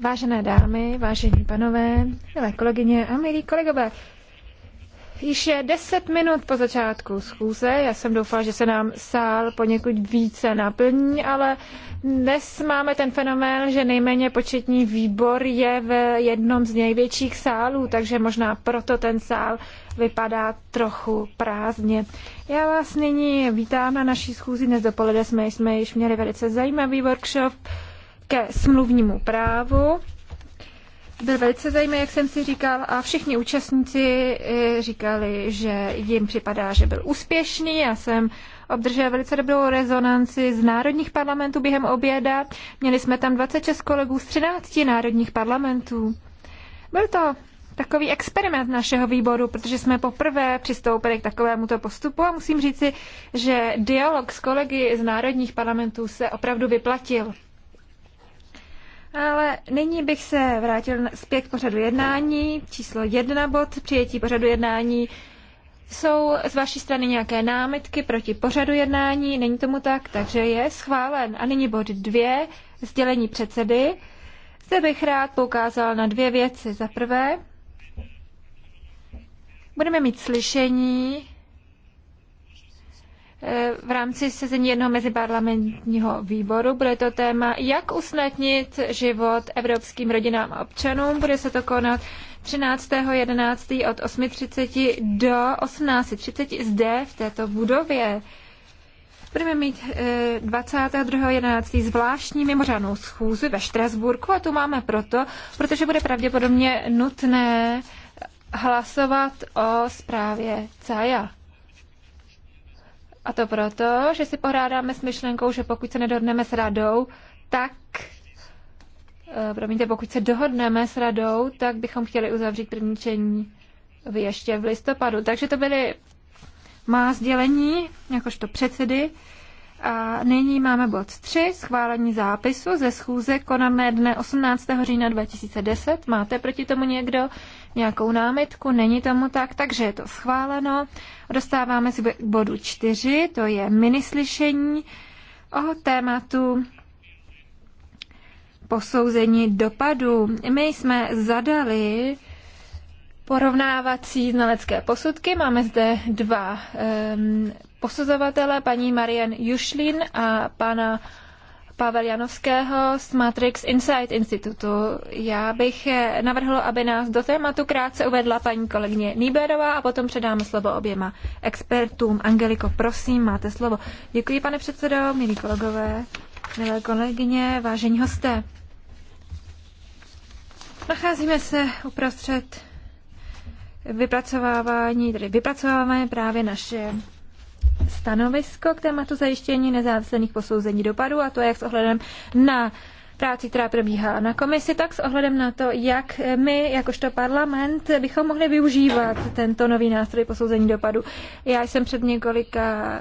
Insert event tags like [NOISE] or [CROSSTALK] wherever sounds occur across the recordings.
Vážené dámy, vážení panové, milé kolegyně a milí kolegové, Již je 10 minut po začátku schůze. Já jsem doufala, že se nám sál poněkud více naplní, ale dnes máme ten fenomén, že nejméně početní výbor je v jednom z největších sálů, takže možná proto ten sál vypadá trochu prázdně. Já vás nyní vítám na naší schůzi. Dnes dopoledne jsme, jsme již měli velice zajímavý workshop ke smluvnímu právu byl velice zajímavý, jak jsem si říkal, a všichni účastníci eh, říkali, že jim připadá, že byl úspěšný. Já jsem obdržel velice dobrou rezonanci z národních parlamentů během oběda. Měli jsme tam 26 kolegů z 13 národních parlamentů. Byl to takový experiment našeho výboru, protože jsme poprvé přistoupili k takovémuto postupu a musím říci, že dialog s kolegy z národních parlamentů se opravdu vyplatil. Ale nyní bych se vrátil zpět k pořadu jednání. Číslo jedna bod přijetí pořadu jednání. Jsou z vaší strany nějaké námitky proti pořadu jednání? Není tomu tak, takže je schválen. A nyní bod dvě, sdělení předsedy. Zde bych rád poukázal na dvě věci. Za prvé, budeme mít slyšení Eh, v rámci sezení jednoho meziparlamentního výboru. Bude to téma, jak usnadnit život evropským rodinám a občanům. Bude se to konat 13.11. od 8.30 do 18.30 zde v této budově. Budeme mít 22.11. Eh, zvláštní mimořádnou schůzi ve Štrasburku a tu máme proto, protože bude pravděpodobně nutné hlasovat o zprávě CAJA. A to proto, že si pohrádáme s myšlenkou, že pokud se nedohodneme s radou, tak eh, promiňte, pokud se dohodneme s radou, tak bychom chtěli uzavřít první čtení ještě v listopadu. Takže to byly má sdělení, jakožto předsedy. A nyní máme bod 3, schválení zápisu ze schůze konané dne 18. října 2010. Máte proti tomu někdo? nějakou námitku, není tomu tak, takže je to schváleno. Dostáváme se k bodu čtyři, to je minislyšení o tématu posouzení dopadu. My jsme zadali porovnávací znalecké posudky. Máme zde dva um, posuzovatele, paní Marian Jušlin a pana Pavel Janovského z Matrix Insight Institutu. Já bych navrhl, aby nás do tématu krátce uvedla paní kolegyně Nýberová a potom předáme slovo oběma expertům. Angeliko, prosím, máte slovo. Děkuji, pane předsedo, milí kolegové, milé kolegyně, vážení hosté. Nacházíme se uprostřed vypracovávání, tedy vypracováváme právě naše stanovisko k tématu zajištění nezávislých posouzení dopadu, a to jak s ohledem na práci, která probíhá na komisi, tak s ohledem na to, jak my, jakožto parlament, bychom mohli využívat tento nový nástroj posouzení dopadu. Já jsem před několika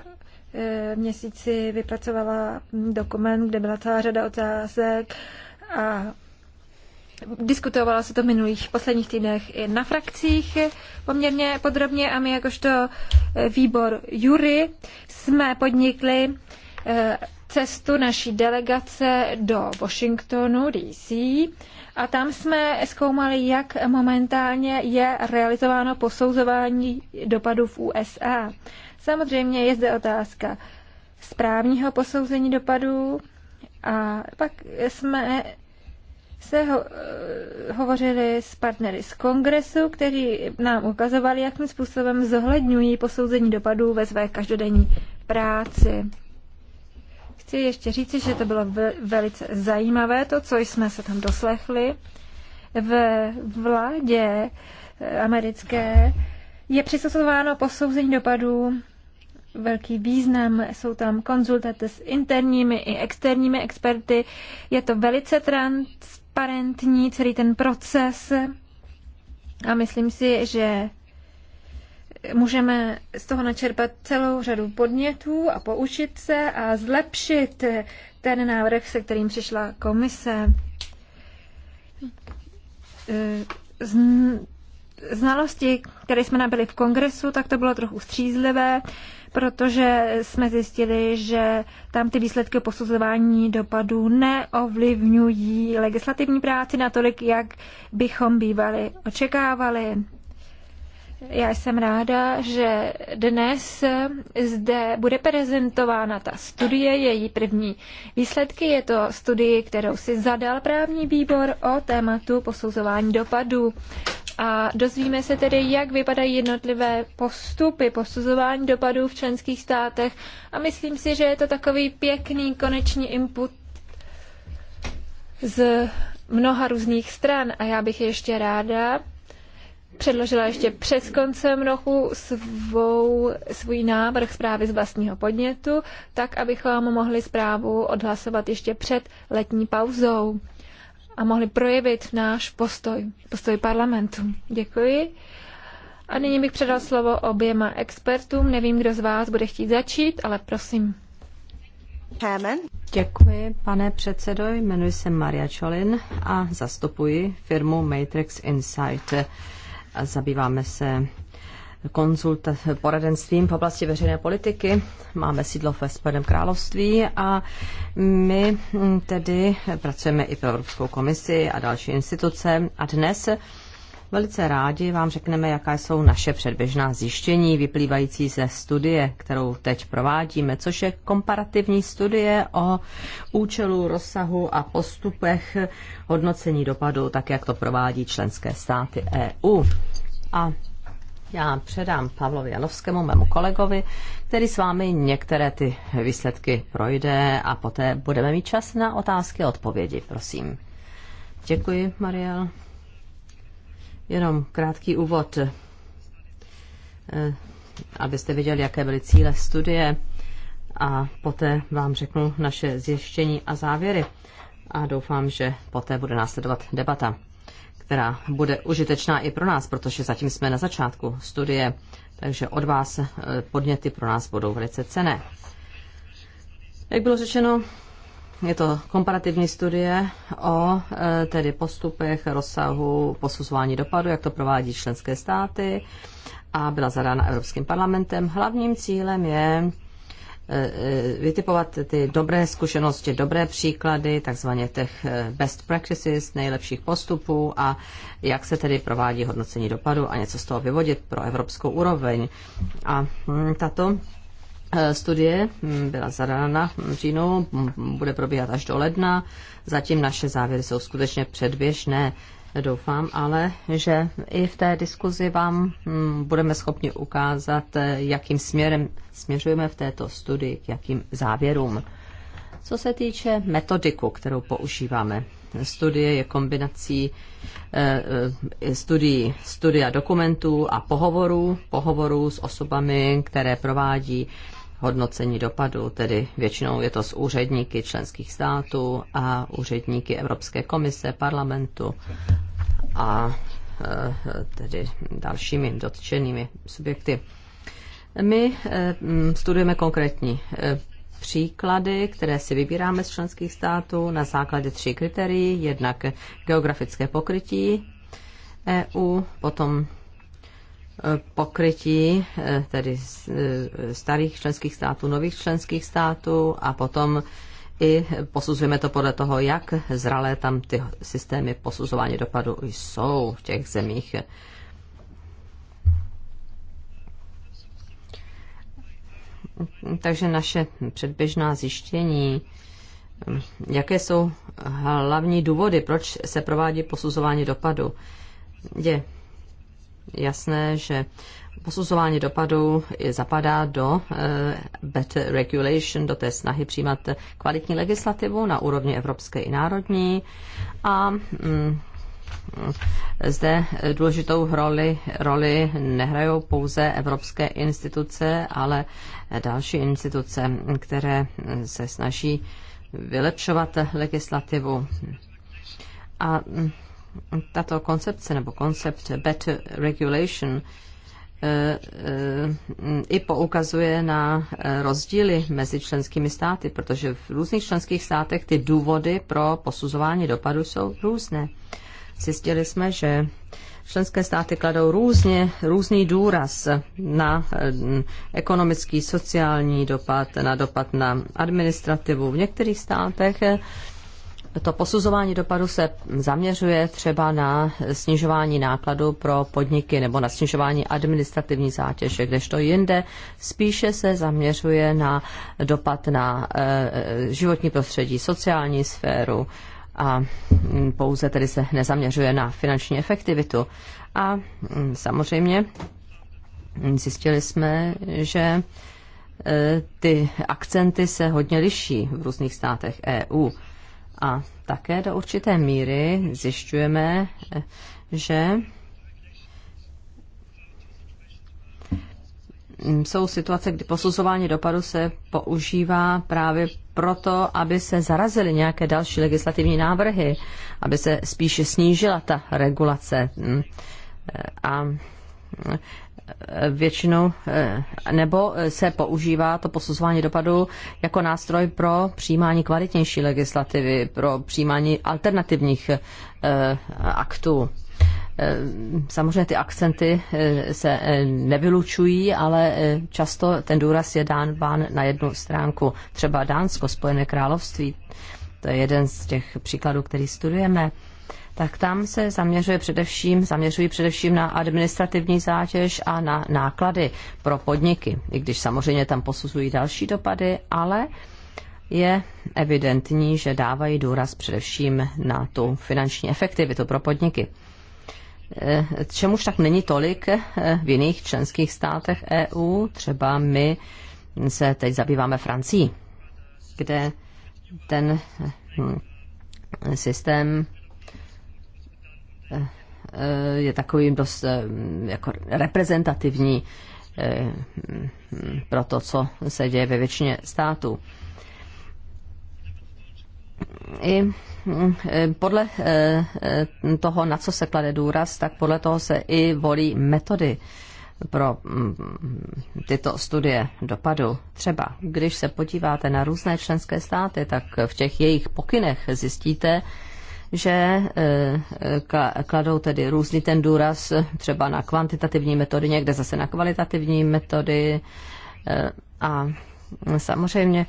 eh, měsíci vypracovala dokument, kde byla celá řada otázek a Diskutovalo se to v minulých posledních týdnech i na frakcích poměrně podrobně a my jakožto eh, výbor Jury jsme podnikli eh, cestu naší delegace do Washingtonu DC a tam jsme zkoumali, jak momentálně je realizováno posouzování dopadů v USA. Samozřejmě je zde otázka správního posouzení dopadů a pak jsme se ho, eh, hovořili s partnery z kongresu, kteří nám ukazovali, jakým způsobem zohledňují posouzení dopadů ve své každodenní práci. Chci ještě říci, že to bylo velice zajímavé, to, co jsme se tam doslechli. V vládě eh, americké je přisuzováno posouzení dopadů velký význam. Jsou tam konzultace s interními i externími experty. Je to velice trans, transparentní celý ten proces a myslím si, že můžeme z toho načerpat celou řadu podnětů a poučit se a zlepšit ten návrh, se kterým přišla komise. Znalosti, které jsme nabili v kongresu, tak to bylo trochu střízlivé protože jsme zjistili, že tam ty výsledky posuzování dopadů neovlivňují legislativní práci natolik, jak bychom bývali očekávali. Já jsem ráda, že dnes zde bude prezentována ta studie, její první výsledky. Je to studie, kterou si zadal právní výbor o tématu posouzování dopadů. A dozvíme se tedy, jak vypadají jednotlivé postupy posuzování dopadů v členských státech. A myslím si, že je to takový pěkný konečný input z mnoha různých stran. A já bych ještě ráda předložila ještě přes koncem roku svou, svůj návrh zprávy z vlastního podnětu, tak abychom mohli zprávu odhlasovat ještě před letní pauzou a mohli projevit náš postoj, postoj parlamentu. Děkuji. A nyní bych předal slovo oběma expertům. Nevím, kdo z vás bude chtít začít, ale prosím. Děkuji, pane předsedo. Jmenuji se Maria Čolin a zastupuji firmu Matrix Insight. Zabýváme se konzult poradenstvím v oblasti veřejné politiky. Máme sídlo ve Spojeném království a my tedy pracujeme i pro Evropskou komisi a další instituce. A dnes velice rádi vám řekneme, jaká jsou naše předběžná zjištění vyplývající ze studie, kterou teď provádíme, což je komparativní studie o účelu, rozsahu a postupech hodnocení dopadu, tak jak to provádí členské státy EU. A já předám Pavlovi Janovskému, mému kolegovi, který s vámi některé ty výsledky projde a poté budeme mít čas na otázky a odpovědi, prosím. Děkuji, Mariel. Jenom krátký úvod, eh, abyste viděli, jaké byly cíle studie a poté vám řeknu naše zjištění a závěry a doufám, že poté bude následovat debata která bude užitečná i pro nás, protože zatím jsme na začátku studie, takže od vás eh, podněty pro nás budou velice cené. Jak bylo řečeno, je to komparativní studie o eh, tedy postupech, rozsahu, posuzování dopadu, jak to provádí členské státy a byla zadána Evropským parlamentem. Hlavním cílem je E, e, vytipovat ty dobré zkušenosti, dobré příklady, takzvaně těch e, best practices, nejlepších postupů a jak se tedy provádí hodnocení dopadu a něco z toho vyvodit pro evropskou úroveň. A hm, tato studie hm, byla zadána v říjnu, hm, bude probíhat až do ledna. Zatím naše závěry jsou skutečně předběžné. Doufám ale, že i v té diskuzi vám mm, budeme schopni ukázat, jakým směrem směřujeme v této studii, k jakým závěrům. Co se týče metodiku, kterou používáme, studie je kombinací eh, eh, studií, studia dokumentů a pohovorů, pohovorů s osobami, které provádí hodnocení dopadu, tedy většinou je to z úředníky členských států a úředníky Evropské komise, parlamentu a e, tedy dalšími dotčenými subjekty. My e, studujeme konkrétní e, příklady, které si vybíráme z členských států na základě tří kritérií. Jednak geografické pokrytí EU, potom pokrytí eh, tedy eh, starých členských států, nových členských států a potom i posuzujeme to podle toho, jak zralé tam ty systémy posuzování dopadu jsou v těch zemích. Takže naše předběžná zjištění, hm, jaké jsou hlavní důvody, proč se provádí posuzování dopadu, je jasné, že posuzování dopadů zapadá do eh, better regulation, do té snahy přijímat kvalitní legislativu na úrovni evropské i národní. A mm, zde důležitou roli, roli nehrajou pouze evropské instituce, ale další instituce, které se snaží vylepšovat legislativu. A mm, tato koncepce nebo koncept better regulation eh, eh, i poukazuje na eh, rozdíly mezi členskými státy, protože v různých členských státech ty důvody pro posuzování dopadu jsou různé. Zjistili jsme, že členské státy kladou různě, různý důraz na ekonomický, sociální dopad, na dopad na administrativu. V některých státech to posuzování dopadu se zaměřuje třeba na snižování nákladu pro podniky nebo na snižování administrativní zátěže, kdežto jinde spíše se zaměřuje na dopad na eh, životní prostředí, sociální sféru a mm, pouze tedy se nezaměřuje na finanční efektivitu. A mm, samozřejmě mm, zjistili jsme, že eh, ty akcenty se hodně liší v různých státech EU. A také do určité míry zjišťujeme, že jsou situace, kdy posuzování dopadu se používá právě proto, aby se zarazily nějaké další legislativní návrhy, aby se spíše snížila ta regulace. A většinou eh, nebo se používá to posuzování dopadu jako nástroj pro přijímání kvalitnější legislativy, pro přijímání alternativních eh, aktů. Eh, samozřejmě ty akcenty se nevylučují, ale často ten důraz je dán bán na jednu stránku. Třeba Dánsko, Spojené království, to je jeden z těch příkladů, který studujeme tak tam se zaměřuje především, zaměřují především na administrativní zátěž a na náklady pro podniky, i když samozřejmě tam posuzují další dopady, ale je evidentní, že dávají důraz především na tu finanční efektivitu pro podniky. Eh, čemuž tak není tolik eh, v jiných členských státech EU, třeba my se teď zabýváme Francií, kde ten hm, systém Eh, je takovým dost eh, jako reprezentativní eh, pro to, co se děje ve většině států. I podle toho, na co se klade důraz, tak podle toho se i volí metody pro mm, tyto studie dopadu. Třeba, když se podíváte na různé členské státy, tak v těch jejich pokynech zjistíte, že e, e, kladou tedy různý ten důraz třeba na kvantitativní metody, někde zase na kvalitativní metody e, a samozřejmě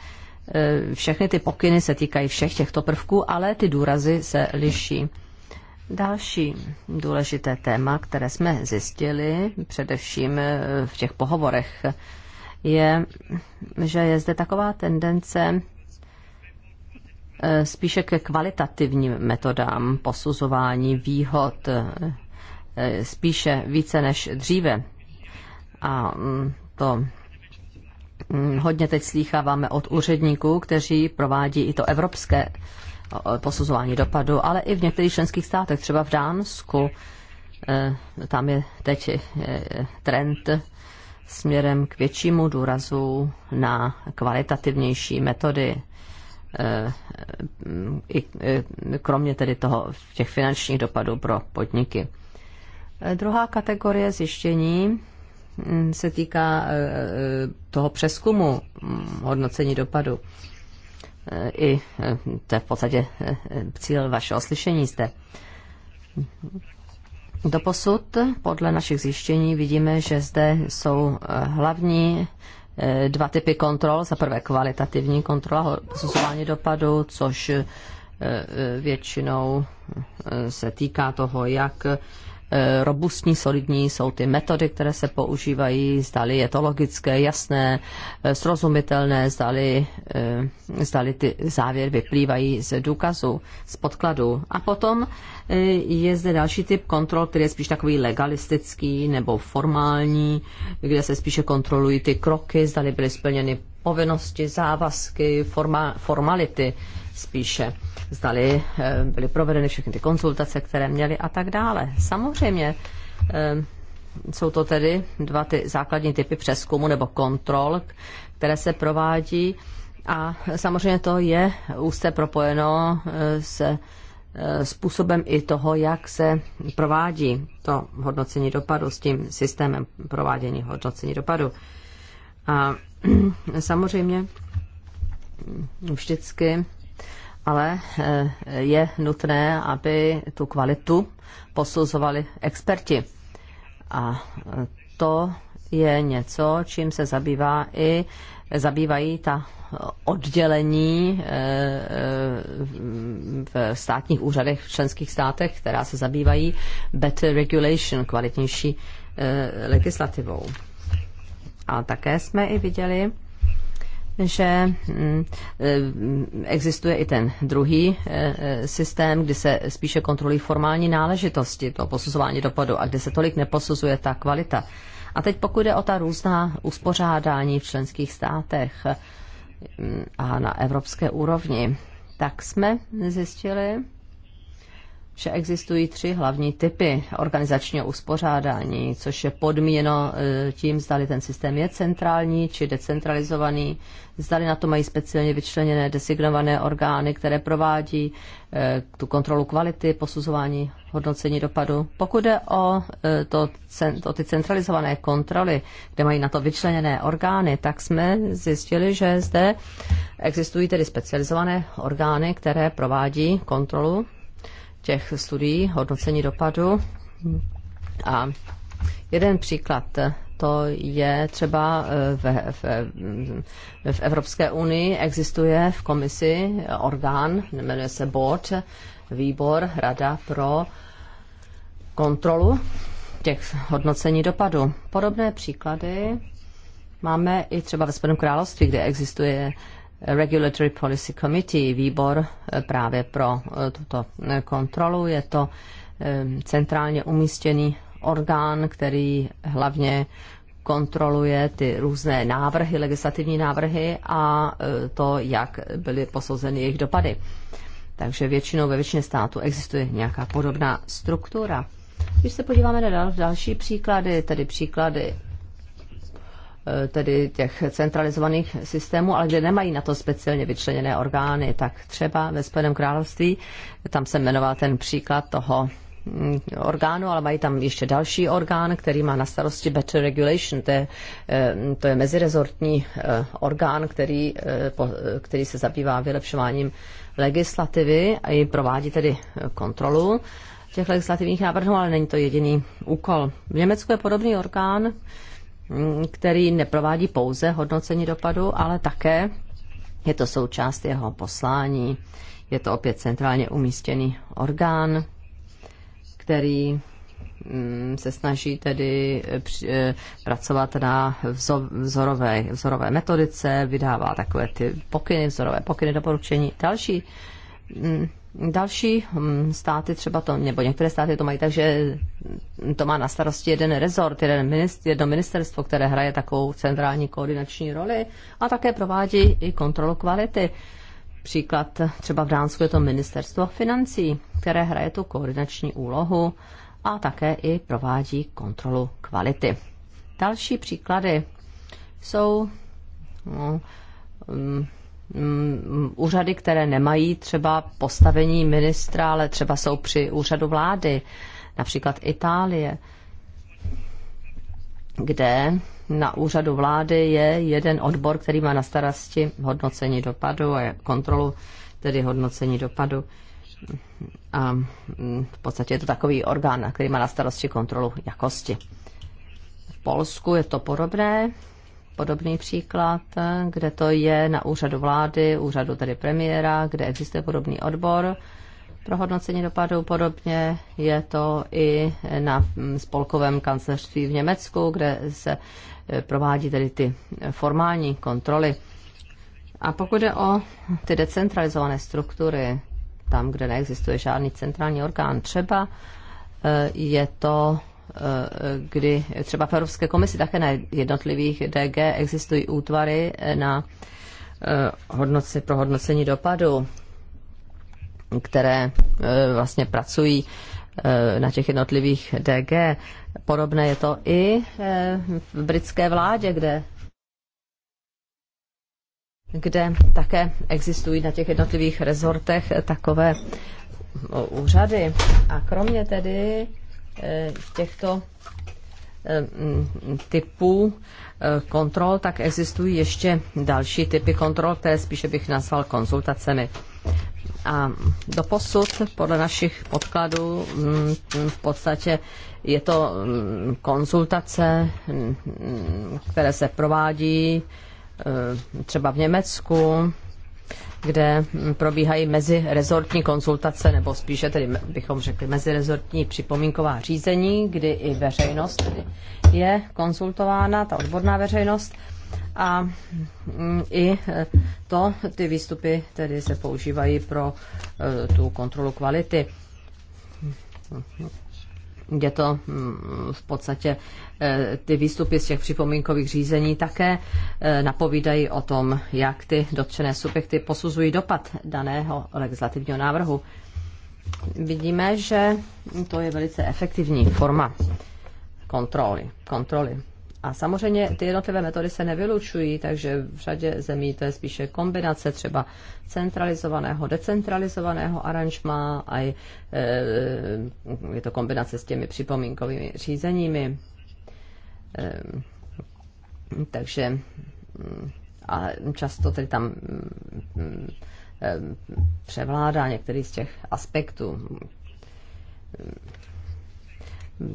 všechny ty pokyny se týkají všech těchto prvků, ale ty důrazy se liší. Další důležité téma, které jsme zjistili, především v těch pohovorech, je, že je zde taková tendence Eh, spíše ke kvalitativním metodám posuzování výhod, eh, spíše více než dříve. A mm, to mm, hodně teď slýcháváme od úředníků, kteří provádí i to evropské eh, posuzování dopadu, ale i v některých členských státech, třeba v Dánsku, tam je teď trend směrem k většímu důrazu na kvalitativnější metody Eh, i eh, kromě tedy toho těch finančních dopadů pro podniky. Eh, druhá kategorie zjištění mm, se týká toho přeskumu mm, hodnocení dopadu. I to je v podstatě cíl vašeho slyšení zde. Doposud podle našich zjištění vidíme, že zde jsou hlavní Eh, dva typy kontrol. Za prvé kvalitativní kontrola posuzování dopadu, což eh, eh, většinou se týká toho, jak Eh, robustní, solidní jsou ty metody, které se používají, zdali je to logické, jasné, eh, srozumitelné, zdali, eh, zdali ty závěry vyplývají z důkazu, z podkladu. A potom je zde další typ kontrol, který je spíš takový legalistický nebo formální, kde se spíše kontrolují ty kroky, zdali byly splněny povinnosti, závazky, forma, formality spíše zdali eh, byly provedeny všechny ty konzultace, které měly a tak dále. Samozřejmě eh, jsou to tedy dva ty základní typy přeskumu nebo kontrol, které se provádí a samozřejmě to je úzce propojeno eh, se způsobem i toho, jak se provádí to hodnocení dopadu s tím systémem provádění hodnocení dopadu. A [CLEARS THROAT] samozřejmě vždycky ale eh, je nutné, aby tu kvalitu posuzovali experti. A eh, to je něco, čím se zabývá i zabývají ta oddělení eh, v státních úřadech v členských státech, která se zabývají better regulation, kvalitnější legislativou. A také jsme i viděli, že mm, eh, existuje i ten druhý eh, eh, systém, kdy se spíše kontrolují formální náležitosti, to posuzování dopadu, a kde se tolik neposuzuje ta kvalita. A teď pokud jde o ta různá uspořádání v členských státech mm, a na evropské úrovni, tak jsme zjistili, že existují tři hlavní typy organizačního uspořádání, což je podmíněno e, tím, zdali ten systém je centrální či decentralizovaný, zdali na to mají speciálně vyčleněné designované orgány, které provádí e, tu kontrolu kvality, posuzování, hodnocení dopadu. Pokud jde o, e, to, o ty centralizované kontroly, kde mají na to vyčleněné orgány, tak jsme zjistili, že zde existují tedy specializované orgány, které provádí kontrolu těch studií, hodnocení dopadu. A jeden příklad, to je třeba eh, v, v, v Evropské unii existuje v komisi orgán, jmenuje se board, výbor, rada pro kontrolu těch hodnocení dopadu. Podobné příklady máme i třeba ve Spojeném království, kde existuje Regulatory Policy Committee, výbor eh, právě pro eh, tuto eh, kontrolu. Je to centrálně umístěný orgán, který hlavně kontroluje ty různé návrhy, legislativní návrhy a to, jak byly posouzeny jejich dopady. Takže většinou ve většině států existuje nějaká podobná struktura. Když se podíváme na další příklady, tedy příklady Eh, tedy těch centralizovaných systémů, ale kde nemají na to speciálně vyčleněné orgány, tak třeba ve Spojeném království, tam jsem jmenoval ten příklad toho mm, orgánu, ale mají tam ještě další orgán, který má na starosti Better Regulation. To je, eh, to je mezirezortní eh, orgán, který, který se zabývá vylepšováním legislativy a ji provádí tedy kontrolu těch legislativních návrhů, ale není to jediný úkol. V Německu je podobný orgán, Mm, který neprovádí pouze hodnocení dopadu, ale také je to součást jeho poslání. Je to opět centrálně umístěný orgán, který mm, se snaží tedy eh, eh, pracovat na vzorové, vzorové metodice, vydává takové ty pokyny, vzorové pokyny, doporučení. Další mm, Další hm, státy třeba to, nebo některé státy to mají tak, že to má na starosti jeden rezort, jeden minister, jedno ministerstvo, které hraje takovou centrální koordinační roli a také provádí i kontrolu kvality. Příklad třeba v Dánsku je to ministerstvo financí, které hraje tu koordinační úlohu a také i provádí kontrolu kvality. Další příklady jsou no, um, Mm, úřady, které nemají třeba postavení ministra, ale třeba jsou při úřadu vlády, například Itálie, kde na úřadu vlády je jeden odbor, který má na starosti hodnocení dopadu a kontrolu, tedy hodnocení dopadu. A mm, v podstatě je to takový orgán, který má na starosti kontrolu jakosti. V Polsku je to podobné, podobný příklad, kde to je na úřadu vlády, úřadu tedy premiéra, kde existuje podobný odbor pro hodnocení dopadů. Podobně je to i na mm, spolkovém kancelářství v Německu, kde se eh, provádí tedy ty formální kontroly. A pokud je o ty decentralizované struktury, tam, kde neexistuje žádný centrální orgán, třeba eh, je to Eh, kdy třeba v Evropské komisi také na jednotlivých DG existují útvary na eh, hodnoci, pro hodnocení dopadu, které eh, vlastně pracují na těch jednotlivých DG. Podobné je to i v britské vládě, kde kde také existují na těch jednotlivých rezortech takové úřady. A kromě tedy Eh, těchto eh, typů eh, kontrol, tak existují ještě další typy kontrol, které spíše bych nazval konzultacemi. A do posud, podle našich podkladů, mm, v podstatě je to mm, konzultace, mm, které se provádí třeba v Německu, kde probíhají mezirezortní konzultace, nebo spíše tedy bychom řekli mezirezortní připomínková řízení, kdy i veřejnost tedy je konzultována, ta odborná veřejnost. A mm, i e, to, ty výstupy tedy se používají pro e, tu kontrolu kvality je to mm, v podstatě e, ty výstupy z těch připomínkových řízení také e, napovídají o tom, jak ty dotčené subjekty posuzují dopad daného legislativního návrhu. Vidíme, že to je velice efektivní forma kontroly. kontroly. A samozřejmě ty jednotlivé metody se nevylučují, takže v řadě zemí to je spíše kombinace třeba centralizovaného, decentralizovaného aranžma a je, eh, je to kombinace s těmi připomínkovými řízeními. Eh, takže mm, a často tedy tam mm, eh, převládá některý z těch aspektů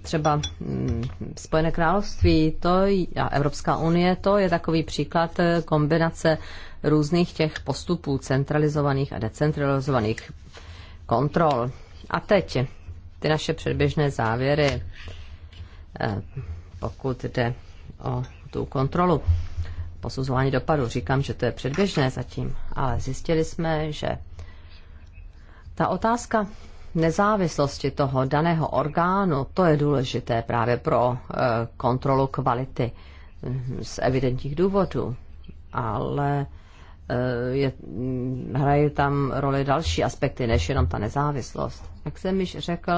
třeba mm, Spojené království to a Evropská unie, to je takový příklad eh, kombinace různých těch postupů centralizovaných a decentralizovaných kontrol. A teď ty naše předběžné závěry, eh, pokud jde o tu kontrolu posuzování dopadu. Říkám, že to je předběžné zatím, ale zjistili jsme, že ta otázka nezávislosti toho daného orgánu, to je důležité právě pro eh, kontrolu kvality hm, z evidentních důvodů. Ale eh, je, hm, hrají tam roli další aspekty, než jenom ta nezávislost. Jak jsem již řekl,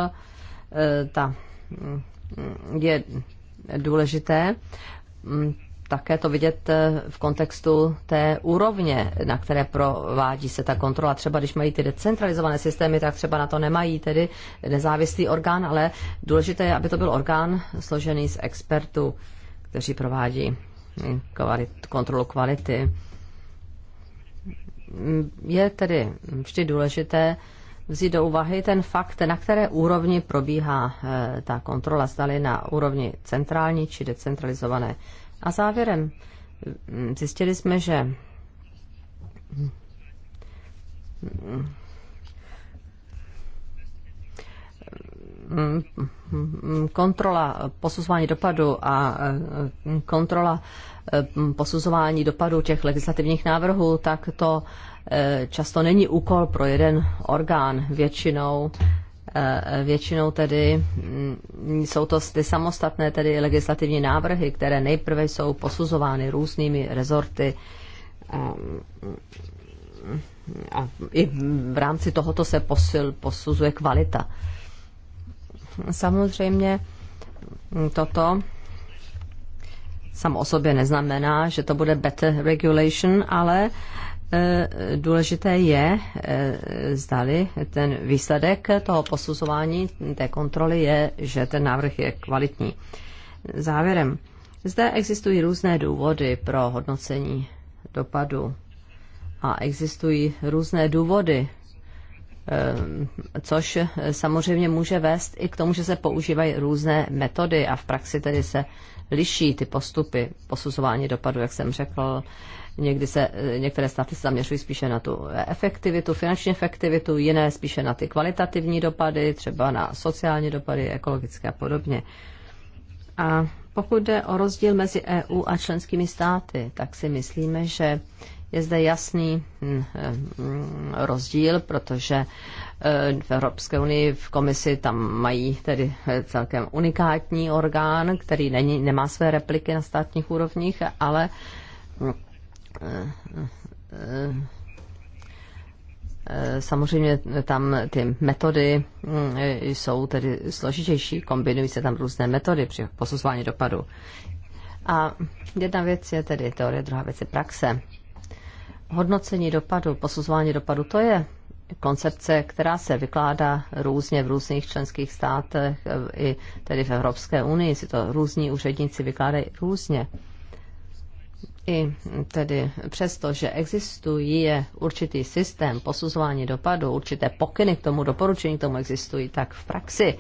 eh, ta hm, je důležité také to vidět eh, v kontextu té úrovně, na které provádí se ta kontrola. Třeba když mají ty decentralizované systémy, tak třeba na to nemají tedy nezávislý orgán, ale důležité je, aby to byl orgán složený z expertů, kteří provádí kvalit, kontrolu kvality. Mm, je tedy vždy důležité vzít do úvahy ten fakt, na které úrovni probíhá eh, ta kontrola, zdali na úrovni centrální či decentralizované a závěrem zjistili jsme, že kontrola posuzování dopadu a kontrola posuzování dopadu těch legislativních návrhů, tak to eh, často není úkol pro jeden orgán. Většinou Eh, většinou tedy mm, jsou to ty samostatné tedy legislativní návrhy, které nejprve jsou posuzovány různými rezorty eh, a i v rámci tohoto se posil, posuzuje kvalita. Samozřejmě mm, toto samo o sobě neznamená, že to bude better regulation, ale Eh, důležité je, eh, zdali ten výsledek toho posuzování, té kontroly je, že ten návrh je kvalitní. Závěrem, zde existují různé důvody pro hodnocení dopadu a existují různé důvody, eh, což samozřejmě může vést i k tomu, že se používají různé metody a v praxi tedy se liší ty postupy posuzování dopadu, jak jsem řekl Někdy se, e, některé státy se zaměřují spíše na tu efektivitu, finanční efektivitu, jiné spíše na ty kvalitativní dopady, třeba na sociální dopady, ekologické a podobně. A pokud jde o rozdíl mezi EU a členskými státy, tak si myslíme, že je zde jasný hm, hm, rozdíl, protože e, v Evropské unii v komisi tam mají tedy e, celkem unikátní orgán, který není, nemá své repliky na státních úrovních, ale hm, Eh, samozřejmě tam ty metody mm, jsou tedy složitější, kombinují se tam různé metody při posuzování dopadu. A jedna věc je tedy teorie, druhá věc je praxe. Hodnocení dopadu, posuzování dopadu, to je koncepce, která se vykládá různě v různých členských státech, eh, i tedy v Evropské unii si to různí úředníci vykládají různě i tedy přesto, že existuje určitý systém posuzování dopadu, určité pokyny k tomu doporučení k tomu existují, tak v praxi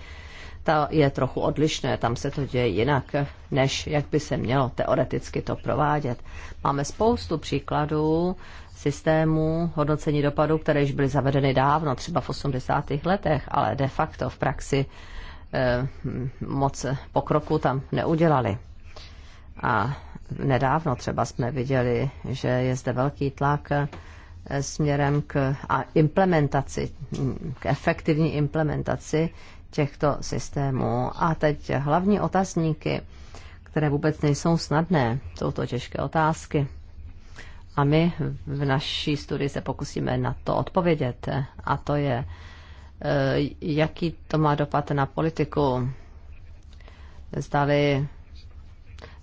to je trochu odlišné, tam se to děje jinak, než jak by se mělo teoreticky to provádět. Máme spoustu příkladů systémů hodnocení dopadu, které již byly zavedeny dávno, třeba v 80. letech, ale de facto v praxi eh, hm, moc pokroku tam neudělali. A nedávno třeba jsme viděli, že je zde velký tlak eh, směrem k implementaci, k efektivní implementaci těchto systémů. A teď hlavní otazníky, které vůbec nejsou snadné, jsou to těžké otázky. A my v naší studii se pokusíme na to odpovědět. A to je, eh, jaký to má dopad na politiku. Zdali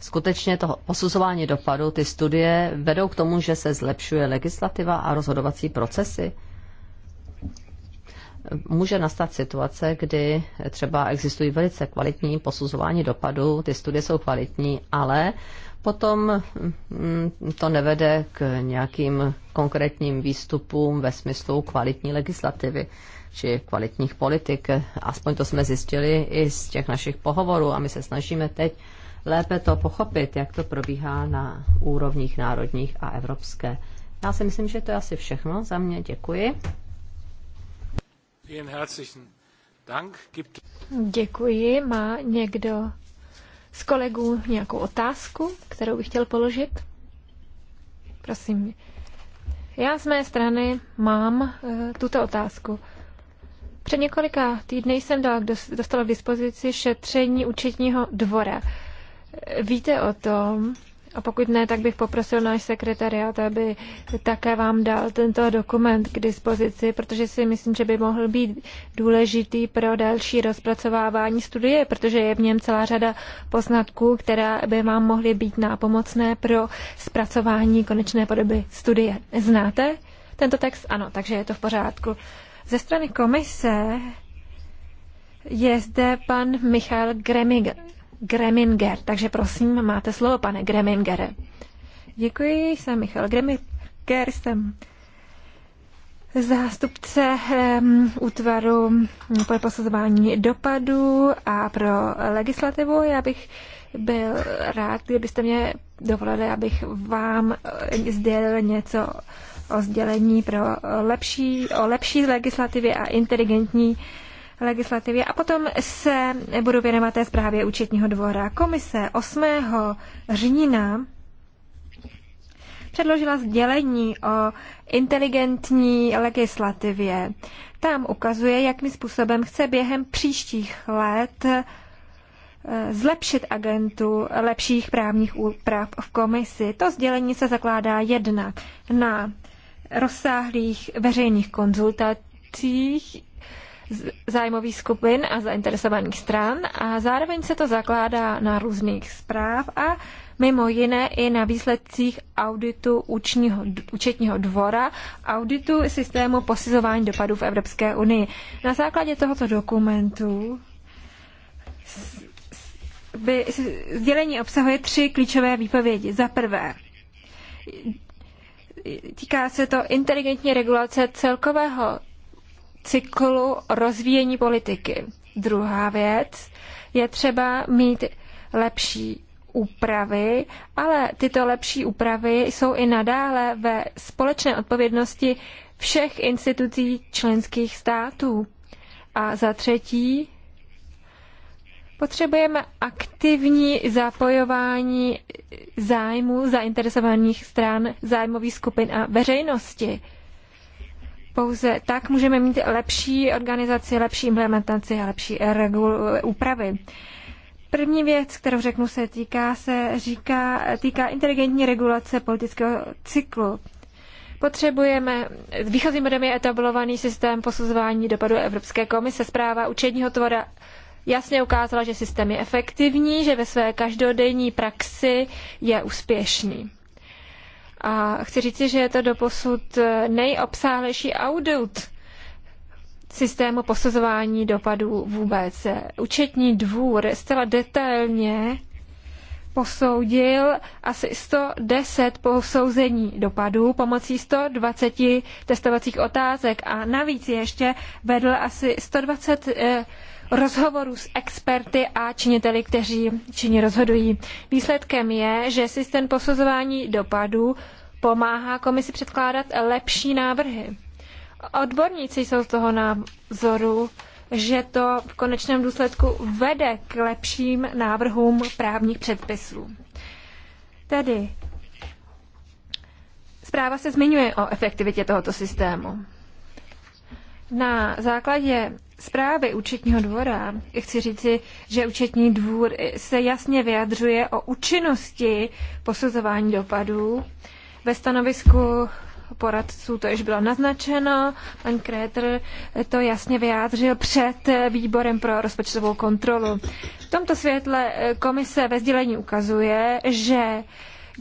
skutečně toho posuzování dopadu, ty studie vedou k tomu, že se zlepšuje legislativa a rozhodovací procesy? Může nastat situace, kdy třeba existují velice kvalitní posuzování dopadu, ty studie jsou kvalitní, ale potom mm, to nevede k nějakým konkrétním výstupům ve smyslu kvalitní legislativy či kvalitních politik. Aspoň to jsme zjistili i z těch našich pohovorů a my se snažíme teď lépe to pochopit, jak to probíhá na úrovních národních a evropské. Já si myslím, že to je asi všechno. Za mě děkuji. Děkuji. Má někdo z kolegů nějakou otázku, kterou bych chtěl položit? Prosím. Já z mé strany mám e, tuto otázku. Před několika týdny jsem dostala k dispozici šetření účetního dvora. Víte o tom, a pokud ne, tak bych poprosil náš sekretariát, aby také vám dal tento dokument k dispozici, protože si myslím, že by mohl být důležitý pro další rozpracovávání studie, protože je v něm celá řada poznatků, která by vám mohly být nápomocné pro zpracování konečné podoby studie. Znáte tento text? Ano, takže je to v pořádku. Ze strany komise je zde pan Michal Gremig Greminger. Takže prosím, máte slovo, pane Gremingere. Děkuji, jsem Michal Greminger, jsem zástupce um, útvaru pro posuzování dopadů a pro legislativu. Já bych byl rád, kdybyste mě dovolili, abych vám eh, sdělil něco o sdělení pro lepší, o lepší legislativě a inteligentní legislativě a potom se budu věnovat té zprávě účetního dvora. Komise 8. října předložila sdělení o inteligentní legislativě. Tam ukazuje, jakým způsobem chce během příštích let eh, zlepšit agentu lepších právních úprav v komisi. To sdělení se zakládá jednak na rozsáhlých veřejných konzultacích zájmových skupin a zainteresovaných stran a zároveň se to zakládá na různých zpráv a mimo jiné i na výsledcích auditu účního, účetního dvora, auditu systému posizování dopadů v Evropské unii. Na základě tohoto dokumentu by, sdělení obsahuje tři klíčové výpovědi. Za prvé, týká se to inteligentní regulace celkového cyklu rozvíjení politiky. Druhá věc je třeba mít lepší úpravy, ale tyto lepší úpravy jsou i nadále ve společné odpovědnosti všech institucí členských států. A za třetí, potřebujeme aktivní zapojování zájmu zainteresovaných stran, zájmových skupin a veřejnosti. Pouze tak můžeme mít lepší organizaci, lepší implementaci a lepší úpravy. První věc, kterou řeknu, se týká, se říká, týká inteligentní regulace politického cyklu. Potřebujeme, výchozím bodem je etablovaný systém posuzování dopadu Evropské komise. Zpráva účetního tvora jasně ukázala, že systém je efektivní, že ve své každodenní praxi je úspěšný. A chci říci, že je to doposud nejobsáhlejší audit systému posuzování dopadů vůbec. Účetní dvůr zcela detailně posoudil asi 110 posouzení dopadů pomocí 120 testovacích otázek a navíc ještě vedl asi 120 eh, rozhovorů s experty a činiteli, kteří činí rozhodují. Výsledkem je, že systém posuzování dopadů pomáhá komisi předkládat lepší návrhy. Odborníci jsou z toho názoru, že to v konečném důsledku vede k lepším návrhům právních předpisů. Tedy zpráva se zmiňuje o efektivitě tohoto systému. Na základě zprávy účetního dvora chci říci, že účetní dvůr se jasně vyjadřuje o účinnosti posuzování dopadů. Ve stanovisku poradců to již bylo naznačeno, pan Krétr to jasně vyjádřil před výborem pro rozpočtovou kontrolu. V tomto světle komise ve sdělení ukazuje, že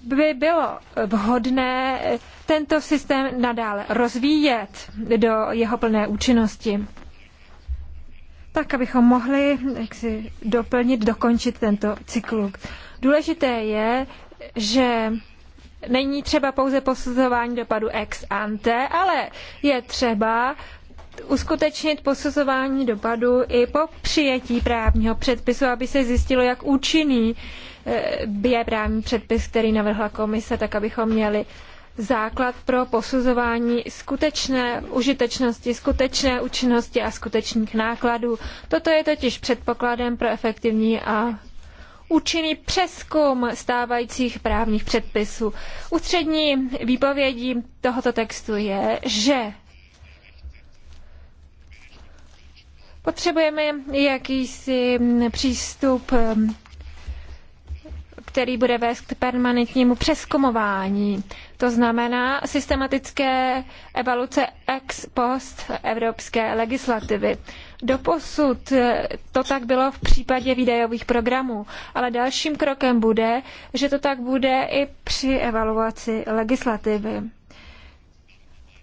by bylo vhodné tento systém nadále rozvíjet do jeho plné účinnosti tak abychom mohli si, doplnit, dokončit tento cyklus. Důležité je, že není třeba pouze posuzování dopadu ex ante, ale je třeba uskutečnit posuzování dopadu i po přijetí právního předpisu, aby se zjistilo, jak účinný eh, je právní předpis, který navrhla komise, tak abychom měli základ pro posuzování skutečné užitečnosti, skutečné účinnosti a skutečných nákladů. Toto je totiž předpokladem pro efektivní a účinný přeskum stávajících právních předpisů. Ústřední výpovědí tohoto textu je, že potřebujeme jakýsi přístup který bude vést k permanentnímu přeskomování. To znamená systematické evoluce ex post evropské legislativy. Doposud to tak bylo v případě výdajových programů, ale dalším krokem bude, že to tak bude i při evaluaci legislativy.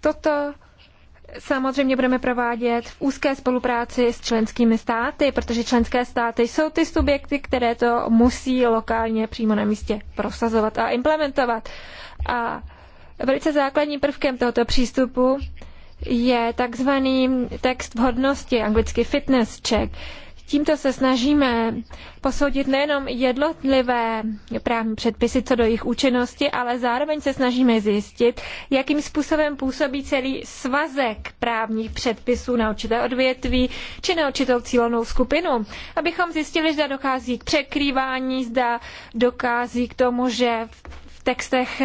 Toto samozřejmě budeme provádět v úzké spolupráci s členskými státy, protože členské státy jsou ty subjekty, které to musí lokálně přímo na místě prosazovat a implementovat. A velice základním prvkem tohoto přístupu je takzvaný text vhodnosti, anglicky fitness check. Tímto se snažíme posoudit nejenom jednotlivé právní předpisy co do jejich účinnosti, ale zároveň se snažíme zjistit, jakým způsobem působí celý svazek právních předpisů na určité odvětví či na určitou cílenou skupinu, abychom zjistili, zda dochází k překrývání, zda dochází k tomu, že v textech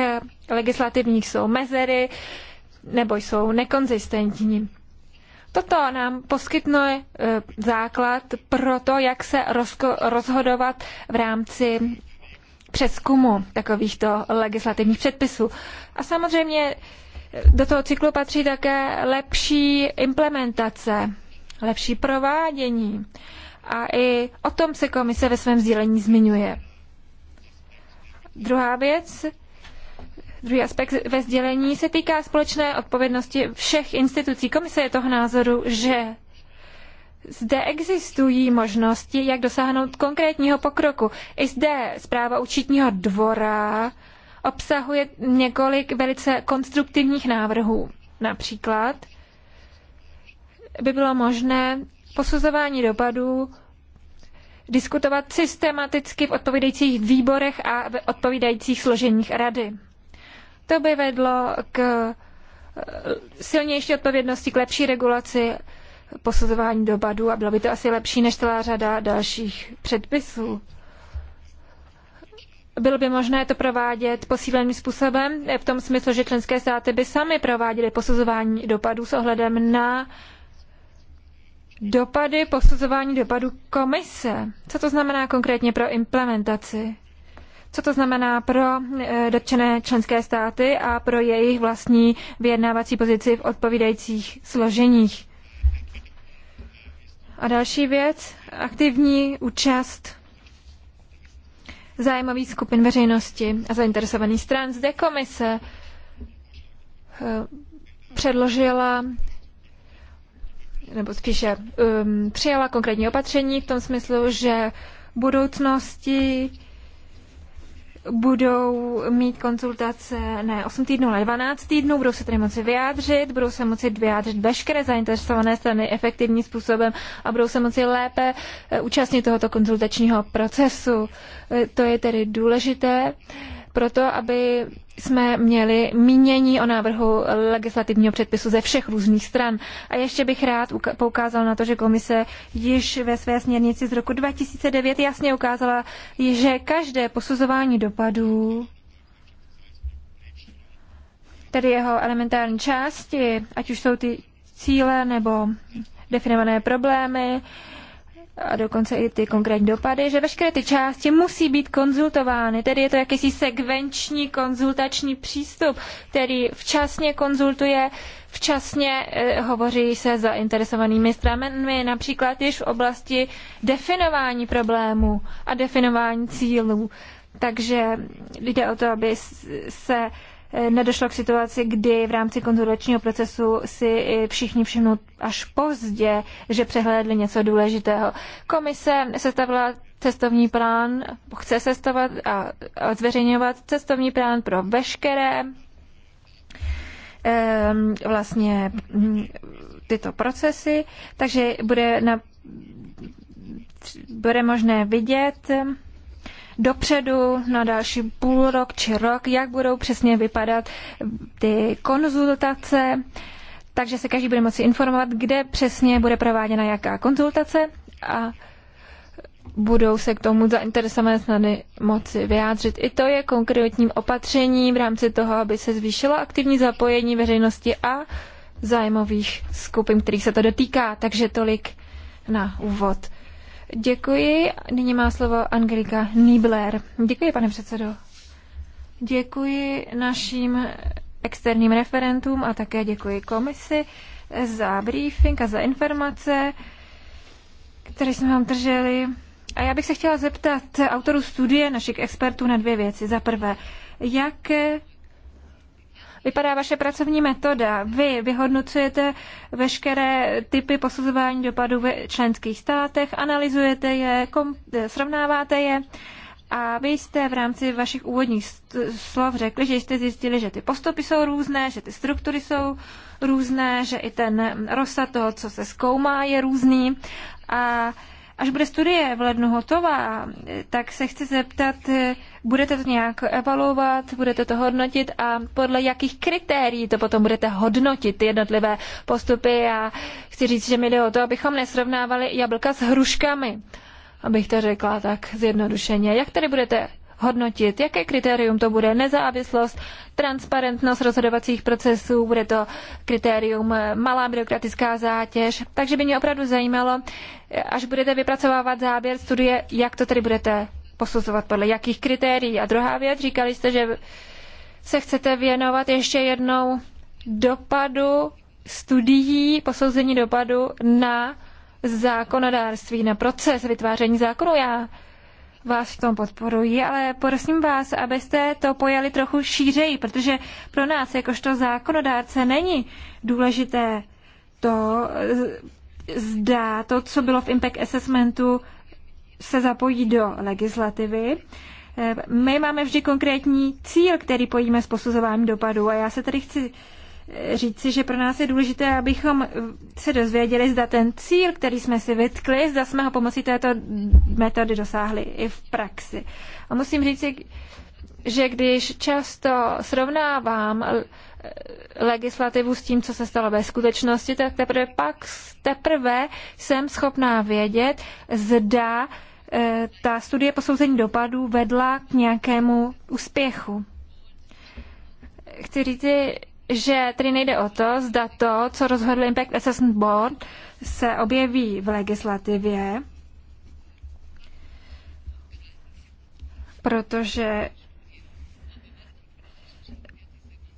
legislativních jsou mezery nebo jsou nekonzistentní. Toto nám poskytne e, základ pro to, jak se rozhodovat v rámci přeskumu takovýchto legislativních předpisů. A samozřejmě e, do toho cyklu patří také lepší implementace, lepší provádění. A i o tom se komise ve svém sdělení zmiňuje. Druhá věc Druhý aspekt ve sdělení se týká společné odpovědnosti všech institucí. Komise je toho názoru, že zde existují možnosti, jak dosáhnout konkrétního pokroku. I zde zpráva účetního dvora obsahuje několik velice konstruktivních návrhů. Například by bylo možné posuzování dopadů diskutovat systematicky v odpovídajících výborech a v odpovídajících složeních rady. To by vedlo k eh, silnější odpovědnosti, k lepší regulaci posuzování dopadů a bylo by to asi lepší než celá řada dalších předpisů. Bylo by možné to provádět posíleným způsobem, v tom smyslu, že členské státy by sami prováděly posuzování dopadů s ohledem na dopady posuzování dopadů komise. Co to znamená konkrétně pro implementaci? co to znamená pro e, dotčené členské státy a pro jejich vlastní vyjednávací pozici v odpovídajících složeních. A další věc, aktivní účast zájmových skupin veřejnosti a zainteresovaných stran. Zde komise e, předložila nebo spíše um, přijala konkrétní opatření v tom smyslu, že v budoucnosti budou mít konzultace ne 8 týdnů, ale 12 týdnů, budou se tedy moci vyjádřit, budou se moci vyjádřit veškeré zainteresované strany efektivním způsobem a budou se moci lépe eh, účastnit tohoto konzultačního procesu. Eh, to je tedy důležité proto, aby jsme měli mínění o návrhu legislativního předpisu ze všech různých stran. A ještě bych rád poukázal na to, že komise již ve své směrnici z roku 2009 jasně ukázala, že každé posuzování dopadů tedy jeho elementární části, ať už jsou ty cíle nebo definované problémy, a dokonce i ty konkrétní dopady, že veškeré ty části musí být konzultovány. Tedy je to jakýsi sekvenční konzultační přístup, který včasně konzultuje, včasně eh, hovoří se zainteresovanými stranami, například již v oblasti definování problémů a definování cílů. Takže jde o to, aby se nedošlo k situaci, kdy v rámci konzulačního procesu si všichni všimnou až pozdě, že přehlédli něco důležitého. Komise sestavila cestovní plán, chce sestavovat a zveřejňovat cestovní plán pro veškeré ehm, vlastně hm, tyto procesy, takže bude, na, bude možné vidět, dopředu na další půl rok či rok, jak budou přesně vypadat ty konzultace, takže se každý bude moci informovat, kde přesně bude prováděna jaká konzultace a budou se k tomu zainteresované snady moci vyjádřit. I to je konkrétním opatřením v rámci toho, aby se zvýšilo aktivní zapojení veřejnosti a zájmových skupin, kterých se to dotýká. Takže tolik na úvod. Děkuji. Nyní má slovo Angelika Niebler. Děkuji, pane předsedo. Děkuji našim externím referentům a také děkuji komisi za briefing a za informace, které jsme vám drželi. A já bych se chtěla zeptat autorů studie našich expertů na dvě věci. Za prvé, jaké vypadá vaše pracovní metoda? Vy vyhodnocujete veškeré typy posuzování dopadů ve členských státech, analyzujete je, kom, eh, srovnáváte je. A vy jste v rámci vašich úvodních slov řekli, že jste zjistili, že ty postupy jsou různé, že ty struktury jsou různé, že i ten rozsah toho, co se zkoumá, je různý. A Až bude studie v lednu hotová, tak se chci zeptat, budete to nějak evaluovat, budete to hodnotit a podle jakých kritérií to potom budete hodnotit, ty jednotlivé postupy. Já chci říct, že mi jde o to, abychom nesrovnávali jablka s hruškami, abych to řekla tak zjednodušeně. Jak tedy budete hodnotit? Jaké kritérium to bude? Nezávislost, transparentnost rozhodovacích procesů, bude to kritérium eh, malá byrokratická zátěž. Takže by mě opravdu zajímalo, eh, až budete vypracovávat záběr studie, jak to tedy budete posuzovat, podle jakých kritérií. A druhá věc, říkali jste, že se chcete věnovat ještě jednou dopadu studií, posouzení dopadu na zákonodárství, na proces vytváření zákonu. Já vás v tom podporuji, ale prosím vás, abyste to pojali trochu šířeji, protože pro nás, jakožto zákonodárce, není důležité to, eh, zda to, co bylo v Impact Assessmentu, se zapojí do legislativy. Eh, my máme vždy konkrétní cíl, který pojíme s posuzováním dopadu a já se tady chci říci, že pro nás je důležité, abychom se dozvěděli, zda ten cíl, který jsme si vytkli, zda jsme ho pomocí této metody dosáhli i v praxi. A musím říci, že když často srovnávám legislativu s tím, co se stalo ve skutečnosti, tak teprve pak teprve jsem schopná vědět, zda eh, ta studie posouzení dopadů vedla k nějakému úspěchu. Chci říct, že tedy nejde o to, zda to, co rozhodl Impact Assessment Board, se objeví v legislativě, protože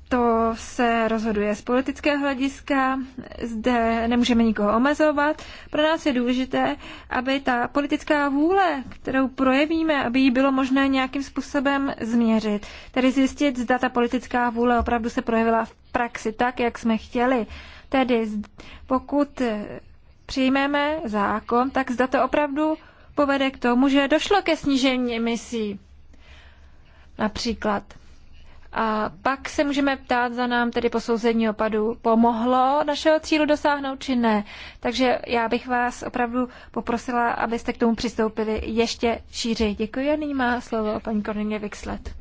to se rozhoduje z politického hlediska, zde nemůžeme nikoho omezovat. Pro nás je důležité, aby ta politická vůle, kterou projevíme, aby ji bylo možné nějakým způsobem změřit. Tedy zjistit, zda ta politická vůle opravdu se projevila v praxi tak, jak jsme chtěli. Tedy pokud přijmeme zákon, tak zda to opravdu povede k tomu, že došlo ke snížení emisí. Například. A pak se můžeme ptát, za nám tedy posouzení opadu. pomohlo našeho cílu dosáhnout či ne. Takže já bych vás opravdu poprosila, abyste k tomu přistoupili ještě šířej. Děkuji a nyní má slovo paní Kornelie Vixlet.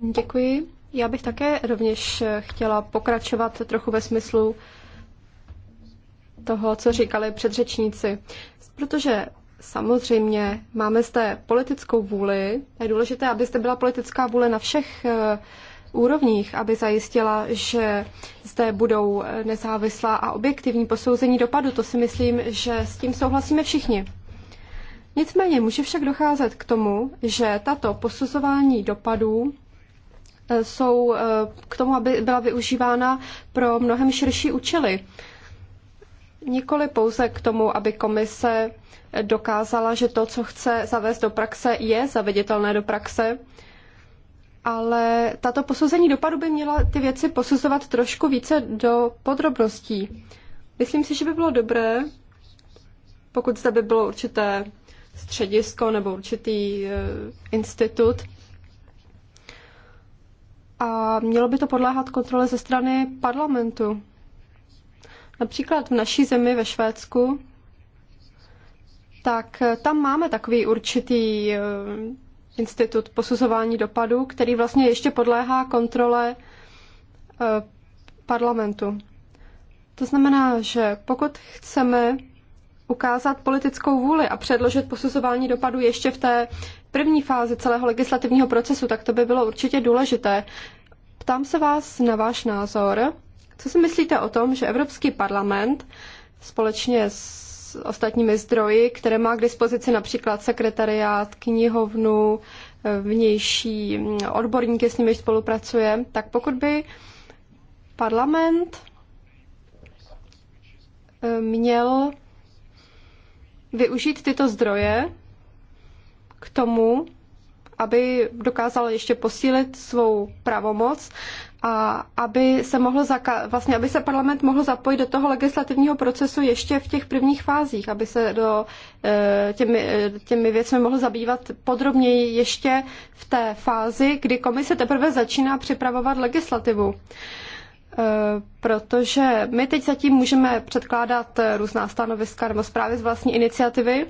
Děkuji. Já bych také rovněž chtěla pokračovat trochu ve smyslu toho, co říkali předřečníci. Protože Samozřejmě máme zde politickou vůli. Je důležité, aby zde byla politická vůle na všech eh, úrovních, aby zajistila, že zde budou eh, nezávislá a objektivní posouzení dopadu. To si myslím, že s tím souhlasíme všichni. Nicméně může však docházet k tomu, že tato posuzování dopadů eh, jsou k tomu, aby byla využívána pro mnohem širší účely. Nikoli pouze k tomu, aby komise dokázala, že to, co chce zavést do praxe, je zaveditelné do praxe. Ale tato posouzení dopadu by měla ty věci posuzovat trošku více do podrobností. Myslím si, že by bylo dobré, pokud zde by bylo určité středisko nebo určitý e, institut, a mělo by to podléhat kontrole ze strany parlamentu. Například v naší zemi ve Švédsku tak eh, tam máme takový určitý eh, institut posuzování dopadů, který vlastně ještě podléhá kontrole eh, parlamentu. To znamená, že pokud chceme ukázat politickou vůli a předložit posuzování dopadu ještě v té první fázi celého legislativního procesu, tak to by bylo určitě důležité. Ptám se vás na váš názor. Co si myslíte o tom, že Evropský parlament společně s ostatními zdroji, které má k dispozici například sekretariát, knihovnu, vnější odborníky, s nimi spolupracuje, tak pokud by parlament eh, měl využít tyto zdroje k tomu, aby dokázal ještě posílit svou pravomoc, a aby se, mohl vlastně, aby se parlament mohl zapojit do toho legislativního procesu ještě v těch prvních fázích, aby se do, e, těmi, e, těmi věcmi mohl zabývat podrobněji ještě v té fázi, kdy komise teprve začíná připravovat legislativu e, protože my teď zatím můžeme předkládat různá stanoviska nebo zprávy z vlastní iniciativy,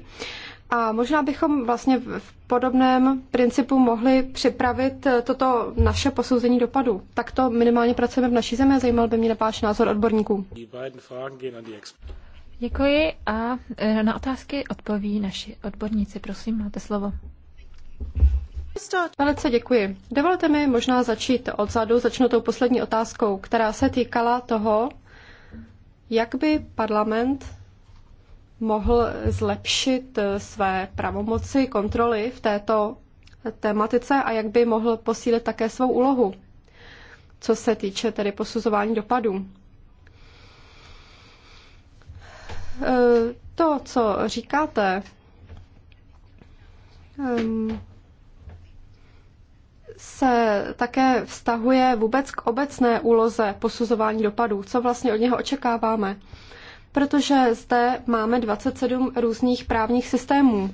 a možná bychom vlastně v podobném principu mohli připravit eh, toto naše posouzení dopadu. Tak to minimálně pracujeme v naší zemi a zajímal by mě váš názor odborníků. Děkuji a eh, na otázky odpoví naši odborníci. Prosím, máte slovo. Velice děkuji. Dovolte mi možná začít odzadu. Začnu tou poslední otázkou, která se týkala toho, jak by parlament mohl zlepšit eh, své pravomoci kontroly v této tématice a jak by mohl posílit také svou úlohu, co se týče tedy posuzování dopadů. Eh, to, co říkáte, ehm, se také vztahuje vůbec k obecné úloze posuzování dopadů. Co vlastně od něho očekáváme? protože zde máme 27 různých právních systémů.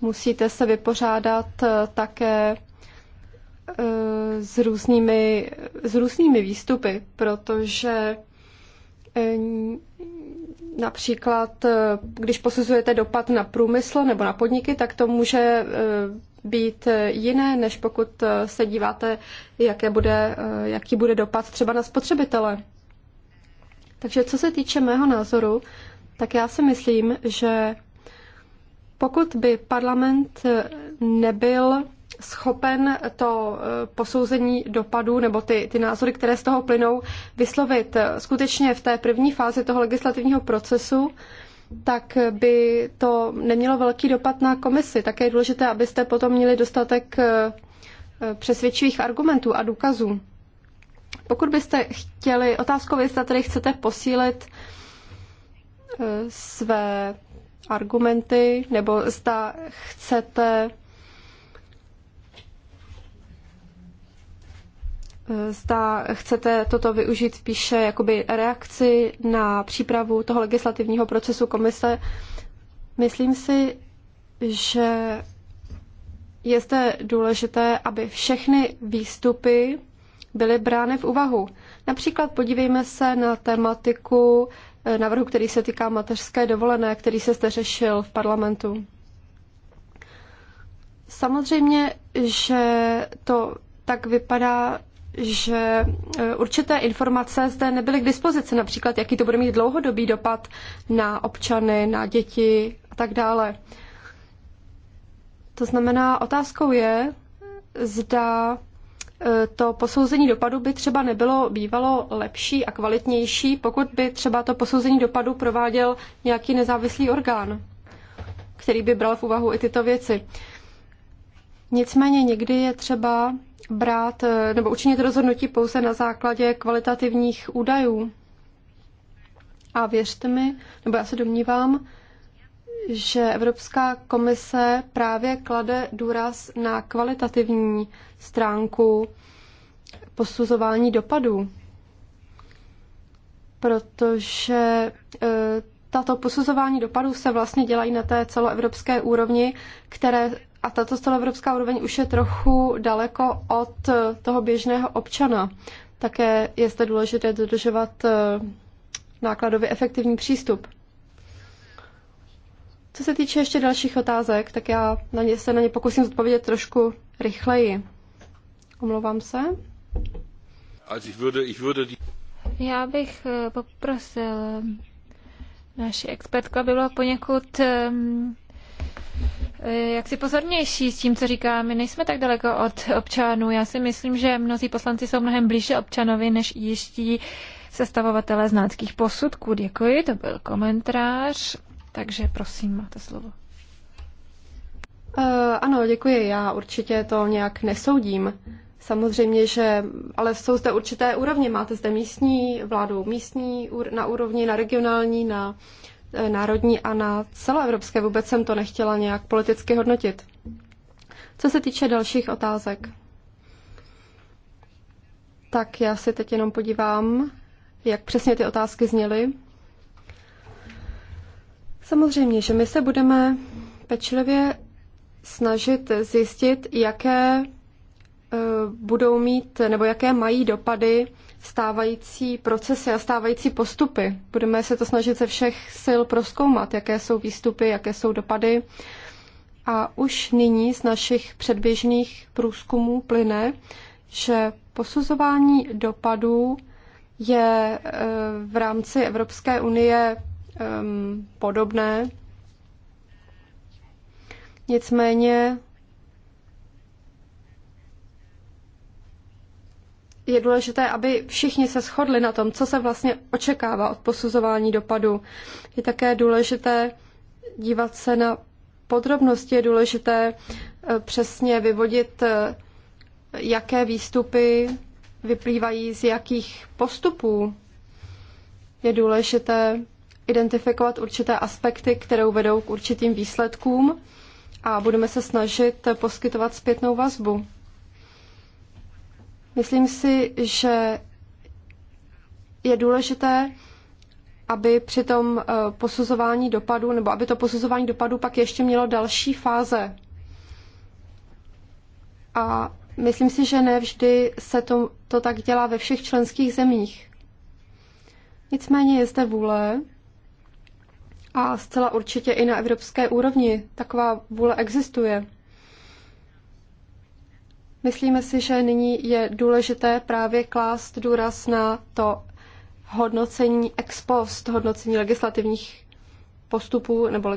Musíte se vypořádat eh, také eh, s různými, s různými výstupy, protože eh, například, když posuzujete dopad na průmysl nebo na podniky, tak to může být jiné, než pokud se díváte, jaké bude, jaký bude dopad třeba na spotřebitele. Takže co se týče mého názoru, tak já si myslím, že pokud by parlament nebyl schopen to eh, posouzení dopadů nebo ty, ty názory, které z toho plynou, vyslovit eh, skutečně v té první fázi toho legislativního procesu, tak by to nemělo velký dopad na komisi. Také je důležité, abyste potom měli dostatek eh, přesvědčivých argumentů a důkazů. Pokud byste chtěli, otázkou je, zda tedy chcete posílit eh, své argumenty, nebo zda chcete eh, Zda chcete toto využít spíše jakoby reakci na přípravu toho legislativního procesu komise. Myslím si, že je zde důležité, aby všechny výstupy byly brány v úvahu. Například podívejme se na tematiku eh, návrhu, který se týká mateřské dovolené, který se zde řešil v parlamentu. Samozřejmě, že to tak vypadá, že eh, určité informace zde nebyly k dispozici, například jaký to bude mít dlouhodobý dopad na občany, na děti a tak dále. To znamená, otázkou je, zda to posouzení dopadu by třeba nebylo bývalo lepší a kvalitnější, pokud by třeba to posouzení dopadu prováděl nějaký nezávislý orgán, který by bral v úvahu i tyto věci. Nicméně někdy je třeba brát eh, nebo učinit rozhodnutí pouze na základě kvalitativních údajů. A věřte mi, nebo já se domnívám, že Evropská komise právě klade důraz na kvalitativní stránku posuzování dopadů, protože e, tato posuzování dopadů se vlastně dělají na té celoevropské úrovni, které a tato celoevropská úroveň už je trochu daleko od toho běžného občana. Také je zde důležité dodržovat e, nákladově efektivní přístup. Co se týče ještě dalších otázek, tak já na ně, se na ně pokusím odpovědět trošku rychleji. Omlouvám se. Já bych eh, poprosil eh, naši expertku, aby byla poněkud ehm, eh, jak si pozornější s tím, co říká. My nejsme tak daleko od občanů. Já si myslím, že mnozí poslanci jsou mnohem blíže občanovi, než jistí sestavovatelé znáckých posudků. Děkuji, to byl komentář. Takže prosím, máte slovo. Uh, ano, děkuji. Já určitě to nějak nesoudím. Samozřejmě, že ale jsou zde určité úrovně. Máte zde místní vládu, místní na úrovni, na regionální, na eh, národní a na celoevropské. Vůbec jsem to nechtěla nějak politicky hodnotit. Co se týče dalších otázek, tak já si teď jenom podívám, jak přesně ty otázky zněly. Samozřejmě, že my se budeme pečlivě snažit zjistit, jaké eh, budou mít nebo jaké mají dopady stávající procesy a stávající postupy. Budeme se to snažit ze všech sil proskoumat, jaké jsou výstupy, jaké jsou dopady. A už nyní z našich předběžných průzkumů plyne, že posuzování dopadů je eh, v rámci Evropské unie um, podobné. Nicméně je důležité, aby všichni se shodli na tom, co se vlastně očekává od posuzování dopadu. Je také důležité dívat se na podrobnosti, je důležité eh, přesně vyvodit, eh, jaké výstupy vyplývají z jakých postupů. Je důležité identifikovat určité aspekty, které vedou k určitým výsledkům a budeme se snažit poskytovat zpětnou vazbu. Myslím si, že je důležité, aby při tom eh, posuzování dopadu, nebo aby to posuzování dopadu pak ještě mělo další fáze. A myslím si, že nevždy se to, to tak dělá ve všech členských zemích. Nicméně je zde vůle a zcela určitě i na evropské úrovni taková vůle existuje. Myslíme si, že nyní je důležité právě klást důraz na to hodnocení ex post, hodnocení legislativních postupů nebo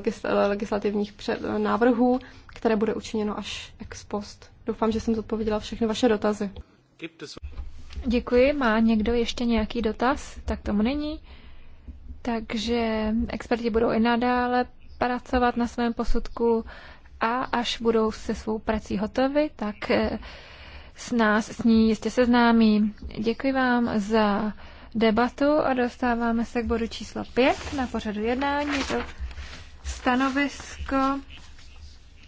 legislativních návrhů, které bude učiněno až ex post. Doufám, že jsem zodpověděla všechny vaše dotazy. Děkuji. Má někdo ještě nějaký dotaz? Tak tomu není. Takže experti budou i nadále pracovat na svém posudku a až budou se svou prací hotovi, tak eh, s nás s ní jistě seznámí. Děkuji vám za debatu a dostáváme se k bodu číslo 5 na pořadu jednání. To stanovisko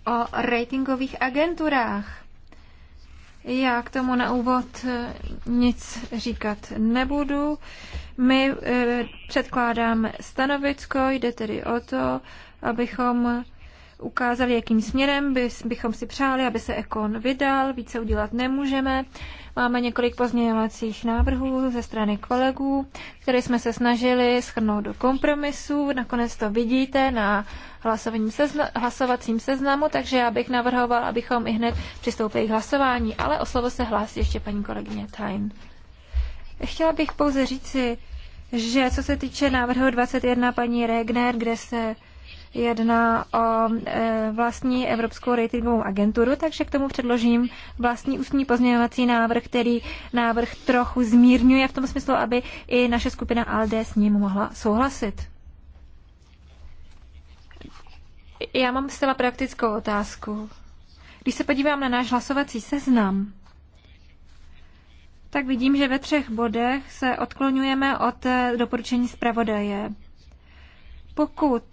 o ratingových agenturách. Já k tomu na úvod eh, nic říkat nebudu. My eh, předkládáme stanovisko, jde tedy o to, abychom ukázali, jakým směrem bychom si přáli, aby se Ekon vydal. Více udělat nemůžeme. Máme několik pozměňovacích návrhů ze strany kolegů, které jsme se snažili schrnout do kompromisu. Nakonec to vidíte na sezna- hlasovacím seznamu, takže já bych navrhoval, abychom i hned přistoupili k hlasování. Ale o slovo se hlásí ještě paní kolegyně Tain. Chtěla bych pouze říci, že co se týče návrhu 21 paní Regner, kde se jedná o e, vlastní Evropskou ratingovou agenturu, takže k tomu předložím vlastní ústní pozměňovací návrh, který návrh trochu zmírňuje v tom smyslu, aby i naše skupina ALD s ním mohla souhlasit. Já mám zcela praktickou otázku. Když se podívám na náš hlasovací seznam, tak vidím, že ve třech bodech se odklonujeme od eh, doporučení zpravodaje. Pokud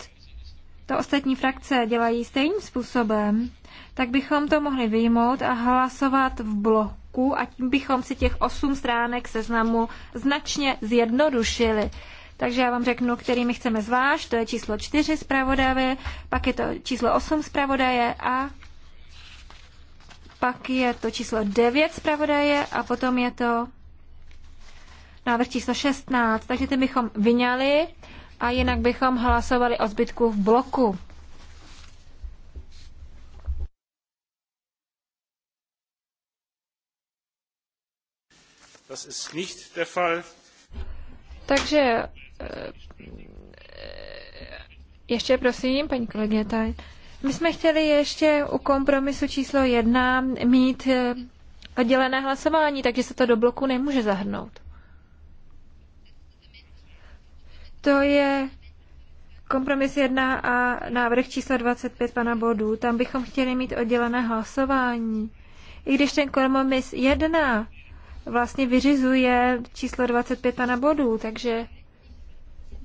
to ostatní frakce dělají stejným způsobem, tak bychom to mohli vyjmout a hlasovat v bloku a tím bychom si těch osm stránek seznamu značně zjednodušili. Takže já vám řeknu, kterými chceme zvlášť. To je číslo 4 zpravodaje, pak je to číslo 8 zpravodaje a pak je to číslo 9 zpravodaje a potom je to návrh číslo 16, takže ty bychom vyňali a jinak bychom hlasovali o zbytku v bloku. Das ist nicht der Fall. Takže eh, eh, ještě prosím, paní kolegyně Tady. My jsme chtěli ještě u kompromisu číslo jedna mít eh, oddělené hlasování, takže se to do bloku nemůže zahrnout. To je kompromis jedna a návrh číslo 25 pana Bodu. Tam bychom chtěli mít oddělené hlasování. I když ten kompromis jedna vlastně vyřizuje číslo 25 pana Bodu, takže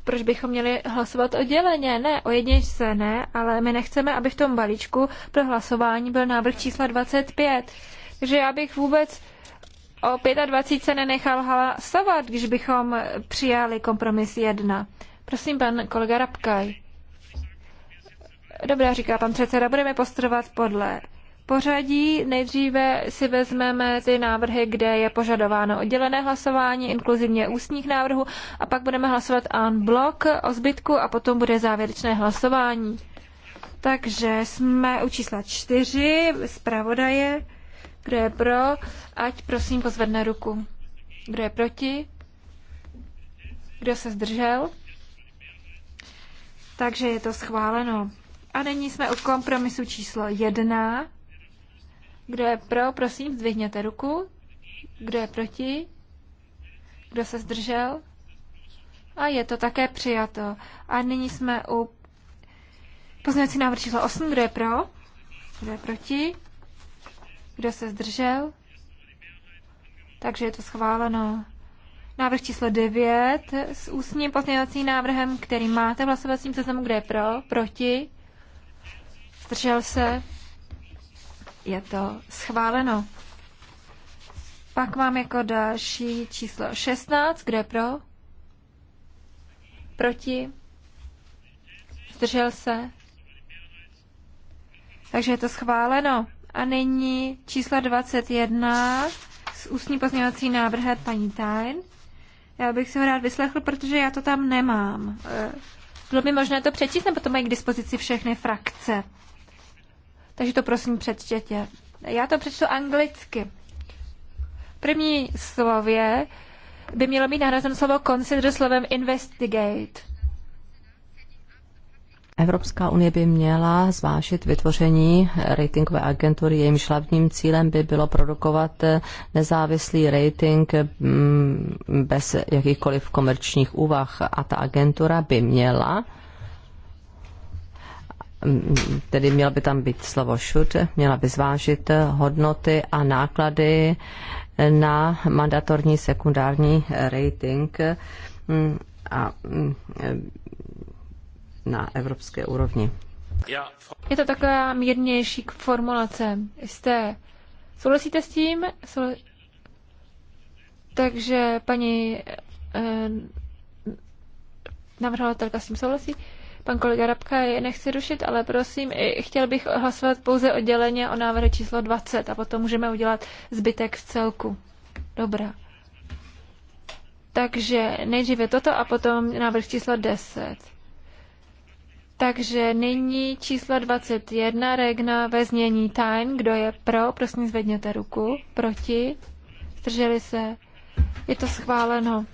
proč bychom měli hlasovat odděleně? Ne, o jedničce ne, ale my nechceme, aby v tom balíčku pro hlasování byl návrh čísla 25. Takže já bych vůbec o 25 se nenechal hlasovat, když bychom přijali kompromis 1. Prosím, pan kolega Rabkaj. Dobrá, říká pan předseda, budeme postrovat podle pořadí. Nejdříve si vezmeme ty návrhy, kde je požadováno oddělené hlasování, inkluzivně ústních návrhů, a pak budeme hlasovat en blok o zbytku a potom bude závěrečné hlasování. Takže jsme u čísla čtyři, zpravodaje, kdo je pro, ať prosím pozvedne ruku. Kdo je proti? Kdo se zdržel? Takže je to schváleno. A nyní jsme u kompromisu číslo jedna. Kdo je pro, prosím, zdvihněte ruku. Kdo je proti? Kdo se zdržel? A je to také přijato. A nyní jsme u pozměňovací návrh číslo 8. Kdo je pro? Kdo je proti? Kdo se zdržel? Takže je to schváleno. Návrh číslo 9 s ústním pozměňovacím návrhem, který máte v hlasovacím seznamu, kde je pro, proti, zdržel se, je to schváleno. Pak mám jako další číslo 16, kde pro? Proti? Zdržel se? Takže je to schváleno. A nyní číslo 21 s ústní pozměňovací návrhem paní Tain. Já bych si ho rád vyslechl, protože já to tam nemám. Eh, bylo by možné to přečíst, nebo to mají k dispozici všechny frakce takže to prosím přečtěte. Já to přečtu anglicky. První slově by mělo být nahrazeno slovo consider slovem investigate. Evropská unie by měla zvážit vytvoření ratingové agentury, jejím hlavním cílem by bylo produkovat nezávislý rating mm, bez jakýchkoliv komerčních úvah a ta agentura by měla Mm, tedy měl by tam být slovo šut, měla by zvážit hodnoty a náklady na mandatorní sekundární rating mm, a mm, na evropské úrovni. Je to taková mírnější formulace. Jste, souhlasíte s tím? Takže paní eh, navrhovatelka s tím souhlasí? Eh, Pan kolega Rabka je nechci rušit, ale prosím, chtěl bych hlasovat pouze odděleně o návrhu číslo 20 a potom můžeme udělat zbytek v celku. Dobrá. Takže nejdříve toto a potom návrh číslo 10. Takže nyní číslo 21, Regna ve znění Time. Kdo je pro, prosím zvedněte ruku. Proti? Zdrželi se? Je to schváleno.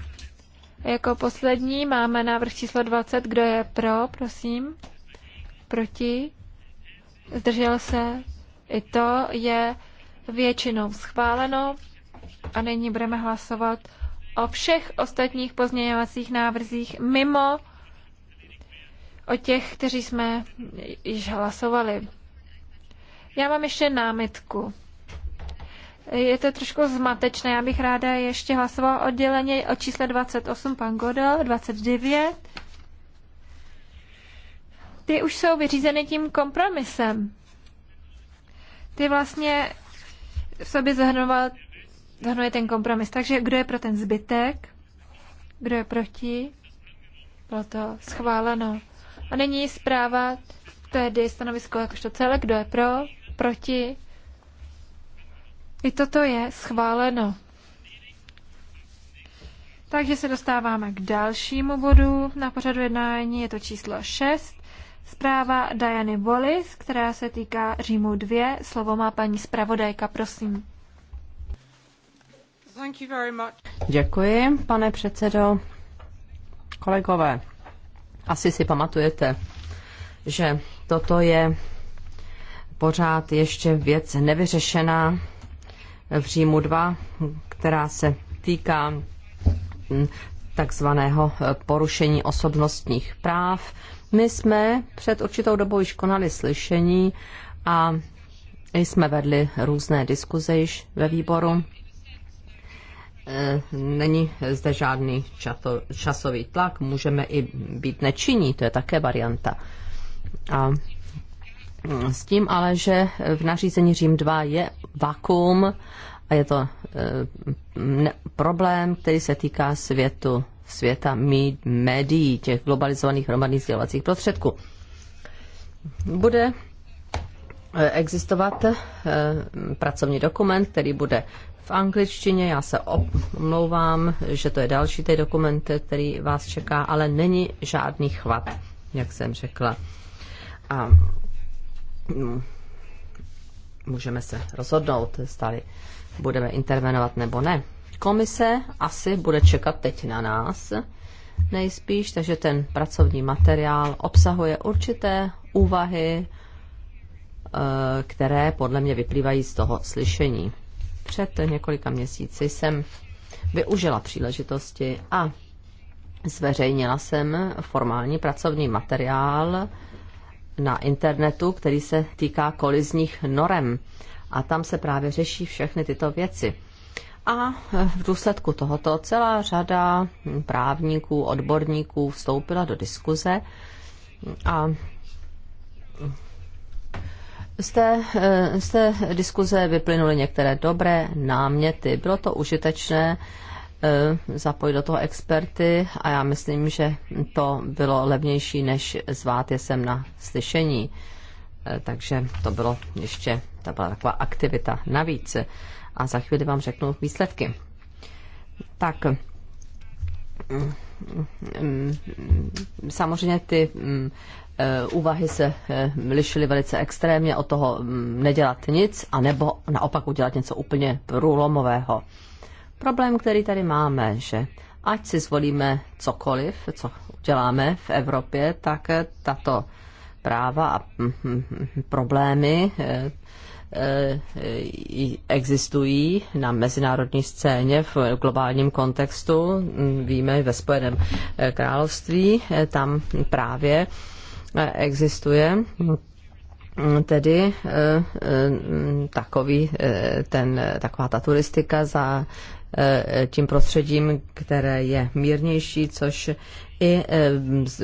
Jako poslední máme návrh číslo 20. Kdo je pro, prosím? Proti? Zdržel se? I to je většinou schváleno. A nyní budeme hlasovat o všech ostatních pozměňovacích návrzích mimo o těch, kteří jsme již hlasovali. Já mám ještě námitku. Je to trošku zmatečné, já bych ráda ještě hlasovala odděleně o čísle 28, pan Godel, 29. Ty už jsou vyřízeny tím kompromisem. Ty vlastně v sobě zahrnoval, zahrnuje ten kompromis. Takže kdo je pro ten zbytek? Kdo je proti? Bylo to schváleno. A není zpráva tedy stanovisko jakožto celé, kdo je pro, proti, i toto je schváleno. Takže se dostáváme k dalšímu bodu na pořadu jednání, je to číslo 6. Zpráva Diany Wallis, která se týká Římu 2. Slovo má paní zpravodajka, prosím. Děkuji, pane předsedo. Kolegové, asi si pamatujete, že toto je pořád ještě věc nevyřešená v Římu 2, která se týká mm, takzvaného eh, porušení osobnostních práv. My jsme před určitou dobou již konali slyšení a jsme vedli různé diskuze již ve výboru. Eh, není zde žádný časový tlak, můžeme i být nečinní, to je také varianta. A s tím ale, že v nařízení Řím 2 je vakuum a je to eh, problém, který se týká světu, světa médií, těch globalizovaných hromadných sdělovacích prostředků. Bude eh, existovat eh, pracovní dokument, který bude v angličtině. Já se omlouvám, že to je další ten dokument, který vás čeká, ale není žádný chvat, jak jsem řekla. A No. můžeme se rozhodnout, stali budeme intervenovat nebo ne. Komise asi bude čekat teď na nás nejspíš, takže ten pracovní materiál obsahuje určité úvahy, eh, které podle mě vyplývají z toho slyšení. Před několika měsíci jsem využila příležitosti a zveřejnila jsem formální pracovní materiál na internetu, který se týká kolizních norem. A tam se právě řeší všechny tyto věci. A e, v důsledku tohoto celá řada hm, právníků, odborníků vstoupila do diskuze a z té, e, z té diskuze vyplynuly některé dobré náměty. Bylo to užitečné E, zapojit do toho experty a já myslím, že to bylo levnější, než zvát je sem na slyšení. E, takže to bylo ještě, to byla taková aktivita navíc. A za chvíli vám řeknu výsledky. Tak, mm, samozřejmě ty mm, e, úvahy se lišily velice extrémně od toho mm, nedělat nic, anebo naopak udělat něco úplně průlomového. Problém, který tady máme, že ať si zvolíme cokoliv, co děláme v Evropě, tak tato práva a hm, hm, hm, problémy eh, eh, existují na mezinárodní scéně v globálním kontextu. Víme ve Spojeném eh, království, tam právě existuje tedy takový, ten, taková ta turistika za Eh, tím prostředím, které je mírnější, což i eh,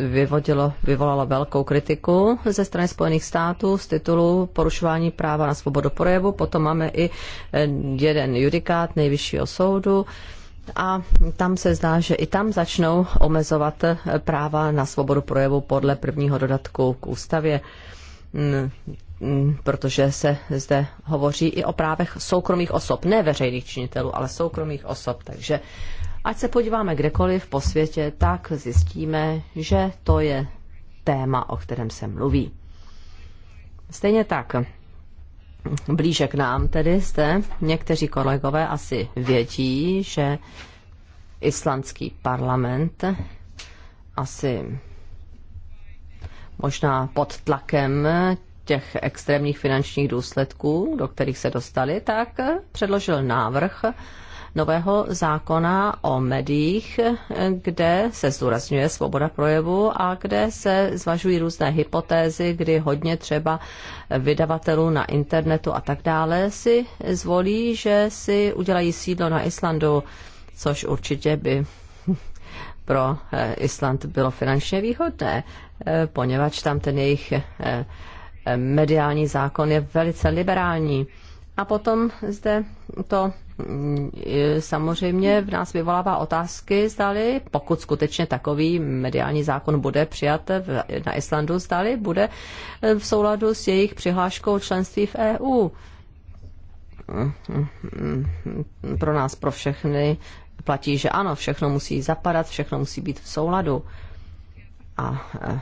vyvodilo, vyvolalo velkou kritiku ze strany Spojených států z titulu porušování práva na svobodu projevu. Potom máme i eh, jeden judikát nejvyššího soudu, a tam se zdá, že i tam začnou omezovat práva na svobodu projevu podle prvního dodatku k ústavě. Hmm. Mm, protože se zde hovoří i o právech soukromých osob, ne veřejných činitelů, ale soukromých osob. Takže ať se podíváme kdekoliv po světě, tak zjistíme, že to je téma, o kterém se mluví. Stejně tak, blíže k nám tedy jste, někteří kolegové asi vědí, že islandský parlament asi možná pod tlakem těch extrémních finančních důsledků, do kterých se dostali, tak předložil návrh nového zákona o médiích, kde se zdůrazňuje svoboda projevu a kde se zvažují různé hypotézy, kdy hodně třeba vydavatelů na internetu a tak dále si zvolí, že si udělají sídlo na Islandu, což určitě by pro eh, Island bylo finančně výhodné, eh, poněvadž tam ten jejich eh, mediální zákon je velice liberální. A potom zde to mm, samozřejmě v nás vyvolává otázky, zdali, pokud skutečně takový mediální zákon bude přijat na Islandu, zdali bude v souladu s jejich přihláškou členství v EU. Pro nás, pro všechny platí, že ano, všechno musí zapadat, všechno musí být v souladu a eh,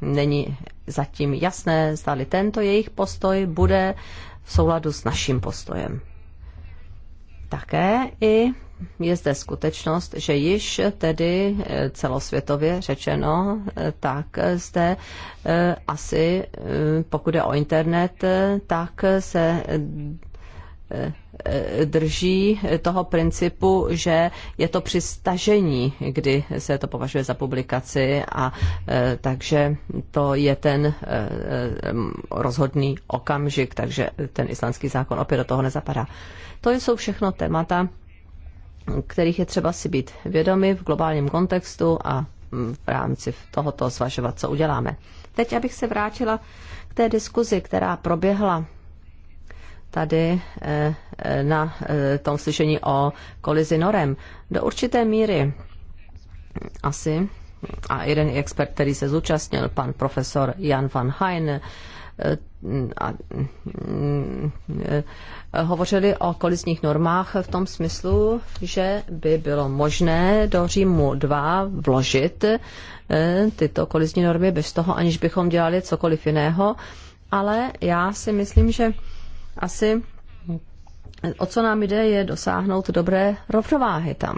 není zatím jasné, zdali tento jejich postoj bude v souladu s naším postojem. Také i je zde skutečnost, že již tedy eh, celosvětově řečeno, eh, tak zde asi, pokud je o internet, tak se drží toho principu, že je to při stažení, kdy se to považuje za publikaci a e, takže to je ten e, e, rozhodný okamžik, takže ten islandský zákon opět do toho nezapadá. To jsou všechno témata, kterých je třeba si být vědomi v globálním kontextu a v rámci tohoto zvažovat, co uděláme. Teď, abych se vrátila k té diskuzi, která proběhla tady eh, eh, na eh, tom slyšení o kolizi norem. Do určité míry asi a jeden expert, který se zúčastnil, pan profesor Jan van Hein, a, hovořili o kolizních normách v tom smyslu, že by bylo možné do Římu 2 vložit tyto kolizní normy bez toho, aniž bychom dělali cokoliv jiného. Ale já si myslím, že asi o co nám jde, je dosáhnout dobré rovnováhy tam.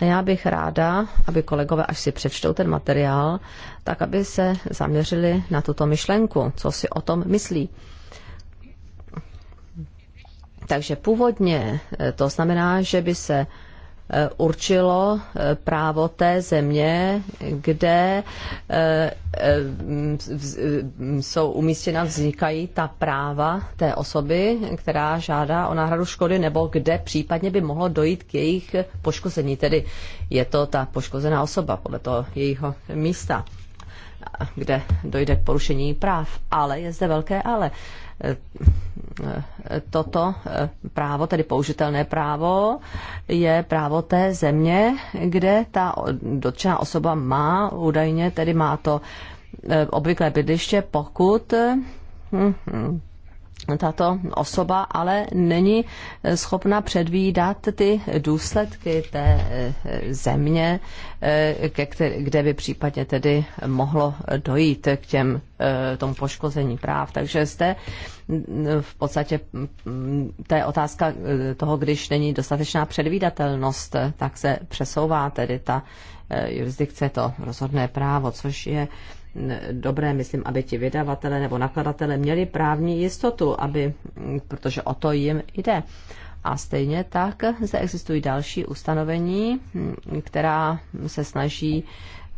A já bych ráda, aby kolegové, až si přečtou ten materiál, tak aby se zaměřili na tuto myšlenku, co si o tom myslí. Takže původně eh, to znamená, že by se Eh, určilo eh, právo té země, kde eh, jsou umístěna, vznikají ta práva té osoby, která žádá o náhradu škody, nebo kde případně by mohlo dojít k jejich poškození. Tedy je to ta poškozená osoba podle toho jejího místa, kde dojde k porušení práv. Ale je zde velké ale toto eh, právo, tedy použitelné právo, je právo té země, kde ta dotčená osoba má údajně, tedy má to eh, obvyklé bydliště, pokud hm, hm, tato osoba ale není eh, schopna předvídat ty důsledky té eh, země, eh, kde by případně tedy mohlo dojít k těm, tomu poškození práv. Takže zde mm, v podstatě mm, to je otázka toho, když není dostatečná předvídatelnost, tak se přesouvá tedy ta jurisdikce, to rozhodné právo, což je dobré, myslím, aby ti vydavatele nebo nakladatele měli právní jistotu, aby, mm, protože o to jim jde. A stejně tak zde existují další ustanovení, mm, která se snaží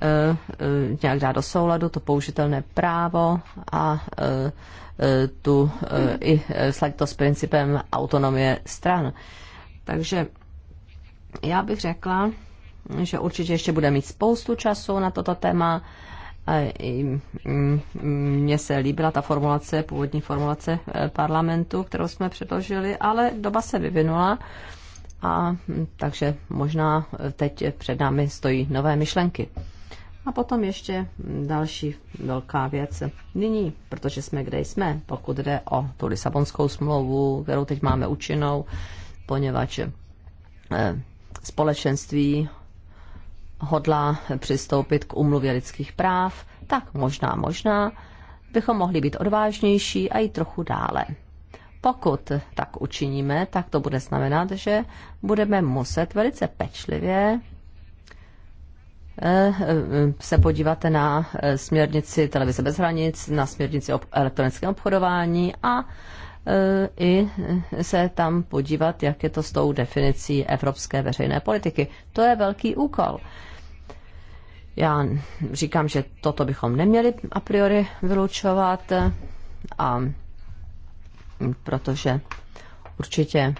eh, eh, nějak dát do souladu to použitelné právo a eh, tu i to s principem autonomie stran. Takže já bych řekla, že určitě ještě bude mít spoustu času na toto téma Mm, mm, mně se líbila ta formulace, původní formulace eh, parlamentu, kterou jsme předložili, ale doba se vyvinula a mm, takže možná eh, teď před námi stojí nové myšlenky. A potom ještě další velká věc. Nyní, protože jsme kde jsme, pokud jde o tu Lisabonskou smlouvu, kterou teď máme účinnou, poněvadž eh, společenství hodlá přistoupit k umluvě lidských práv, tak možná, možná bychom mohli být odvážnější a i trochu dále. Pokud tak učiníme, tak to bude znamenat, že budeme muset velice pečlivě eh, eh, se podívat na eh, směrnici televize bez hranic, na směrnici elektronického obchodování a i se tam podívat, jak je to s tou definicí evropské veřejné politiky. To je velký úkol. Já říkám, že toto bychom neměli a priori vylučovat, a protože určitě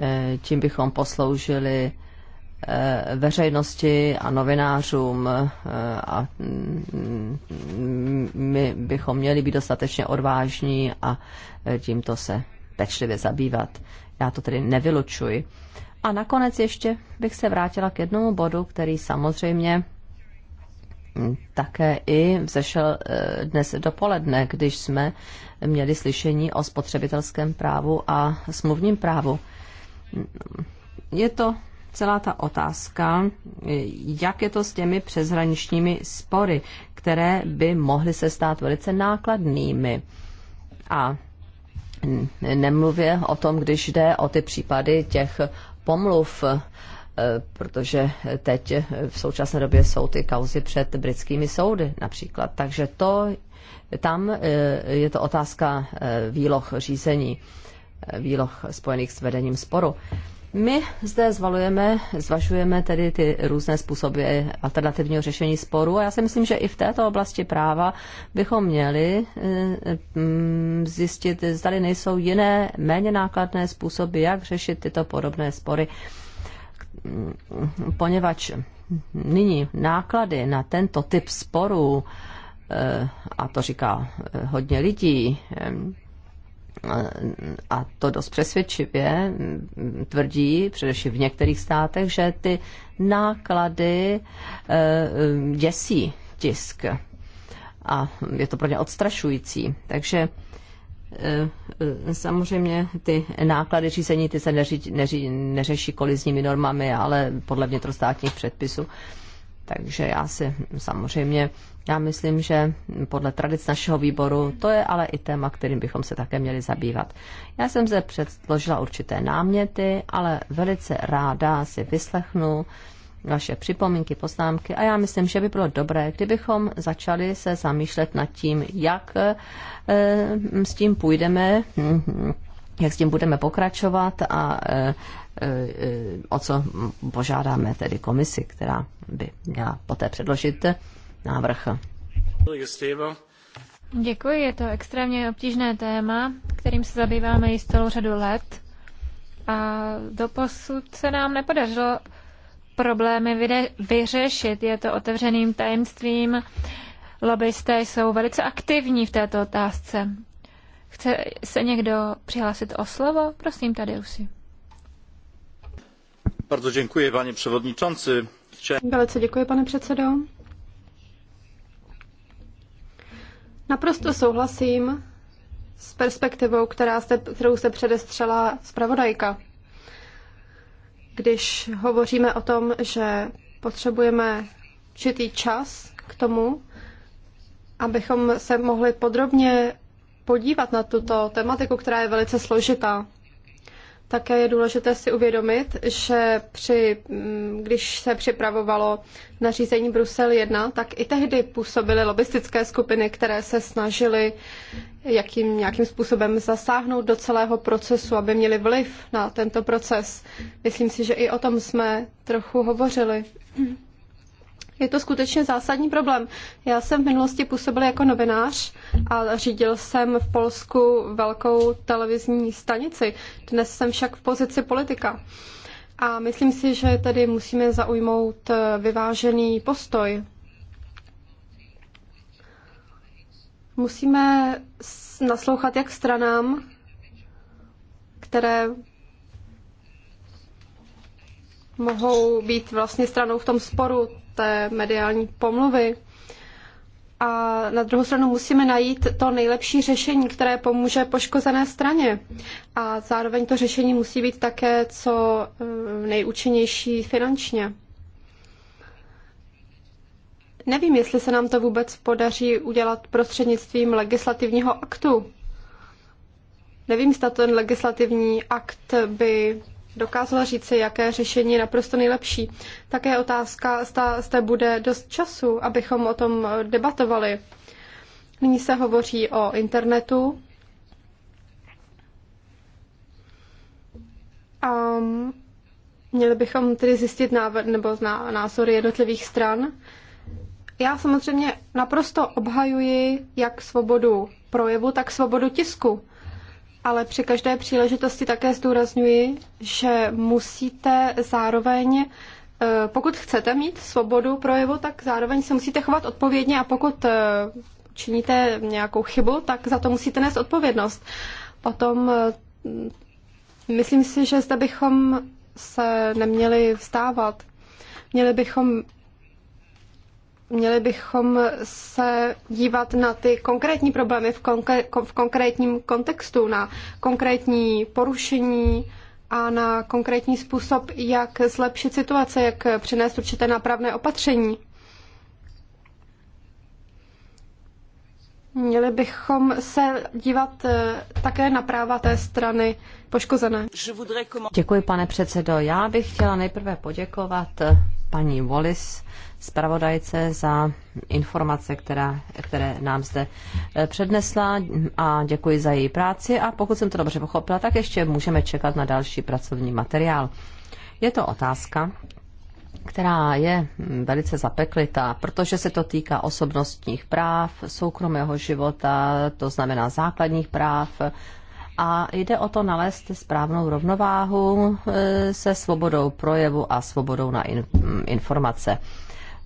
eh, tím bychom posloužili eh, veřejnosti a novinářům eh, a mm, my bychom měli být dostatečně odvážní a tímto se pečlivě zabývat. Já to tedy nevylučuji. A nakonec ještě bych se vrátila k jednomu bodu, který samozřejmě také i vzešel eh, dnes dopoledne, když jsme měli slyšení o spotřebitelském právu a smluvním právu. Je to celá ta otázka, jak je to s těmi přeshraničními spory, které by mohly se stát velice nákladnými. A nemluvě o tom, když jde o ty případy těch pomluv, eh, protože teď v současné době jsou ty kauzy před britskými soudy například. Takže to, tam eh, je to otázka eh, výloh řízení, výloh spojených s vedením sporu. My zde zvalujeme, zvažujeme tedy ty různé způsoby alternativního řešení sporu a já si myslím, že i v této oblasti práva bychom měli eh, mm, zjistit, zda nejsou jiné, méně nákladné způsoby, jak řešit tyto podobné spory, mm, poněvadž nyní náklady na tento typ sporů, eh, a to říká eh, hodně lidí, a to dost přesvědčivě tvrdí, především v některých státech, že ty náklady eh, děsí tisk a je to pro ně odstrašující. Takže eh, Samozřejmě ty náklady řízení ty se neři, neři, neřeší kolizními normami, ale podle vnitrostátních předpisů. Takže já si samozřejmě já myslím, že podle tradic našeho výboru to je ale i téma, kterým bychom se také měli zabývat. Já jsem se předložila určité náměty, ale velice ráda si vyslechnu vaše připomínky, poznámky a já myslím, že by bylo dobré, kdybychom začali se zamýšlet nad tím, jak eh, s tím půjdeme, jak s tím budeme pokračovat a eh, eh, o co požádáme tedy komisi, která by měla poté předložit návrh. Děkuji, je to extrémně obtížné téma, kterým se zabýváme již celou řadu let. A doposud se nám nepodařilo problémy vyřešit. Je to otevřeným tajemstvím. Lobbysté jsou velice aktivní v této otázce. Chce se někdo přihlásit o slovo? Prosím, tady Rusy. Bardzo děkuji, pane Velice děkuji, pane předsedo. Naprosto souhlasím s perspektivou, která jste, kterou se předestřela zpravodajka. Když hovoříme o tom, že potřebujeme určitý čas k tomu, abychom se mohli podrobně podívat na tuto tematiku, která je velice složitá. Také je důležité si uvědomit, že při, mm, když se připravovalo nařízení Brusel 1, tak i tehdy působily lobistické skupiny, které se snažily jakým, nějakým způsobem zasáhnout do celého procesu, aby měli vliv na tento proces. Myslím si, že i o tom jsme trochu hovořili. Je to skutečně zásadní problém. Já jsem v minulosti působil jako novinář a řídil jsem v Polsku velkou televizní stanici. Dnes jsem však v pozici politika. A myslím si, že tedy musíme zaujmout eh, vyvážený postoj. Musíme naslouchat jak stranám, které mohou být vlastně stranou v tom sporu té mediální pomluvy. A na druhou stranu musíme najít to nejlepší řešení, které pomůže poškozené straně. A zároveň to řešení musí být také co eh, nejúčinnější finančně. Nevím, jestli se nám to vůbec podaří udělat prostřednictvím legislativního aktu. Nevím, zda ten legislativní akt by dokázala říci, jaké řešení je naprosto nejlepší. Také otázka, zda bude dost času, abychom o tom debatovali. Nyní se hovoří o internetu. A měli bychom tedy zjistit návr- nebo zná- názory jednotlivých stran. Já samozřejmě naprosto obhajuji jak svobodu projevu, tak svobodu tisku ale při každé příležitosti také zdůrazňuji, že musíte zároveň, eh, pokud chcete mít svobodu projevu, tak zároveň se musíte chovat odpovědně a pokud eh, činíte nějakou chybu, tak za to musíte nést odpovědnost. Potom eh, myslím si, že zde bychom se neměli vstávat. Měli bychom Měli bychom se dívat na ty konkrétní problémy v, konkr- v konkrétním kontextu, na konkrétní porušení a na konkrétní způsob, jak zlepšit situace, jak přinést určité nápravné opatření. Měli bychom se dívat eh, také na práva té strany poškozené. Děkuji, pane předsedo. Já bych chtěla nejprve poděkovat paní Wallis, zpravodajce, za informace, která, které nám zde eh, přednesla a děkuji za její práci a pokud jsem to dobře pochopila, tak ještě můžeme čekat na další pracovní materiál. Je to otázka, která je velice zapeklitá, protože se to týká osobnostních práv, soukromého života, to znamená základních práv, a jde o to nalézt správnou rovnováhu e, se svobodou projevu a svobodou na in, informace.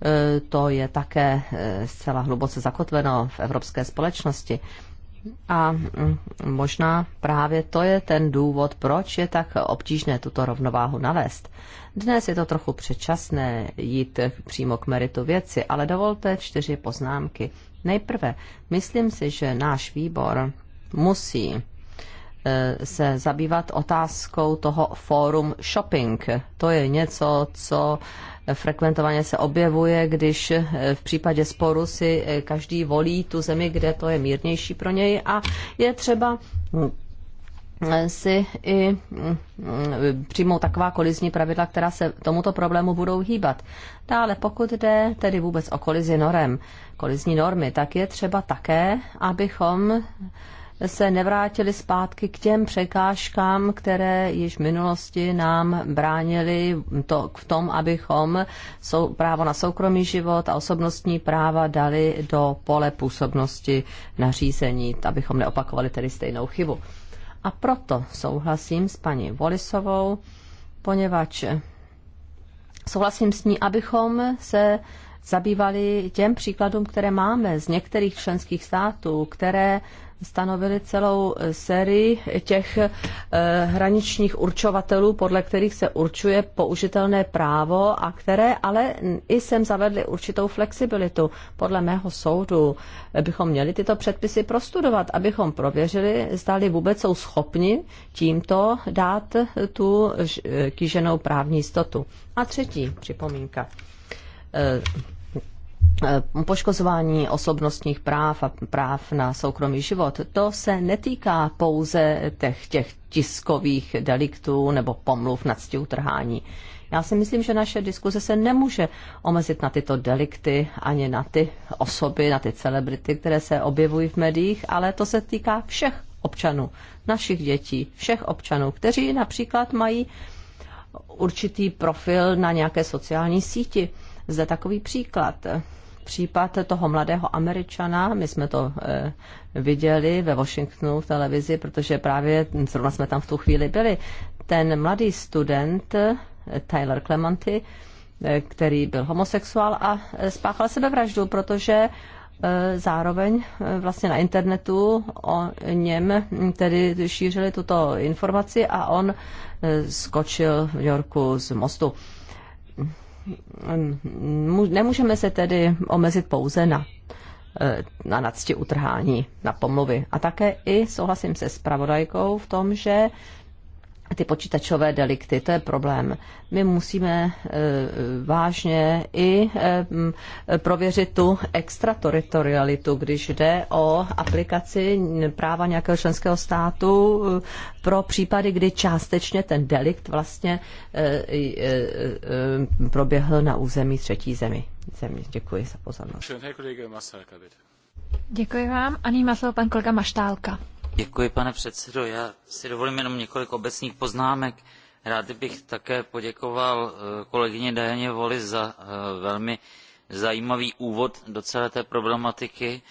E, to je také e, zcela hluboce zakotveno v evropské společnosti. A možná právě to je ten důvod, proč je tak obtížné tuto rovnováhu nalézt. Dnes je to trochu předčasné jít přímo k meritu věci, ale dovolte čtyři poznámky. Nejprve, myslím si, že náš výbor musí Eh, se zabývat otázkou toho forum shopping. To je něco, co frekventovaně se objevuje, když eh, v případě sporu si eh, každý volí tu zemi, kde to je mírnější pro něj a je třeba hm, si i hm, přijmou taková kolizní pravidla, která se tomuto problému budou hýbat. Dále, pokud jde tedy vůbec o kolizi norem, kolizní normy, tak je třeba také, abychom se nevrátili zpátky k těm překážkám, které již v minulosti nám bránili to, v tom, abychom sou, právo na soukromý život a osobnostní práva dali do pole působnosti nařízení, abychom neopakovali tedy stejnou chybu. A proto souhlasím s paní Volisovou, poněvadž souhlasím s ní, abychom se zabývali těm příkladům, které máme z některých členských států, které stanovili celou eh, sérii těch eh, hraničních určovatelů, podle kterých se určuje použitelné právo a které ale i sem zavedly určitou flexibilitu. Podle mého soudu bychom měli tyto předpisy prostudovat, abychom prověřili, zdali vůbec jsou schopni tímto dát eh, tu kýženou právní jistotu. A třetí připomínka Eh, poškozování osobnostních práv a práv na soukromý život, to se netýká pouze těch, těch tiskových deliktů nebo pomluv nad utrhání. Já si myslím, že naše diskuze se nemůže omezit na tyto delikty, ani na ty osoby, na ty celebrity, které se objevují v médiích, ale to se týká všech občanů, našich dětí, všech občanů, kteří například mají určitý profil na nějaké sociální síti zde takový příklad. Případ toho mladého Američana, my jsme to eh, viděli ve Washingtonu v televizi, protože právě zrovna jsme tam v tu chvíli byli. Ten mladý student eh, Tyler Clementy, eh, který byl homosexuál a spáchal sebevraždu, protože zároveň vlastně na internetu o něm hm, tedy šířili tuto informaci a on skočil v New Yorku z mostu nemůžeme se tedy omezit pouze na eh, na nadsti utrhání, na pomluvy. A také i souhlasím se s pravodajkou v tom, že ty počítačové delikty, to je problém. My musíme e, vážně i e, prověřit tu extratoritorialitu, když jde o aplikaci práva nějakého členského státu e, pro případy, kdy částečně ten delikt vlastně proběhl na území třetí zemi. Země. Děkuji za pozornost. Děkuji vám. Ani Maslou, pan kolega Maštálka. Děkuji, pane předsedo. Já si dovolím jenom několik obecných poznámek. Rád bych také poděkoval eh, kolegyni Dajaně Voli za eh, velmi zajímavý úvod do celé té problematiky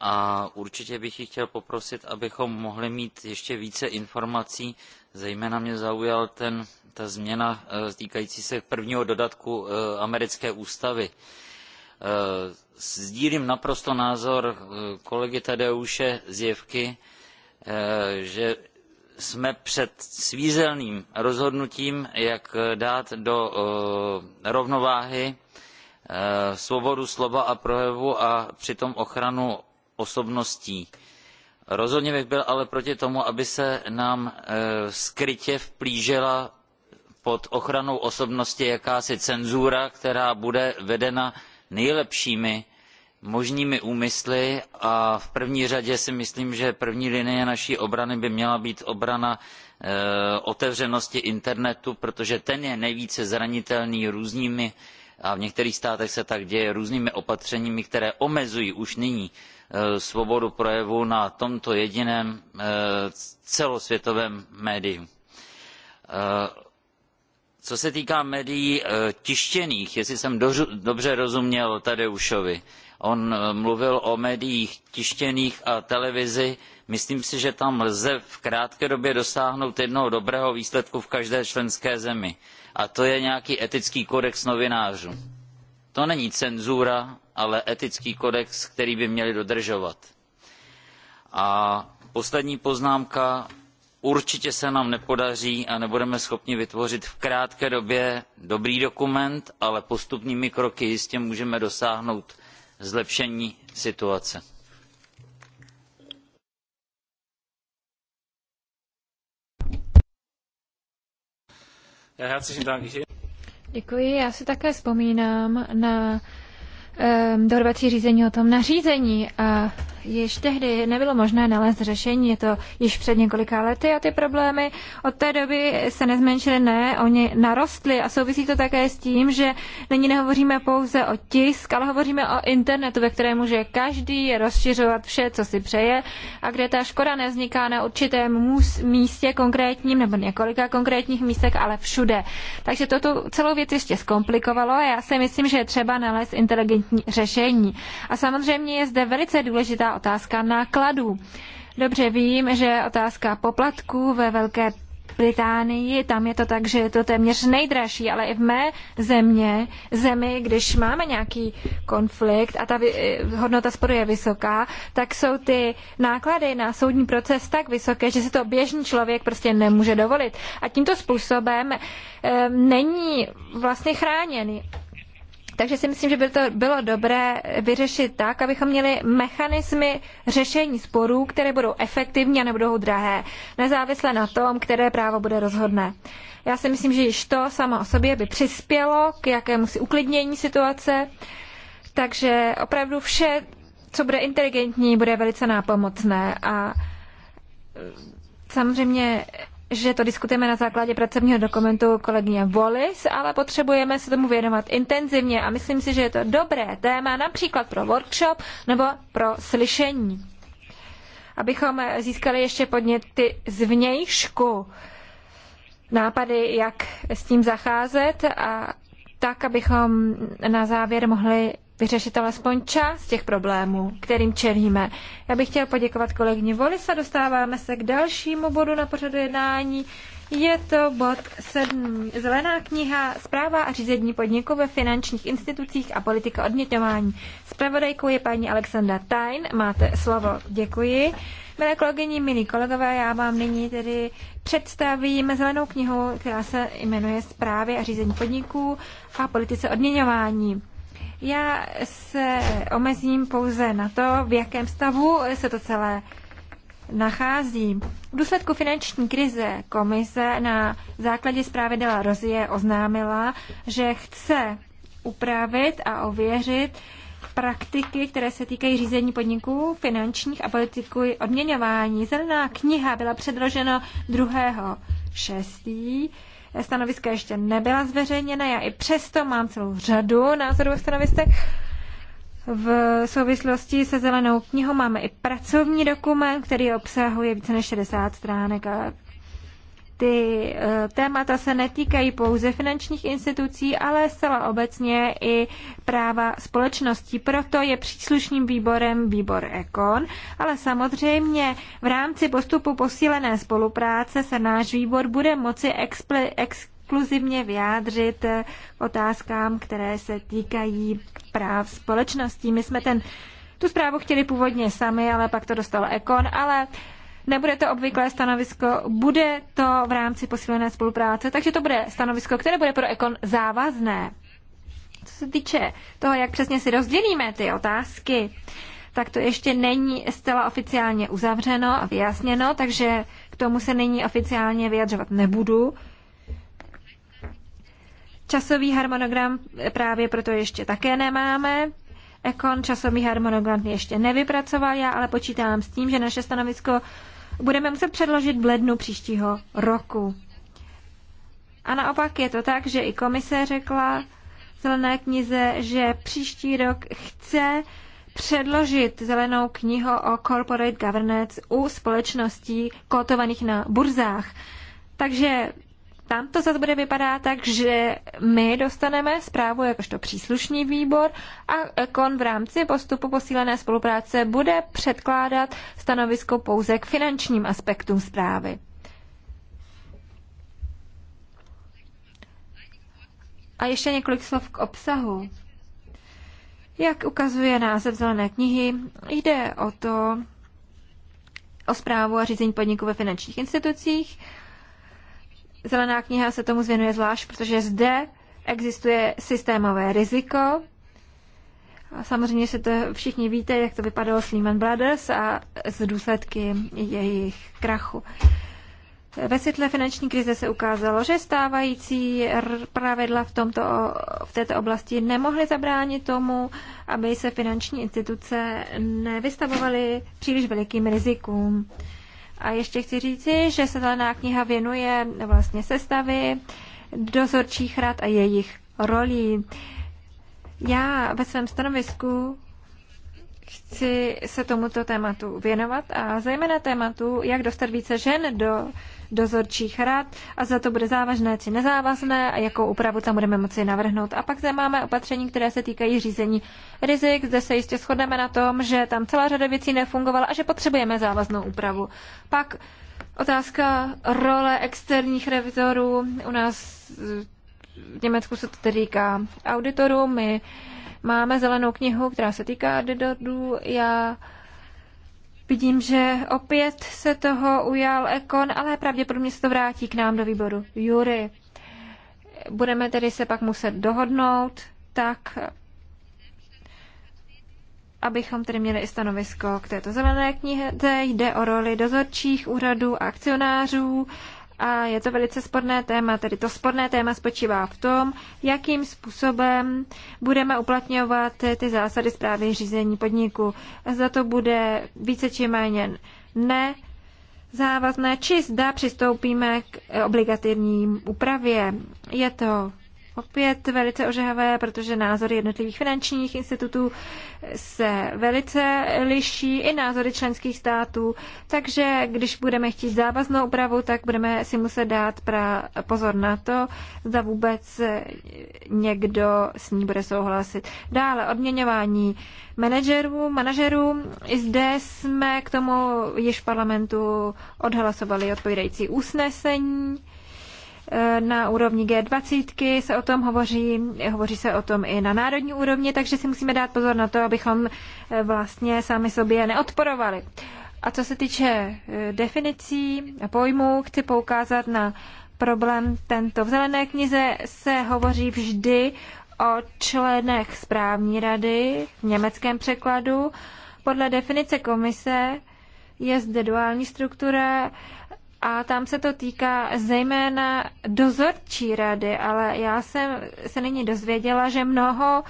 a určitě bych ji chtěl poprosit, abychom mohli mít ještě více informací. Zejména mě zaujal ten, ta změna eh, týkající se prvního dodatku americké ústavy. Sdílím naprosto názor kolegy Tadeuše Zjevky, Eh, že jsme před svízelným rozhodnutím jak dát do eh, rovnováhy eh, svobodu slova a projevu a přitom ochranu osobností. rozhodně bych byl ale proti tomu aby se nám skrytě vplížila pod ochranou osobnosti jakási cenzura která bude vedena nejlepšími možnými úmysly a v první řadě si myslím že první linie naší obrany by měla být obrana e, otevřenosti internetu protože ten je nejvíce zranitelný různými a v některých státech se tak děje různými opatřeními která omezují už nyní e, svobodu projevu na tomto jediném e, celosvětovém médiu. co se týká médií tištěných jestli jsem dobře rozuměl tadeušovi on eh, mluvil o médiích tištěných a televizi myslím si že tam lze v krátké době dosáhnout jednoho dobrého výsledku v každé členské zemi a to je nějaký etický kodex novinářů. to není cenzura ale etický kodex který by měli dodržovat. a poslední poznámka určitě se nám nepodaří a nebudeme schopni vytvořit v krátké době dobrý dokument ale postupnými kroky jistě můžeme dosáhnout zlepšení situace. Děkuji, já si také vzpomínám na Ehm, dohodovací řízení o tom nařízení a již tehdy nebylo možné nalézt řešení, je to již před několika lety a ty problémy od té doby se nezmenšily, ne, oni narostly a souvisí to také s tím, že nyní nehovoříme pouze o tisk, ale hovoříme o internetu, ve kterém může každý rozšiřovat vše, co si přeje a kde ta škoda nevzniká na určitém místě konkrétním nebo několika konkrétních místech, ale všude. Takže toto celou věc ještě zkomplikovalo a já si myslím, že je třeba nalézt inteligentní konkrétní řešení. A samozřejmě je zde velice důležitá otázka nákladů. Dobře vím, že otázka poplatků ve Velké Británii, tam je to tak, že je to téměř nejdražší, ale i v mé země, zemi, když máme nějaký konflikt a ta hodnota sporu je vysoká, tak jsou ty náklady na soudní proces tak vysoké, že si to běžný člověk prostě nemůže dovolit. A tímto způsobem e, není vlastně chráněný. Takže si myslím, že by to bylo dobré vyřešit tak, abychom měli mechanismy řešení sporů, které budou efektivní a nebudou drahé, nezávisle na tom, které právo bude rozhodné. Já si myslím, že již to sama o sobě by přispělo k jakému si uklidnění situace, takže opravdu vše, co bude inteligentní, bude velice nápomocné a e, samozřejmě že to diskutujeme na základě pracovního dokumentu kolegyně Wallis, ale potřebujeme se tomu věnovat intenzivně a myslím si, že je to dobré téma například pro workshop nebo pro slyšení. Abychom získali ještě podněty zvnějšku, nápady, jak s tím zacházet a tak, abychom na závěr mohli vyřešit alespoň část těch problémů, kterým čelíme. Já bych chtěl poděkovat kolegyni Volisa. dostáváme se k dalšímu bodu na pořadu jednání. Je to bod 7. Zelená kniha Zpráva a řízení podniků ve finančních institucích a politika odměňování. Spravodajkou je paní Alexandra Tain. Máte slovo. Děkuji. Milé kolegyni, milí kolegové, já vám nyní tedy představím zelenou knihu, která se jmenuje Zprávy a řízení podniků a politice odměňování. Já se omezím pouze na to, v jakém stavu se to celé nachází. V důsledku finanční krize komise na základě zprávy Dela Rozie oznámila, že chce upravit a ověřit praktiky, které se týkají řízení podniků, finančních a politiků odměňování. Zelená kniha byla předložena 2. 6 stanoviska ještě nebyla zveřejněna. Já i přesto mám celou řadu názorových stanovisek. V souvislosti se zelenou knihou máme i pracovní dokument, který obsahuje více než 60 stránek a ty eh, témata se netýkají pouze finančních institucí, ale zcela obecně i práva společností. Proto je příslušným výborem výbor EKON, ale samozřejmě v rámci postupu posílené spolupráce se náš výbor bude moci expli- exkluzivně vyjádřit eh, otázkám, které se týkají práv společností. My jsme ten, tu zprávu chtěli původně sami, ale pak to dostal Ekon, ale uh, nebude to obvyklé stanovisko, bude to v rámci posílené spolupráce, takže to bude stanovisko, které bude pro Ekon závazné. Co se týče toho, jak přesně si rozdělíme ty otázky, tak to ještě není zcela oficiálně uzavřeno a vyjasněno, takže k tomu se nyní oficiálně vyjadřovat nebudu. Časový harmonogram právě proto ještě také nemáme. Ekon časový harmonogram ještě nevypracoval, já ale počítám s tím, že naše stanovisko budeme muset předložit v lednu příštího roku. A naopak je to tak, že i komise řekla v zelené knize, že příští rok chce předložit zelenou knihu o corporate governance u společností kotovaných na burzách. Takže tam to zase bude vypadat tak, že my dostaneme zprávu jakožto příslušný výbor a kon v rámci postupu posílené spolupráce bude předkládat stanovisko pouze k finančním aspektům zprávy. A ještě několik slov k obsahu. Jak ukazuje název zelené knihy, jde o to, o zprávu a řízení podniků ve finančních institucích, Zelená kniha se tomu zvěnuje zvlášť, protože zde existuje systémové riziko. A samozřejmě se to všichni víte, jak to vypadalo s Lehman Brothers a z důsledky jejich krachu. Ve světle finanční krize se ukázalo, že stávající pravidla v, tomto, v této oblasti nemohly zabránit tomu, aby se finanční instituce nevystavovaly příliš velikým rizikům. A ještě chci říci, že se zelená kniha věnuje vlastně sestavy dozorčích rad a jejich rolí. Já ve svém stanovisku chci se tomuto tématu věnovat a zejména tématu, jak dostat více žen do dozorčích rad a za to bude závažné či nezávazné a jakou úpravu tam budeme moci navrhnout. A pak zde máme opatření, které se týkají řízení rizik. Zde se jistě shodneme na tom, že tam celá řada věcí nefungovala a že potřebujeme závaznou úpravu. Pak otázka role externích revizorů. U nás v Německu se to týká auditorů. My Máme zelenou knihu, která se týká Dedodu. Já vidím, že opět se toho ujal Ekon, ale pravděpodobně se to vrátí k nám do výboru Jury. Budeme tedy se pak muset dohodnout tak, abychom tedy měli i stanovisko k této zelené knize. Jde o roli dozorčích úřadů a akcionářů a je to velice sporné téma. Tedy to sporné téma spočívá v tom, jakým způsobem budeme uplatňovat ty zásady zprávy řízení podniku. Za to bude více či méně ne závazné, či zda přistoupíme k obligativním úpravě. Je to opět velice ožehavé, protože názory jednotlivých finančních institutů se velice liší, i názory členských států, takže když budeme chtít závaznou úpravu, tak budeme si muset dát pra pozor na to, zda vůbec někdo s ní bude souhlasit. Dále odměňování manažerů, manažerů. I zde jsme k tomu již v parlamentu odhlasovali odpovídající usnesení. Eh, na úrovni G20 se o tom hovoří, hovoří se o tom i na národní úrovni, takže si musíme dát pozor na to, abychom eh, vlastně sami sobě neodporovali. A co se týče eh, definicí a pojmů, chci poukázat na problém tento. V zelené knize se hovoří vždy o členech správní rady v německém překladu. Podle definice komise je zde duální struktura a tam se to týká zejména dozorčí rady, ale já jsem se nyní dozvěděla, že mnoho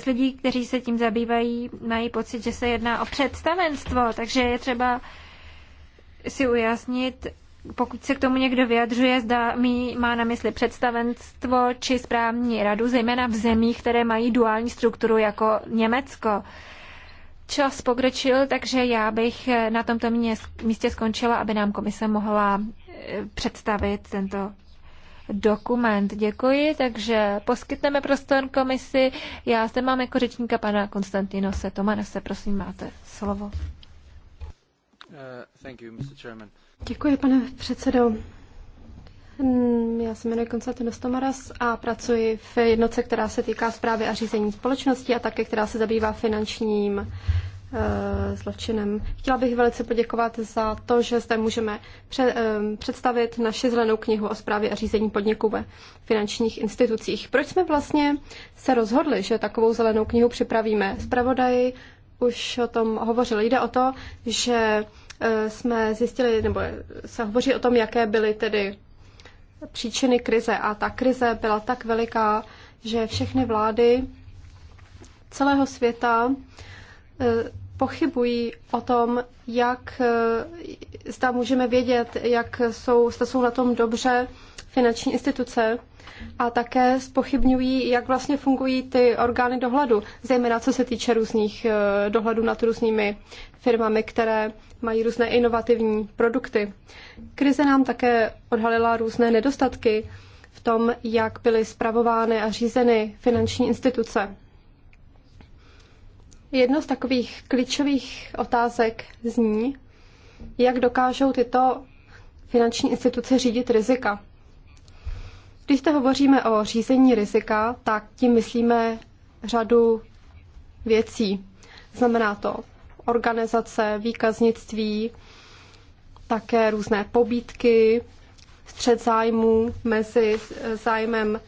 z lidí, kteří se tím zabývají, mají pocit, že se jedná o představenstvo, takže je třeba si ujasnit, pokud se k tomu někdo vyjadřuje, zda mý, má na mysli představenstvo či správní radu, zejména v zemích, které mají duální strukturu jako Německo čas pokročil, takže já bych eh, na tomto místě skončila, aby nám komise mohla eh, představit tento dokument. Děkuji, takže poskytneme prostor komisi. Já zde mám jako řečníka pana Konstantinose Tomanese. Prosím, máte slovo. Uh, Děkuji, pane předsedo. Hm, já se jmenuji Konstantin Dostomaras a pracuji v jednotce, která se týká zprávy a řízení společnosti a také, která se zabývá finančním eh, zločinem. Chtěla bych velice poděkovat za to, že zde můžeme eh, představit naši zelenou knihu o zprávě a řízení podniků ve finančních institucích. Proč jsme vlastně se rozhodli, že takovou zelenou knihu připravíme? Zpravodaj už o tom hovořil. Jde o to, že eh, jsme zjistili, nebo se hovoří o tom, jaké byly tedy příčiny krize. A ta krize byla tak veliká, že všechny vlády celého světa eh, pochybují o tom, jak eh, zda můžeme vědět, jak jsou, zda jsou na tom dobře finanční instituce a také spochybňují, jak vlastně fungují ty orgány dohledu, zejména co se týče různých eh, dohledů nad různými firmami, které mají různé inovativní produkty. Krize nám také odhalila různé nedostatky v tom, jak byly spravovány a řízeny finanční instituce. Jedno z takových klíčových otázek zní, jak dokážou tyto finanční instituce řídit rizika. Když zde hovoříme o řízení rizika, tak tím myslíme řadu věcí. Znamená to organizace, výkaznictví, také různé pobídky, střed zájmů mezi zájmem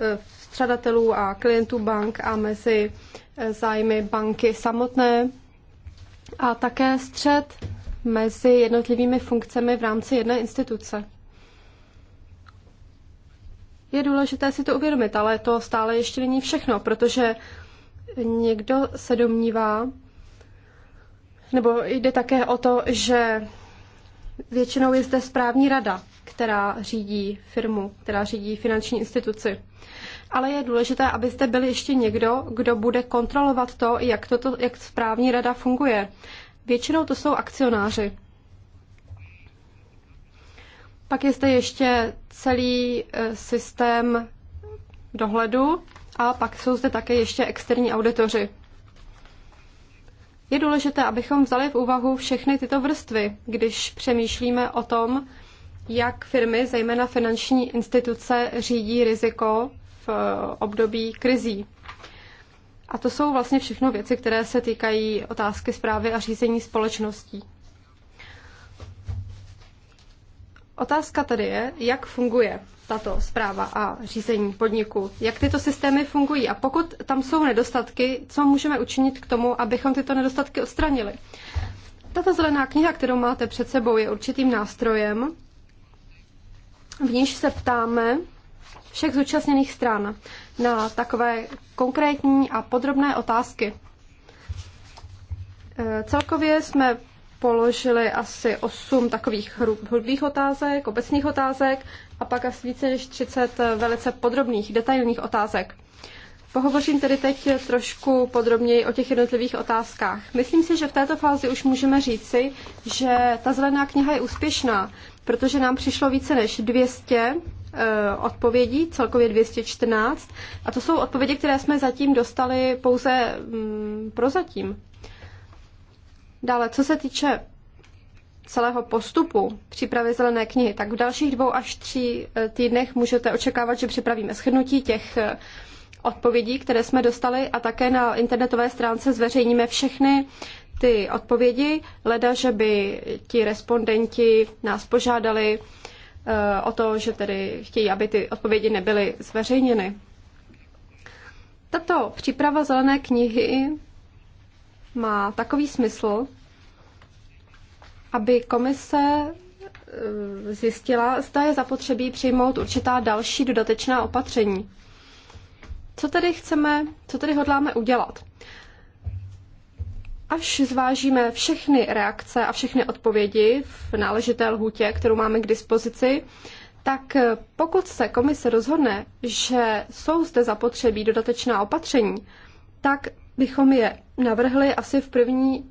eh, střadatelů a klientů bank a mezi eh, zájmy banky samotné a také střed mezi jednotlivými funkcemi v rámci jedné instituce je důležité si to uvědomit, ale to stále ještě není všechno, protože někdo se domnívá, nebo jde také o to, že většinou je zde správní rada, která řídí firmu, která řídí finanční instituci. Ale je důležité, abyste byli ještě někdo, kdo bude kontrolovat to, jak, toto, jak správní rada funguje. Většinou to jsou akcionáři. Pak je zde ještě celý e, systém dohledu a pak jsou zde také ještě externí auditoři. Je důležité, abychom vzali v úvahu všechny tyto vrstvy, když přemýšlíme o tom, jak firmy, zejména finanční instituce, řídí riziko v e, období krizí. A to jsou vlastně všechno věci, které se týkají otázky zprávy a řízení společností. Otázka tedy je, jak funguje tato zpráva a řízení podniku, jak tyto systémy fungují a pokud tam jsou nedostatky, co můžeme učinit k tomu, abychom tyto nedostatky odstranili. Tato zelená kniha, kterou máte před sebou, je určitým nástrojem, v níž se ptáme všech zúčastněných stran na takové konkrétní a podrobné otázky. E, celkově jsme položili asi 8 takových hrubých otázek, obecných otázek a pak asi více než 30 eh, velice podrobných, detailních otázek. Pohovořím tedy teď trošku podrobněji o těch jednotlivých otázkách. Myslím si, že v této fázi už můžeme říci, že ta zelená kniha je úspěšná, protože nám přišlo více než 200 eh, odpovědí, celkově 214, a to jsou odpovědi, které jsme zatím dostali pouze mm, prozatím. Dále, co se týče celého postupu přípravy zelené knihy, tak v dalších dvou až tří eh, týdnech můžete očekávat, že připravíme shrnutí těch eh, odpovědí, které jsme dostali a také na internetové stránce zveřejníme všechny ty odpovědi, leda, že by ti respondenti nás požádali eh, o to, že tedy chtějí, aby ty odpovědi nebyly zveřejněny. Tato příprava zelené knihy má takový smysl, aby komise eh, zjistila, zda je zapotřebí přijmout určitá další dodatečná opatření. Co tedy chceme, co tedy hodláme udělat? Až zvážíme všechny reakce a všechny odpovědi v náležité lhůtě, kterou máme k dispozici, tak eh, pokud se komise rozhodne, že jsou zde zapotřebí dodatečná opatření, tak bychom je navrhli asi v první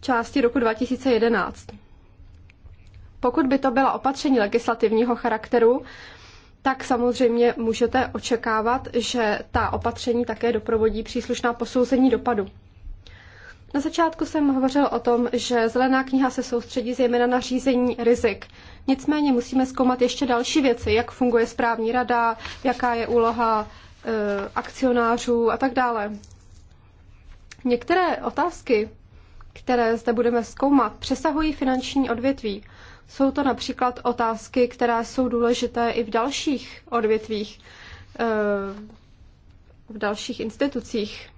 části roku 2011. Pokud by to byla opatření legislativního charakteru, tak samozřejmě můžete očekávat, že ta opatření také doprovodí příslušná posouzení dopadu. Na začátku jsem hovořil o tom, že zelená kniha se soustředí zejména na řízení rizik. Nicméně musíme zkoumat ještě další věci, jak funguje správní rada, jaká je úloha e, akcionářů a tak dále. Některé otázky, které zde budeme zkoumat, přesahují finanční odvětví. Jsou to například otázky, které jsou důležité i v dalších odvětvích, eh, v dalších institucích.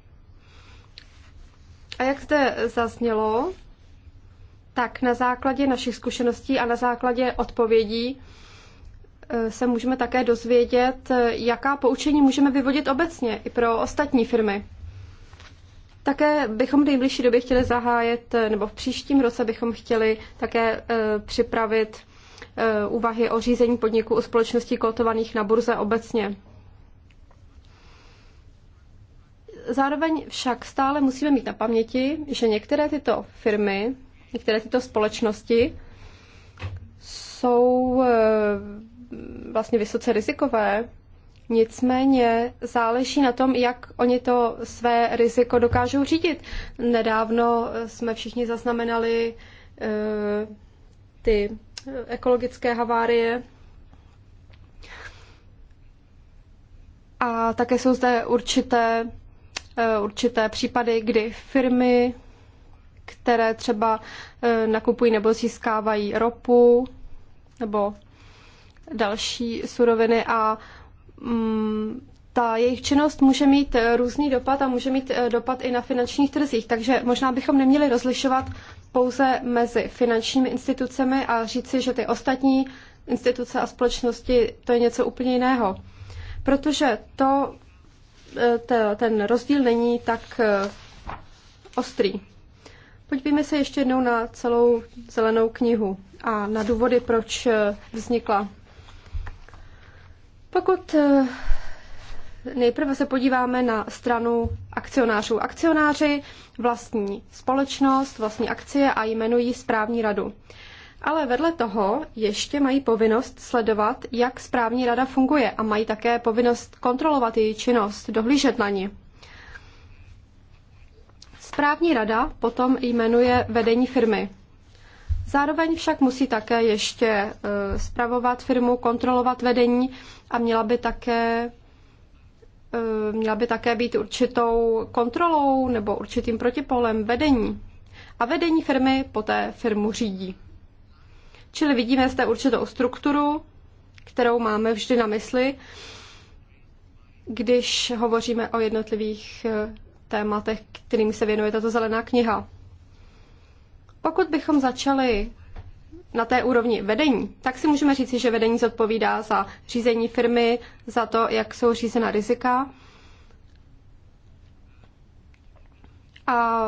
A jak zde zaznělo, tak na základě našich zkušeností a na základě odpovědí eh, se můžeme také dozvědět, eh, jaká poučení můžeme vyvodit obecně i pro ostatní firmy. Také bychom v nejbližší době chtěli zahájit, eh, nebo v příštím roce bychom chtěli také eh, připravit eh, úvahy o řízení podniku u společností kotovaných na burze obecně. Zároveň však stále musíme mít na paměti, že některé tyto firmy, některé tyto společnosti jsou vlastně vysoce rizikové, Nicméně záleží na tom, jak oni to své riziko dokážou řídit. Nedávno jsme všichni zaznamenali uh, ty eh, ekologické havárie. A také jsou zde určité, eh, určité případy, kdy firmy, které třeba nakupují nebo získávají ropu nebo další suroviny a Mm, ta jejich činnost může mít eh, různý dopad a může mít eh, dopad i na finančních trzích. Takže možná bychom neměli rozlišovat pouze mezi finančními institucemi a říci, že ty ostatní instituce a společnosti to je něco úplně jiného. Protože to, eh, ten rozdíl není tak ostrý. Podívejme se ještě jednou na celou zelenou knihu a na důvody, proč vznikla. Pokud eh, nejprve se podíváme na stranu akcionářů. Akcionáři vlastní společnost, vlastní akcie a jmenují správní radu. Ale vedle toho ještě mají povinnost sledovat, jak správní rada funguje a mají také povinnost kontrolovat její činnost, dohlížet na ní. Správní rada potom jmenuje vedení firmy. Zároveň však musí také ještě zpravovat eh, firmu, kontrolovat vedení a měla by také eh, měla by také být určitou kontrolou nebo určitým protipolem vedení. A vedení firmy poté firmu řídí. Čili vidíme zde určitou strukturu, kterou máme vždy na mysli, když hovoříme o jednotlivých eh, tématech, kterým se věnuje tato zelená kniha. Pokud bychom začali na té úrovni vedení, tak si můžeme říci, že vedení zodpovídá za řízení firmy, za to, jak jsou řízena rizika. A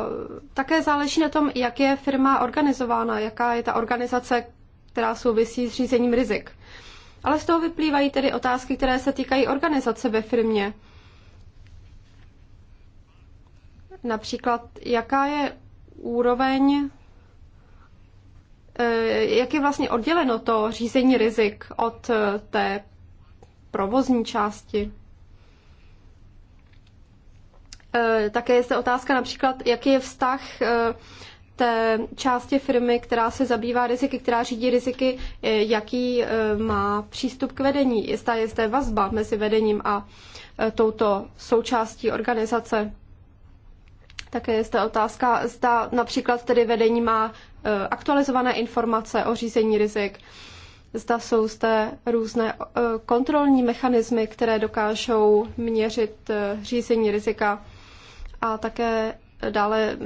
také záleží na tom, jak je firma organizována, jaká je ta organizace, která souvisí s řízením rizik. Ale z toho vyplývají tedy otázky, které se týkají organizace ve firmě. Například, jaká je úroveň Eh, jak je vlastně odděleno to řízení rizik od eh, té provozní části? Eh, také je zde otázka například, jaký je vztah té části firmy, která se zabývá riziky, která řídí riziky, jaký má přístup k vedení. jestli je zde vazba mezi vedením a touto součástí organizace. Také je zde otázka, zda například tedy vedení má Eh, aktualizované informace o řízení rizik, zda jsou zde různé eh, kontrolní mechanismy, které dokážou měřit eh, řízení rizika. A také dále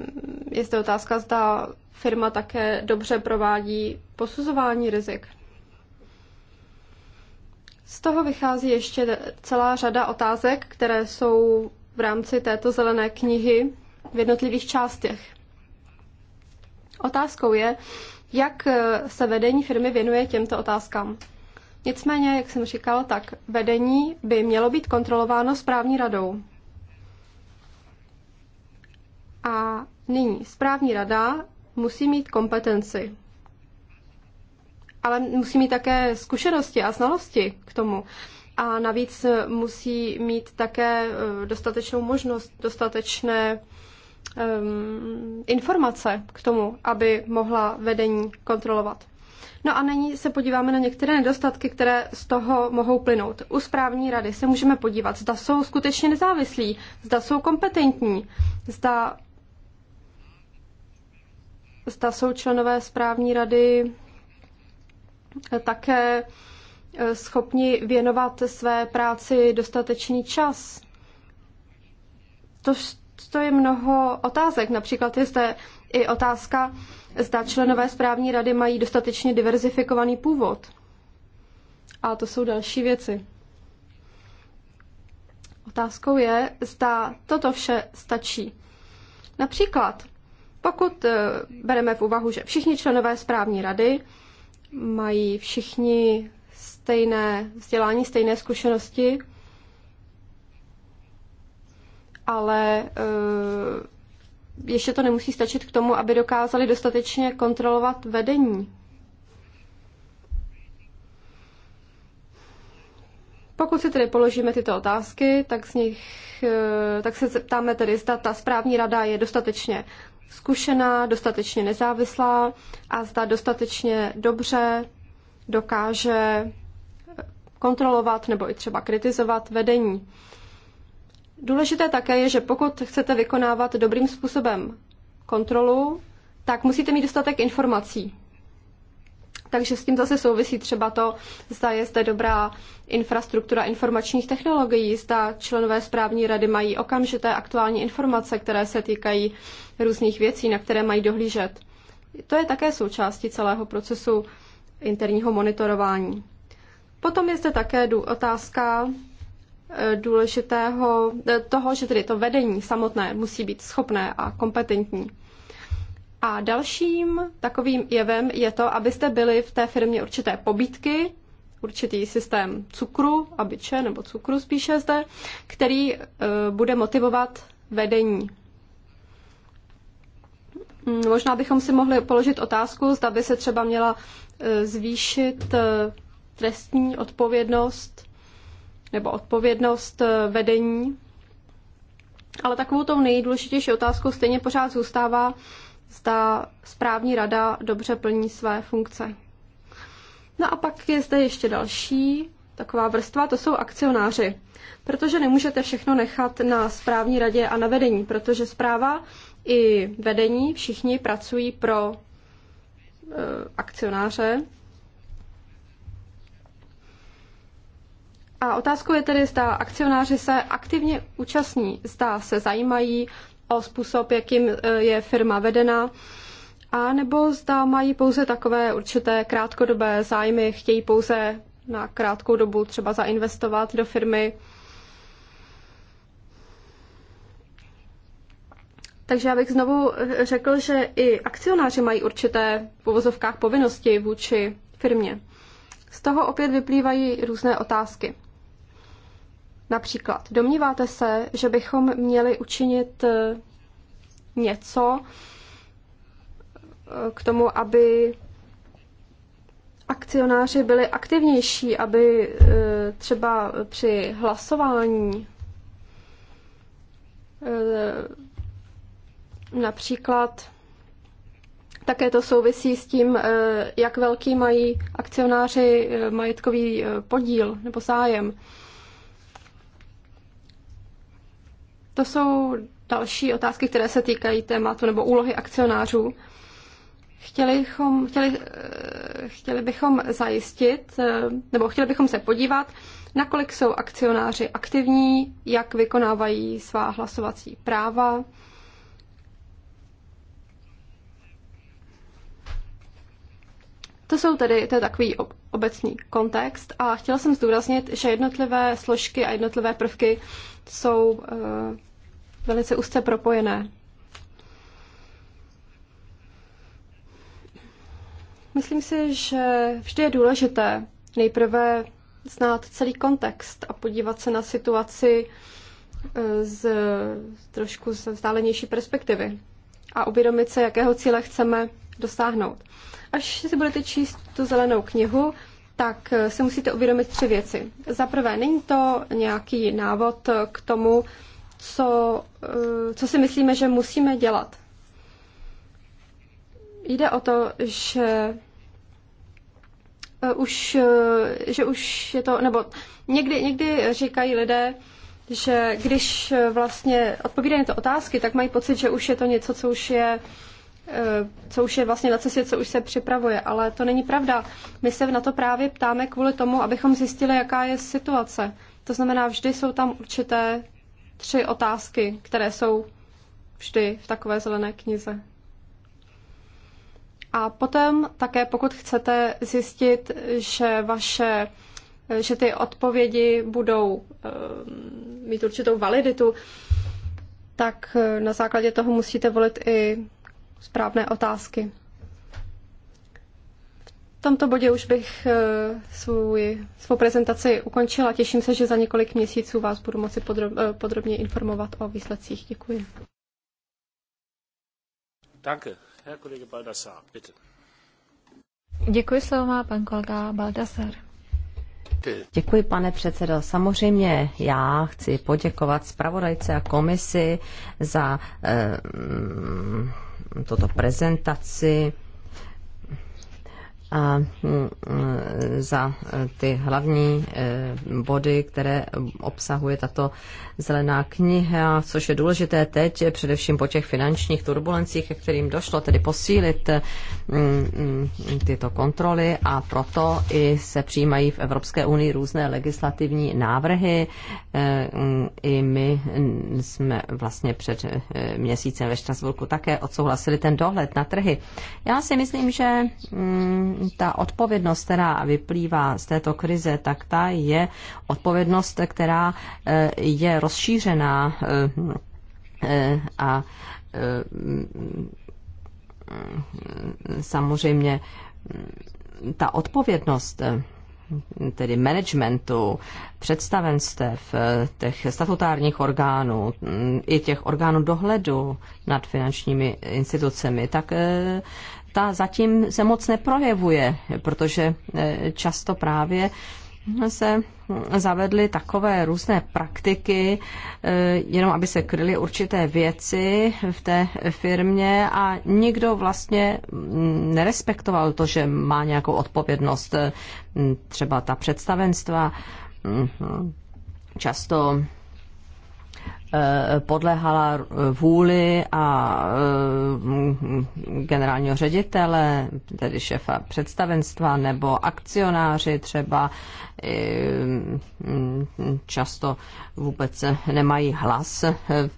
je zde otázka, zda firma také dobře provádí posuzování rizik. Z toho vychází ještě celá řada otázek, které jsou v rámci této zelené knihy v jednotlivých částech. Otázkou je, jak eh, se vedení firmy věnuje těmto otázkám. Nicméně, jak jsem říkal, tak vedení by mělo být kontrolováno správní radou. A nyní správní rada musí mít kompetenci, ale musí mít také zkušenosti a znalosti k tomu. A navíc musí mít také eh, dostatečnou možnost, dostatečné um, informace k tomu, aby mohla vedení kontrolovat. No a nyní se podíváme na některé nedostatky, které z toho mohou plynout. U správní rady se můžeme podívat, zda jsou skutečně nezávislí, zda jsou kompetentní, zda, zda jsou členové správní rady eh, také eh, schopni věnovat své práci dostatečný čas. To, to je mnoho otázek. Například je zde i otázka, zda členové správní rady mají dostatečně diverzifikovaný původ. A to jsou další věci. Otázkou je, zda toto vše stačí. Například, pokud eh, bereme v úvahu, že všichni členové správní rady mají všichni stejné vzdělání, stejné zkušenosti, ale eh, ještě to nemusí stačit k tomu, aby dokázali dostatečně kontrolovat vedení. Pokud si tedy položíme tyto otázky, tak, z nich, eh, tak se zeptáme tedy, zda ta správní rada je dostatečně zkušená, dostatečně nezávislá a zda dostatečně dobře dokáže kontrolovat nebo i třeba kritizovat vedení. Důležité také je, že pokud chcete vykonávat dobrým způsobem kontrolu, tak musíte mít dostatek informací. Takže s tím zase souvisí třeba to, zda je zde dobrá infrastruktura informačních technologií, zda členové správní rady mají okamžité aktuální informace, které se týkají různých věcí, na které mají dohlížet. To je také součástí celého procesu interního monitorování. Potom je zde také otázka Eh, důležitého eh, toho, že tedy to vedení samotné musí být schopné a kompetentní. A dalším takovým jevem je to, abyste byli v té firmě určité pobítky, určitý systém cukru, abyče nebo cukru spíše zde, který eh, bude motivovat vedení. Mm, možná bychom si mohli položit otázku, zda by se třeba měla zvýšit trestní odpovědnost nebo odpovědnost eh, vedení. Ale takovou tou nejdůležitější otázkou stejně pořád zůstává, zda správní rada dobře plní své funkce. No a pak je zde ještě další taková vrstva, to jsou akcionáři. Protože nemůžete všechno nechat na správní radě a na vedení, protože zpráva i vedení všichni pracují pro e, akcionáře, A otázkou je tedy, zda akcionáři se aktivně účastní, zda se zajímají o způsob, jakým e, je firma vedena, a nebo zda mají pouze takové určité krátkodobé zájmy, chtějí pouze na krátkou dobu třeba zainvestovat do firmy. Takže já bych znovu e, řekl, že i akcionáři mají určité v povozovkách povinnosti vůči firmě. Z toho opět vyplývají různé otázky. Například, domníváte se, že bychom měli učinit eh, něco eh, k tomu, aby akcionáři byli aktivnější, aby eh, třeba při hlasování například také to souvisí s tím, jak velký mají akcionáři majetkový podíl nebo zájem. To jsou další otázky, které se týkají tématu nebo úlohy akcionářů. Chtěli, chom, chtěli, eh, chtěli bychom zajistit, eh, nebo chtěli bychom se podívat, nakolik jsou akcionáři aktivní, jak vykonávají svá hlasovací práva. To, jsou tedy, to je takový obecný kontext a chtěla jsem zdůraznit, že jednotlivé složky a jednotlivé prvky jsou eh, velice úzce propojené. Myslím si, že vždy je důležité nejprve znát celý kontext a podívat se na situaci eh, z trošku z vzdálenější perspektivy a uvědomit se, jakého cíle chceme dosáhnout. Až si budete číst tu zelenou knihu, tak eh, si musíte uvědomit tři věci. Za prvé, není to nějaký návod eh, k tomu, co, eh, co si myslíme, že musíme dělat. Jde o to, že eh, už, eh, že už je to, nebo někdy, někdy říkají lidé, že když vlastně odpovídají na to otázky, tak mají pocit, že už je to něco, co už je co už je vlastně na cestě, co už se připravuje, ale to není pravda. My se na to právě ptáme kvůli tomu, abychom zjistili, jaká je situace. To znamená, vždy jsou tam určité tři otázky, které jsou vždy v takové zelené knize. A potom také, pokud chcete zjistit, že vaše že ty odpovědi budou eh, mít určitou validitu, tak eh, na základě toho musíte volit i správné otázky. V tomto bodě už bych eh, svůj, svou prezentaci ukončila. Těším se, že za několik měsíců vás budu moci podrob, eh, podrobně informovat o výsledcích. Děkuji. Danke. Herr Kollege Baldassar, bitte. Děkuji, slovo má pan kolega Baldassar. Děkuji, pane předsedo. Samozřejmě já chci poděkovat zpravodajce a komisi za eh, toto prezentaci a mm, mm, za eh, ty hlavní eh, body, které obsahuje tato zelená kniha, což je důležité teď, především po těch finančních turbulencích, ke kterým došlo, tedy posílit eh, mm, tyto kontroly a proto i se přijímají v Evropské unii různé legislativní návrhy. I my jsme vlastně před měsícem ve Štrasburku také odsouhlasili ten dohled na trhy. Já si myslím, že ta odpovědnost, která vyplývá z této krize, tak ta je odpovědnost, která eh, je rozšířená eh, eh, a mm, samozřejmě mm, ta odpovědnost tedy managementu, představenstev, těch statutárních orgánů, mm, i těch orgánů dohledu nad finančními institucemi, tak ta zatím se moc neprojevuje, protože eh, často právě se zavedly takové různé praktiky, eh, jenom aby se kryly určité věci v té firmě a nikdo vlastně mm, nerespektoval to, že má nějakou odpovědnost, eh, třeba ta představenstva. Mm, často Eh, podlehala vůli a eh, generálního ředitele, tedy šefa představenstva nebo akcionáři třeba eh, často vůbec nemají hlas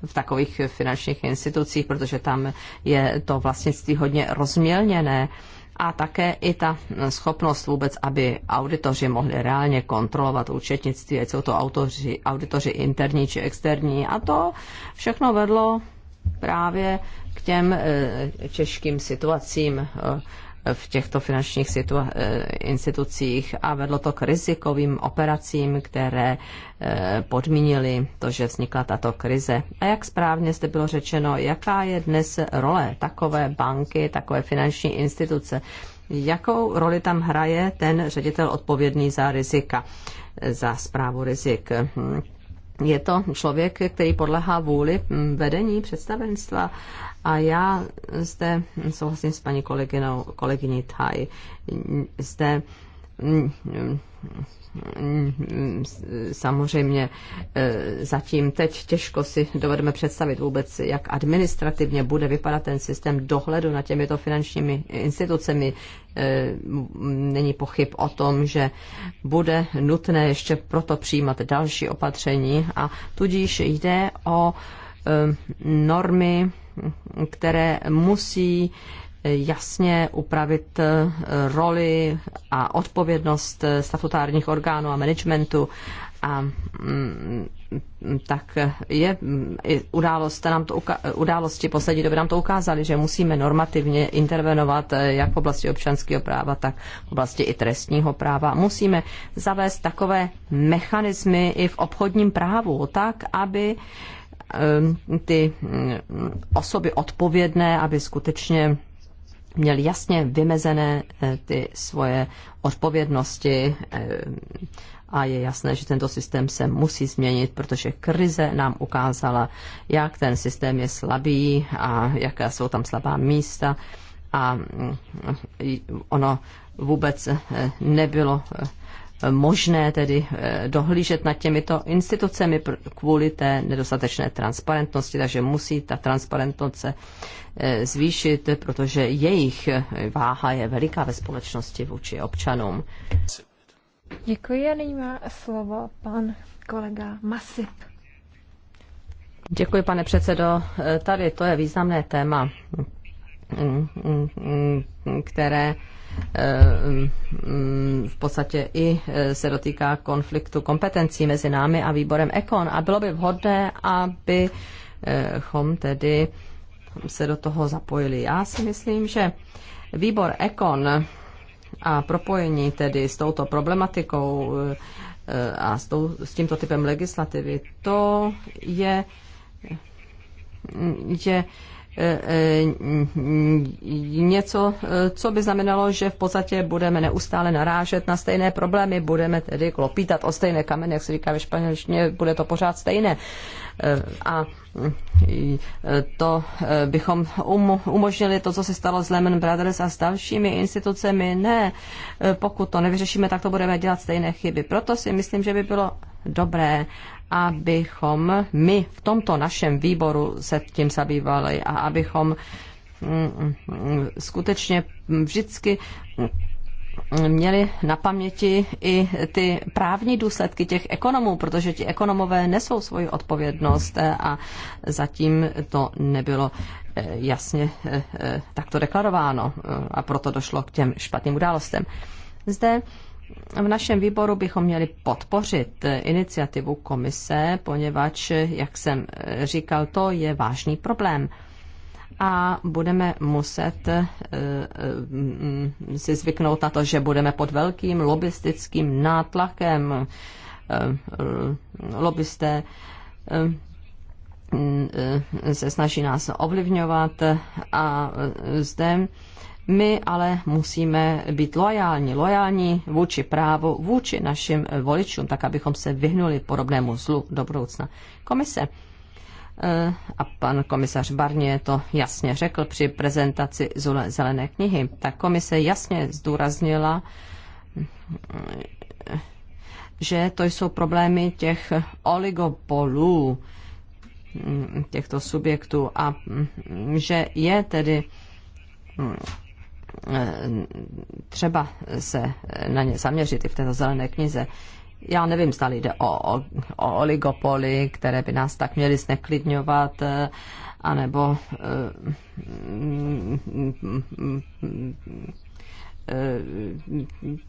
v takových finančních institucích, protože tam je to vlastnictví hodně rozmělněné a také i ta schopnost vůbec, aby auditoři mohli reálně kontrolovat účetnictví, ať jsou to autoři, auditoři interní či externí. A to všechno vedlo právě k těm českým eh, situacím eh, v těchto finančních eh, institucích a vedlo to k rizikovým operacím, které eh, podmínily to, že vznikla tato krize. A jak správně zde bylo řečeno, jaká je dnes role takové banky, takové finanční instituce? Jakou roli tam hraje ten ředitel odpovědný za rizika, za zprávu rizik? je to člověk, který podlehá vůli vedení představenstva. A já zde souhlasím s paní kolegynou, kolegyní Thaj. Zde samozřejmě eh, zatím teď těžko si dovedeme představit vůbec, jak administrativně bude vypadat ten systém dohledu nad těmito finančními institucemi. Eh, není pochyb o tom, že bude nutné ještě proto přijímat další opatření a tudíž jde o eh, normy, které musí jasně upravit eh, roli a odpovědnost eh, statutárních orgánů a managementu a mm, tak je, mm, událost nám to, události poslední doby nám to ukázaly, že musíme normativně intervenovat eh, jak v oblasti občanského práva, tak v oblasti i trestního práva. Musíme zavést takové mechanismy i v obchodním právu, tak, aby ty mm, osoby odpovědné, aby skutečně měl jasně vymezené eh, ty svoje odpovědnosti eh, a je jasné, že tento systém se musí změnit, protože krize nám ukázala, jak ten systém je slabý a jaká jsou tam slabá místa a mm, ono vůbec eh, nebylo možné tedy eh, dohlížet nad těmito institucemi kvůli té nedostatečné transparentnosti, takže musí ta transparentnost se eh, zvýšit, protože jejich eh, váha je veliká ve společnosti vůči občanům. Děkuji a nyní má slovo pan kolega Masip. Děkuji, pane předsedo. Tady to je významné téma, mm, mm, mm, které Eh, v podstatě i eh, se dotýká konfliktu kompetencí mezi námi a výborem Ekon. A bylo by vhodné, abychom tedy se do toho zapojili. Já si myslím, že výbor Ekon a propojení tedy s touto problematikou eh, a s, tou, s tímto typem legislativy, to je, je E, e, něco, e, co by znamenalo, že v podstatě budeme neustále narážet na stejné problémy, budeme tedy klopítat o stejné kameny, jak se říká ve španělštině, bude to pořád stejné. A to bychom um, umožnili to, co se stalo s Lehman Brothers a s dalšími institucemi. Ne, pokud to nevyřešíme, tak to budeme dělat stejné chyby. Proto si myslím, že by bylo dobré, abychom my v tomto našem výboru se tím zabývali a abychom mm, mm, skutečně vždycky měli na paměti i ty právní důsledky těch ekonomů, protože ti ekonomové nesou svoji odpovědnost a zatím to nebylo eh, jasně eh, eh, takto deklarováno a proto došlo k těm špatným událostem. Zde v našem výboru bychom měli podpořit iniciativu komise, poněvadž, jak jsem říkal, to je vážný problém. A budeme muset eh, eh, si zvyknout na to, že budeme pod velkým lobistickým nátlakem. Eh, lobbysté se snaží nás ovlivňovat a zde my ale musíme být lojální, lojální vůči právu, vůči našim voličům, tak abychom se vyhnuli podobnému zlu do budoucna. Komise eh, a pan komisař Barně to jasně řekl při prezentaci zelené knihy. Ta komise jasně zdůraznila, mm, že to jsou problémy těch oligopolů, mm, těchto subjektů a mm, že je tedy Eh, třeba se eh, na ně zaměřit i v této zelené knize. Já nevím, zda jde o, o, o oligopoly, které by nás tak měly zneklidňovat, eh, anebo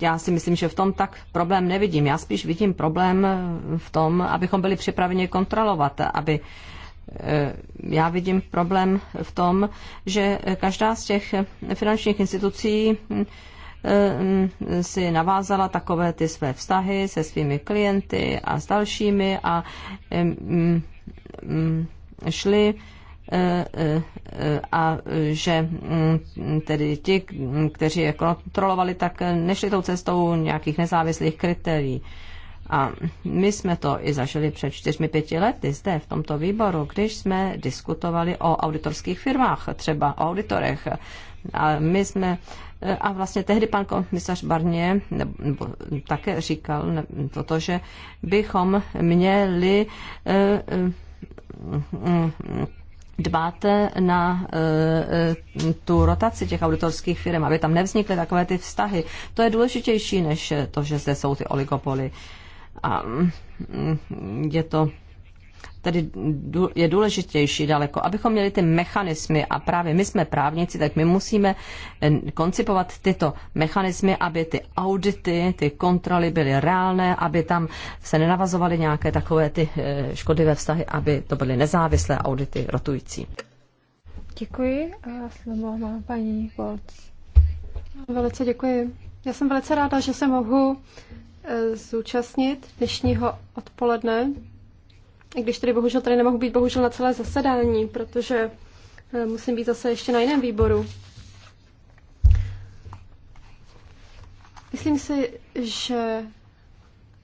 já si myslím, že v tom tak problém nevidím. Já spíš vidím problém v tom, abychom byli připraveni kontrolovat, aby Eh, já vidím problém v tom, že každá z těch finančních institucí eh, si navázala takové ty své vztahy se svými klienty a s dalšími a mm, mm, šli eh, a že mm, tedy ti, kteří je kontrolovali, tak nešli tou cestou nějakých nezávislých kritérií. A my jsme to i zažili před čtyřmi, pěti lety zde v tomto výboru, když jsme diskutovali o auditorských firmách, třeba o auditorech. A my jsme a vlastně tehdy pan komisař Barnier nebo, také říkal toto, že bychom měli eh, eh, mm, dbát na eh, tu rotaci těch auditorských firm, aby tam nevznikly takové ty vztahy. To je důležitější než to, že zde jsou ty oligopoly a mm, je to tedy je důležitější daleko, abychom měli ty mechanismy a právě my jsme právníci, tak my musíme eh, koncipovat tyto mechanismy, aby ty audity, ty kontroly byly reálné, aby tam se nenavazovaly nějaké takové ty eh, škodivé vztahy, aby to byly nezávislé audity rotující. Děkuji a slovo má paní Volc. Velice děkuji. Já jsem velice ráda, že se mohu Eh, zúčastnit dnešního odpoledne, i když tedy bohužel tady nemohu být bohužel na celé zasedání, protože eh, musím být zase ještě na jiném výboru. Myslím si, že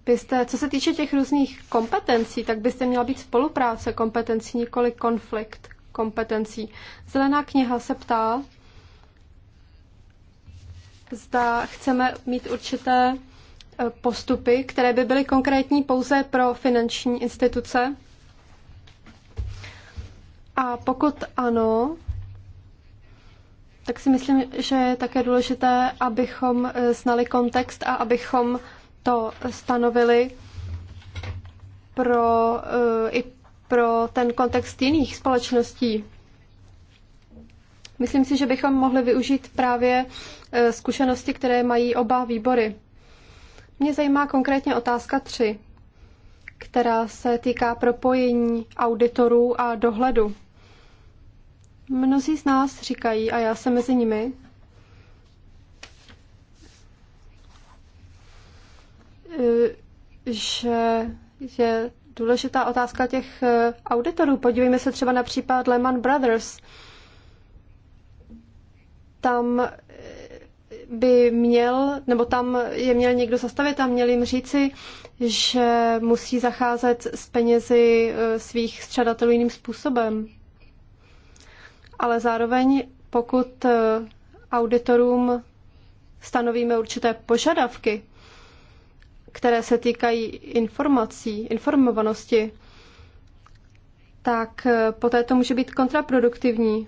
byste, co se týče těch různých kompetencí, tak byste měla být spolupráce kompetencí, nikoli konflikt kompetencí. Zelená kniha se ptá, zda chceme mít určité postupy, které by byly konkrétní pouze pro finanční instituce? A pokud ano, tak si myslím, že je také důležité, abychom eh, znali kontext a abychom to stanovili pro, eh, i pro ten kontext jiných společností. Myslím si, že bychom mohli využít právě eh, zkušenosti, které mají oba výbory. Mě zajímá konkrétně otázka 3, která se týká propojení auditorů a dohledu. Mnozí z nás říkají, a já jsem mezi nimi, eh, že je důležitá otázka těch eh, auditorů. Podívejme se třeba na případ Lehman Brothers. Tam by měl, nebo tam je měl někdo zastavit a měl jim říci, že musí zacházet s penězi eh, svých střadatelů jiným způsobem. Ale zároveň, pokud eh, auditorům stanovíme určité požadavky, které se týkají informací, informovanosti, tak eh, poté to může být kontraproduktivní,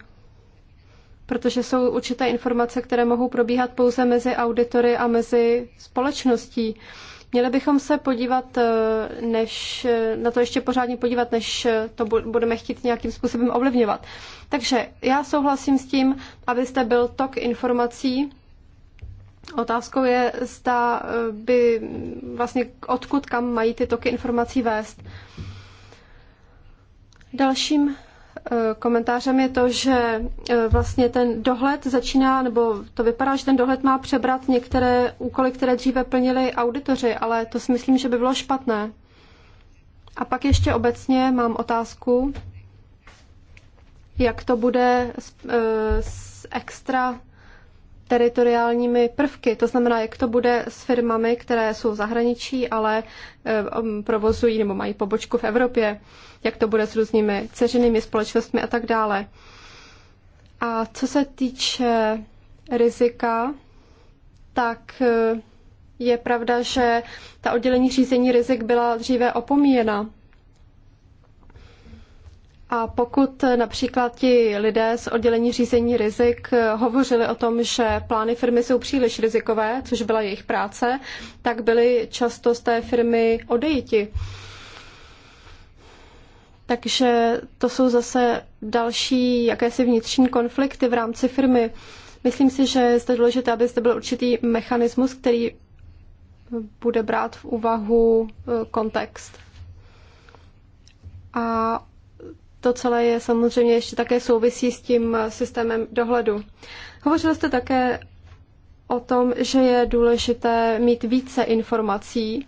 protože jsou určité informace, které mohou probíhat pouze mezi auditory a mezi společností. Měli bychom se podívat, eh, než eh, na to ještě pořádně podívat, než eh, to budeme chtít nějakým způsobem ovlivňovat. Takže já souhlasím s tím, abyste byl tok informací. Otázkou je, zda by vlastně odkud kam mají ty toky informací vést. Dalším Eh, komentářem je to, že eh, vlastně ten dohled začíná, nebo to vypadá, že ten dohled má přebrat některé úkoly, které dříve plnili auditoři, ale to si myslím, že by bylo špatné. A pak ještě obecně mám otázku, jak to bude s, eh, s extra teritoriálními prvky. To znamená, jak to bude s firmami, které jsou zahraničí, ale eh, um, provozují nebo mají pobočku v Evropě, jak to bude s různými ceřinými společnostmi a tak dále. A co se týče rizika, tak eh, je pravda, že ta oddělení řízení rizik byla dříve opomíjena. A pokud například ti lidé z oddělení řízení rizik hovořili o tom, že plány firmy jsou příliš rizikové, což byla jejich práce, tak byli často z té firmy odejiti. Takže to jsou zase další jakési vnitřní konflikty v rámci firmy. Myslím si, že je zde důležité, aby zde byl určitý mechanismus, který bude brát v úvahu eh, kontext. A to celé je samozřejmě ještě také souvisí s tím systémem dohledu. Hovořil jste také o tom, že je důležité mít více informací,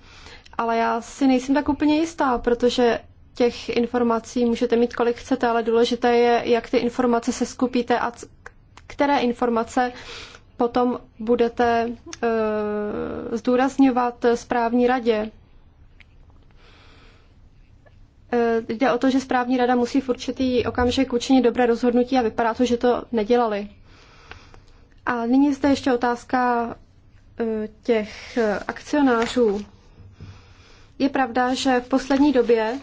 ale já si nejsem tak úplně jistá, protože těch informací můžete mít kolik chcete, ale důležité je, jak ty informace se skupíte a které informace potom budete e, zdůrazňovat správní radě Eh, jde o to, že správní rada musí v určitý okamžik učinit dobré rozhodnutí a vypadá to, že to nedělali. A nyní zde ještě otázka eh, těch eh, akcionářů. Je pravda, že v poslední době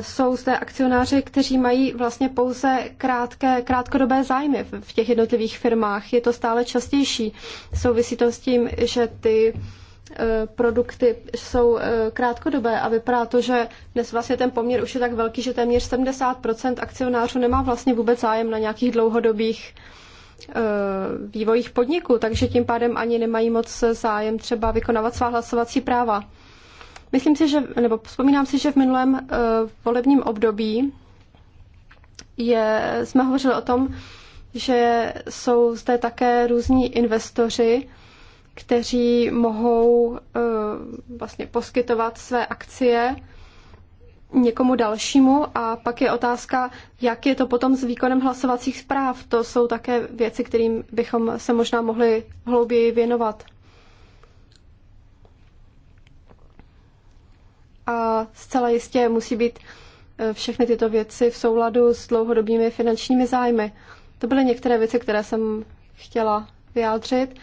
jsou zde akcionáři, kteří mají vlastně pouze krátké, krátkodobé zájmy v těch jednotlivých firmách. Je to stále častější. Souvisí to s tím, že ty Eh, produkty jsou eh, krátkodobé a vypadá to, že dnes vlastně ten poměr už je tak velký, že téměř 70% akcionářů nemá vlastně vůbec zájem na nějakých dlouhodobých eh, vývojích podniků. takže tím pádem ani nemají moc zájem třeba vykonávat svá hlasovací práva. Myslím si, že, nebo vzpomínám si, že v minulém volebním období je, jsme hovořili o tom, že jsou zde také různí investoři, kteří mohou eh, vlastně poskytovat své akcie někomu dalšímu a pak je otázka, jak je to potom s výkonem hlasovacích zpráv. To jsou také věci, kterým bychom se možná mohli hlouběji věnovat. A zcela jistě musí být eh, všechny tyto věci v souladu s dlouhodobými finančními zájmy. To byly některé věci, které jsem chtěla vyjádřit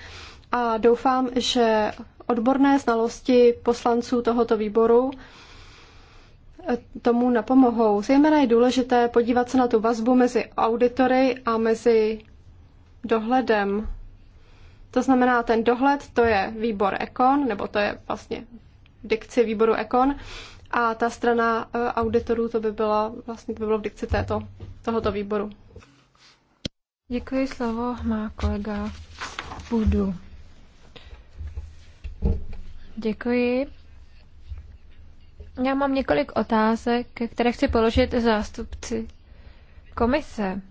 a doufám, že odborné znalosti poslanců tohoto výboru eh, tomu napomohou. Zejména je důležité podívat se na tu vazbu mezi auditory a mezi dohledem. To znamená, ten dohled, to je výbor Ekon, nebo to je vlastně dikci výboru Ekon, a ta strana eh, auditorů, to by bylo vlastně to by bylo v dikci této, tohoto výboru. Děkuji, slovo má kolega Budu. Děkuji. Já mám několik otázek, které chci položit zástupci komise.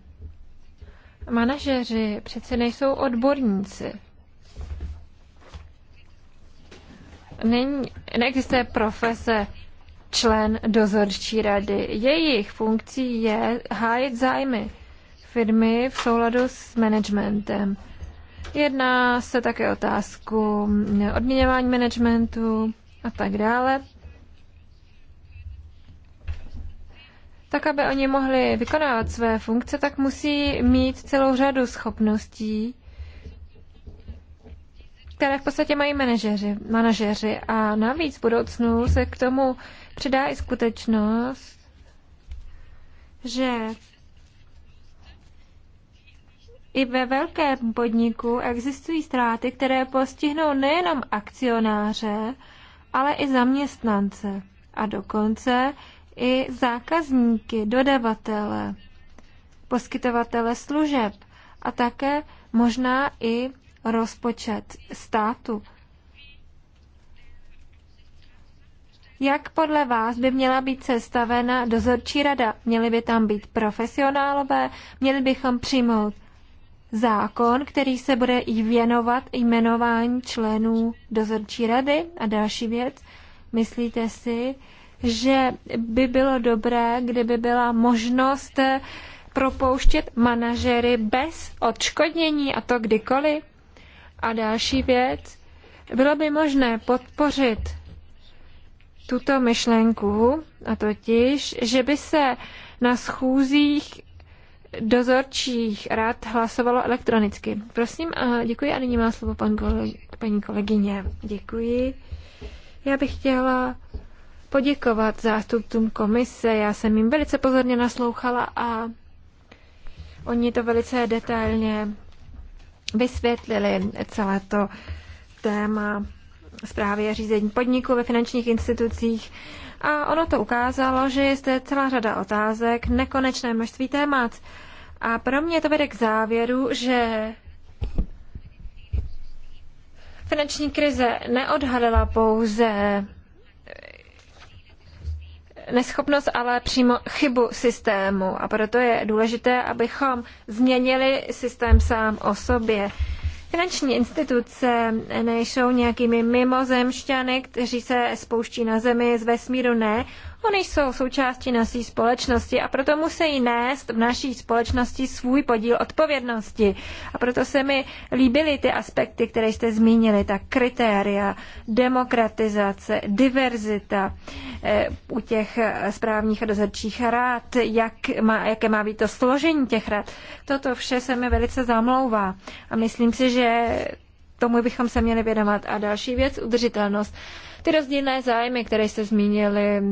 Manažeři přece nejsou odborníci. Není, neexistuje profese člen dozorčí rady. Jejich funkcí je hájit zájmy firmy v souladu s managementem. Jedná se také otázku odměňování managementu a tak dále. Tak, aby oni mohli vykonávat své funkce, tak musí mít celou řadu schopností, které v podstatě mají manažeři, manažeři. A navíc v budoucnu se k tomu přidá i skutečnost, že i ve velkém podniku existují ztráty, které postihnou nejenom akcionáře, ale i zaměstnance a dokonce i zákazníky, dodavatele, poskytovatele služeb a také možná i rozpočet státu. Jak podle vás by měla být sestavena dozorčí rada? Měli by tam být profesionálové? Měli bychom přijmout zákon, který se bude i věnovat jmenování členů dozorčí rady. A další věc, myslíte si, že by bylo dobré, kdyby byla možnost propouštět manažery bez odškodnění a to kdykoliv? A další věc, bylo by možné podpořit tuto myšlenku, a totiž, že by se na schůzích dozorčích rád hlasovalo elektronicky. Prosím, a děkuji a nyní má slovo pan kole, paní kolegyně. Děkuji. Já bych chtěla poděkovat zástupcům komise. Já jsem jim velice pozorně naslouchala a oni to velice detailně vysvětlili celé to téma zprávy a řízení podniku ve finančních institucích. A ono to ukázalo, že je zde celá řada otázek, nekonečné množství témat. A pro mě to vede k závěru, že finanční krize neodhalila pouze neschopnost, ale přímo chybu systému. A proto je důležité, abychom změnili systém sám o sobě. Finanční instituce nejsou nějakými mimozemšťany, kteří se spouští na zemi z vesmíru, ne. Oni jsou součástí naší společnosti a proto musí nést v naší společnosti svůj podíl odpovědnosti. A proto se mi líbily ty aspekty, které jste zmínili, ta kritéria, demokratizace, diverzita e, u těch správních a dozorčích rád, jak má, jaké má být to složení těch rád. Toto vše se mi velice zamlouvá a myslím si, že tomu bychom se měli vědomat. A další věc, udržitelnost. Ty rozdílné zájmy, které jste zmínili,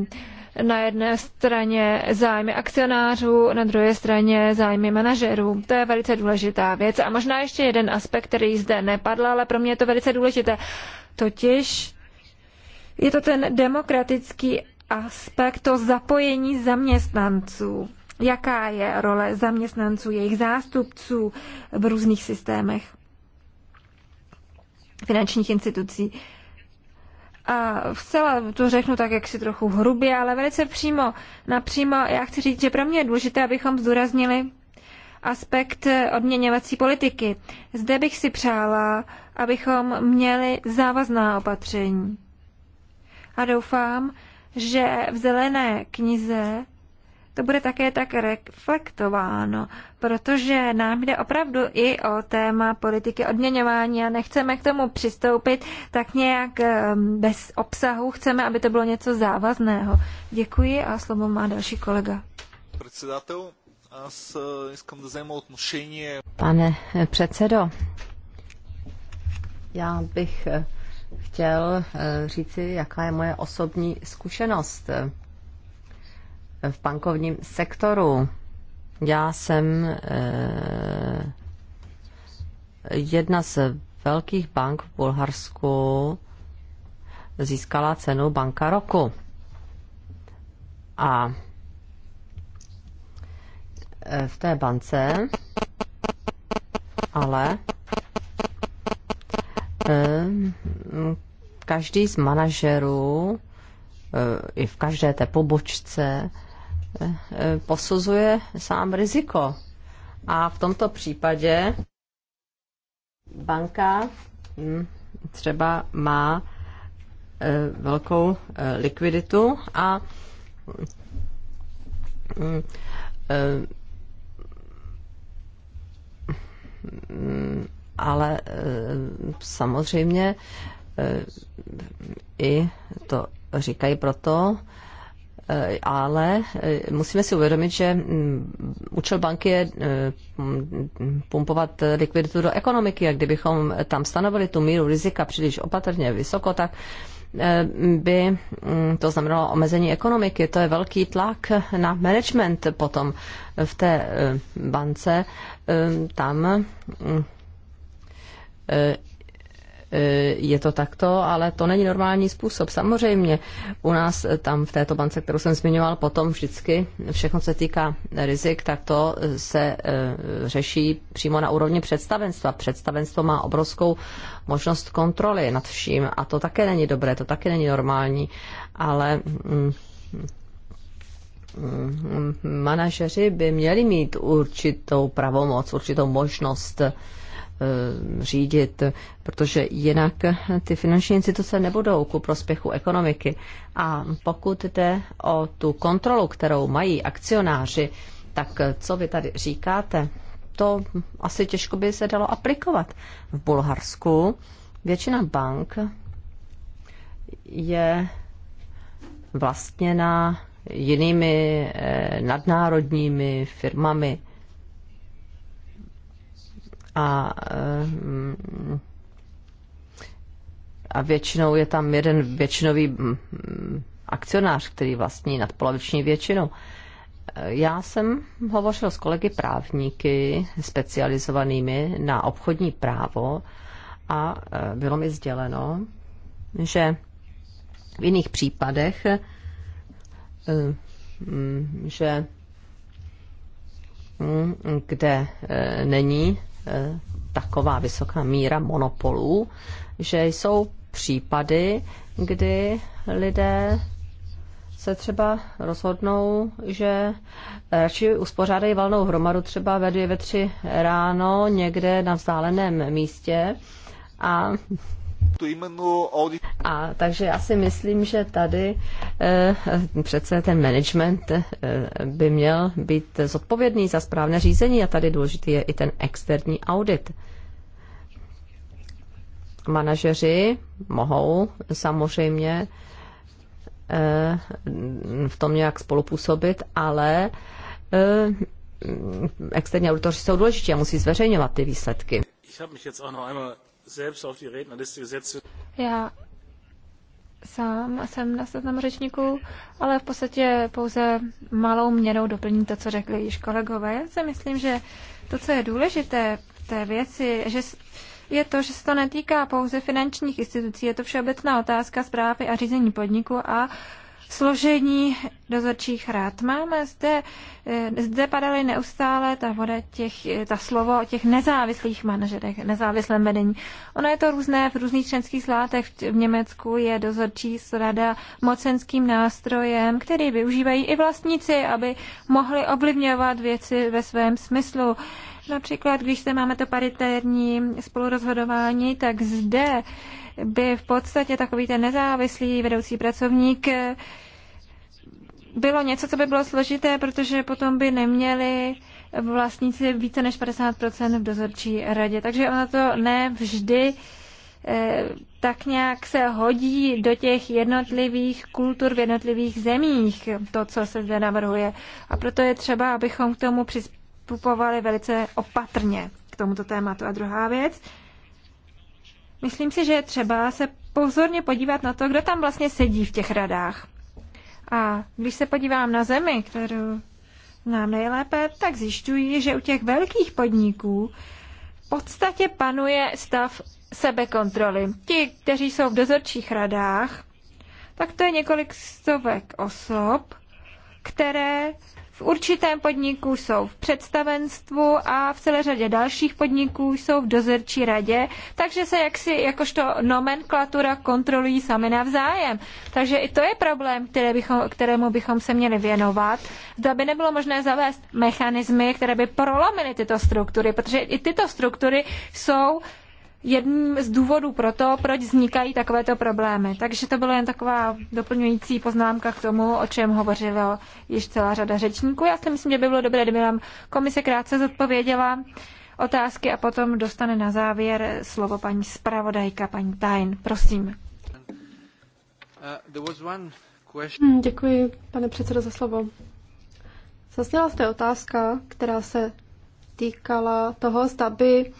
na jedné straně zájmy akcionářů, na druhé straně zájmy manažerů. To je velice důležitá věc. A možná ještě jeden aspekt, který zde nepadl, ale pro mě je to velice důležité. Totiž je to ten demokratický aspekt, to zapojení zaměstnanců. Jaká je role zaměstnanců, jejich zástupců v různých systémech finančních institucí? a vcela to řeknu tak, jak si trochu hrubě, ale velice přímo, napřímo, já chci říct, že pro mě je důležité, abychom zdůraznili aspekt odměňovací politiky. Zde bych si přála, abychom měli závazná opatření. A doufám, že v zelené knize to bude také tak reflektováno, protože nám jde opravdu i o téma politiky odměňování a nechceme k tomu přistoupit tak nějak ehm, bez obsahu, chceme, aby to bylo něco závazného. Děkuji a slovo má další kolega. Pane předsedo, já bych chtěl eh, říci, jaká je moje osobní zkušenost v bankovním sektoru. Já jsem eh, jedna z velkých bank v Bulharsku získala cenu banka roku. A eh, v té bance, ale eh, každý z manažerů i v každé té pobočce Eh, posuzuje sám riziko. A v tomto případě banka hm, třeba má eh, velkou eh, likviditu a hm, ale samozřejmě i to říkají proto, Eh, ale eh, musíme si uvědomit, že mm, účel banky je eh, mm, pumpovat likviditu do ekonomiky a kdybychom tam stanovili tu míru rizika příliš opatrně vysoko, tak by mm, to znamenalo omezení ekonomiky. To je velký tlak na management potom v té bance. Tam Eh, je to takto, ale to není normální způsob. Samozřejmě u nás eh, tam v této bance, kterou jsem zmiňoval, potom vždycky všechno, co se týká rizik, tak to eh, se řeší přímo na úrovni představenstva. Představenstvo má obrovskou možnost kontroly nad vším a to také není dobré, to také není normální, ale mm, mm, mm, manažeři by měli mít určitou pravomoc, určitou možnost Eh, řídit, protože jinak ty finanční instituce nebudou ku prospěchu ekonomiky. A pokud jde o tu kontrolu, kterou mají akcionáři, tak co vy tady říkáte, to asi těžko by se dalo aplikovat. V Bulharsku většina bank je vlastněna jinými eh, nadnárodními firmami a, eh, a většinou je tam jeden většinový mm, akcionář, který vlastní nadpoloviční většinu. Eh, já jsem hovořil s kolegy právníky specializovanými na obchodní právo a eh, bylo mi sděleno, že v jiných případech, mm, že mm, kde není Eh, taková vysoká míra monopolů, že jsou případy, kdy lidé se třeba rozhodnou, že eh, radši uspořádají valnou hromadu třeba ve dvě, ve tři ráno někde na vzdáleném místě a a takže já si myslím, že tady eh, přece ten management eh, by měl být zodpovědný za správné řízení a tady důležitý je i ten externí audit. Manažeři mohou samozřejmě eh, v tom nějak spolupůsobit, ale eh, externí auditoři jsou důležití a musí zveřejňovat ty výsledky selbst auf die Rednerliste gesetzt Já sám jsem na seznam řečníků, ale v podstatě pouze malou měrou doplním to, co řekli již kolegové. Já si myslím, že to, co je důležité v té věci, že je to, že se to netýká pouze finančních institucí, je to všeobecná otázka zprávy a řízení podniku a složení dozorčích rád. Máme zde, eh, zde padaly neustále ta voda těch, eh, ta slovo o těch nezávislých manažerech, nezávislém vedení. Ono je to různé v různých členských slátech. V Německu je dozorčí rada mocenským nástrojem, který využívají i vlastníci, aby mohli ovlivňovat věci ve svém smyslu. Například, když se máme to paritérní spolurozhodování, tak zde by v podstatě takový ten nezávislý vedoucí pracovník eh, bylo něco, co by bylo složité, protože potom by neměli vlastníci více než 50% v dozorčí radě. Takže ono to ne vždy eh, tak nějak se hodí do těch jednotlivých kultur v jednotlivých zemích, to, co se zde navrhuje. A proto je třeba, abychom k tomu přistupovali velice opatrně k tomuto tématu. A druhá věc, Myslím si, že je třeba se pozorně podívat na to, kdo tam vlastně sedí v těch radách. A když se podívám na zemi, kterou znám nejlépe, tak zjišťuji, že u těch velkých podniků v podstatě panuje stav sebekontroly. Ti, kteří jsou v dozorčích radách, tak to je několik stovek osob, které určitém podniku jsou v představenstvu a v celé řadě dalších podniků jsou v dozorčí radě, takže se jaksi jakožto nomenklatura kontrolují sami navzájem. Takže i to je problém, které bychom, kterému bychom se měli věnovat. Zda by nebylo možné zavést mechanismy, které by prolomily tyto struktury, protože i tyto struktury jsou jedním z důvodů pro to, proč vznikají takovéto problémy. Takže to byla jen taková doplňující poznámka k tomu, o čem hovořilo již celá řada řečníků. Já si myslím, že by bylo dobré, kdyby nám komise krátce zodpověděla otázky a potom dostane na závěr slovo paní zpravodajka, paní Tajn. Prosím. Uh, hmm, děkuji, pane předsedo, za slovo. Zasněla jste otázka, která se týkala toho, zda by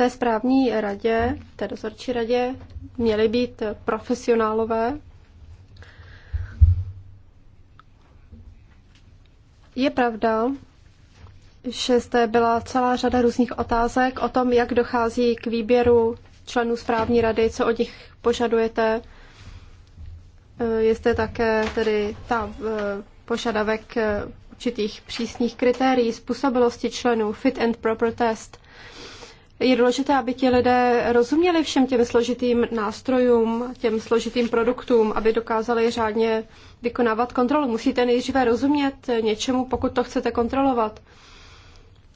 té správní radě, té dozorčí radě, měly být profesionálové. Je pravda, že zde byla celá řada různých otázek o tom, jak dochází k výběru členů správní rady, co od nich požadujete. Je zde také tedy ta eh, požadavek eh, určitých přísných kritérií způsobilosti členů, fit and proper test je důležité, aby ti lidé rozuměli všem těm složitým nástrojům, těm složitým produktům, aby dokázali řádně vykonávat kontrolu. Musíte nejdříve rozumět něčemu, pokud to chcete kontrolovat.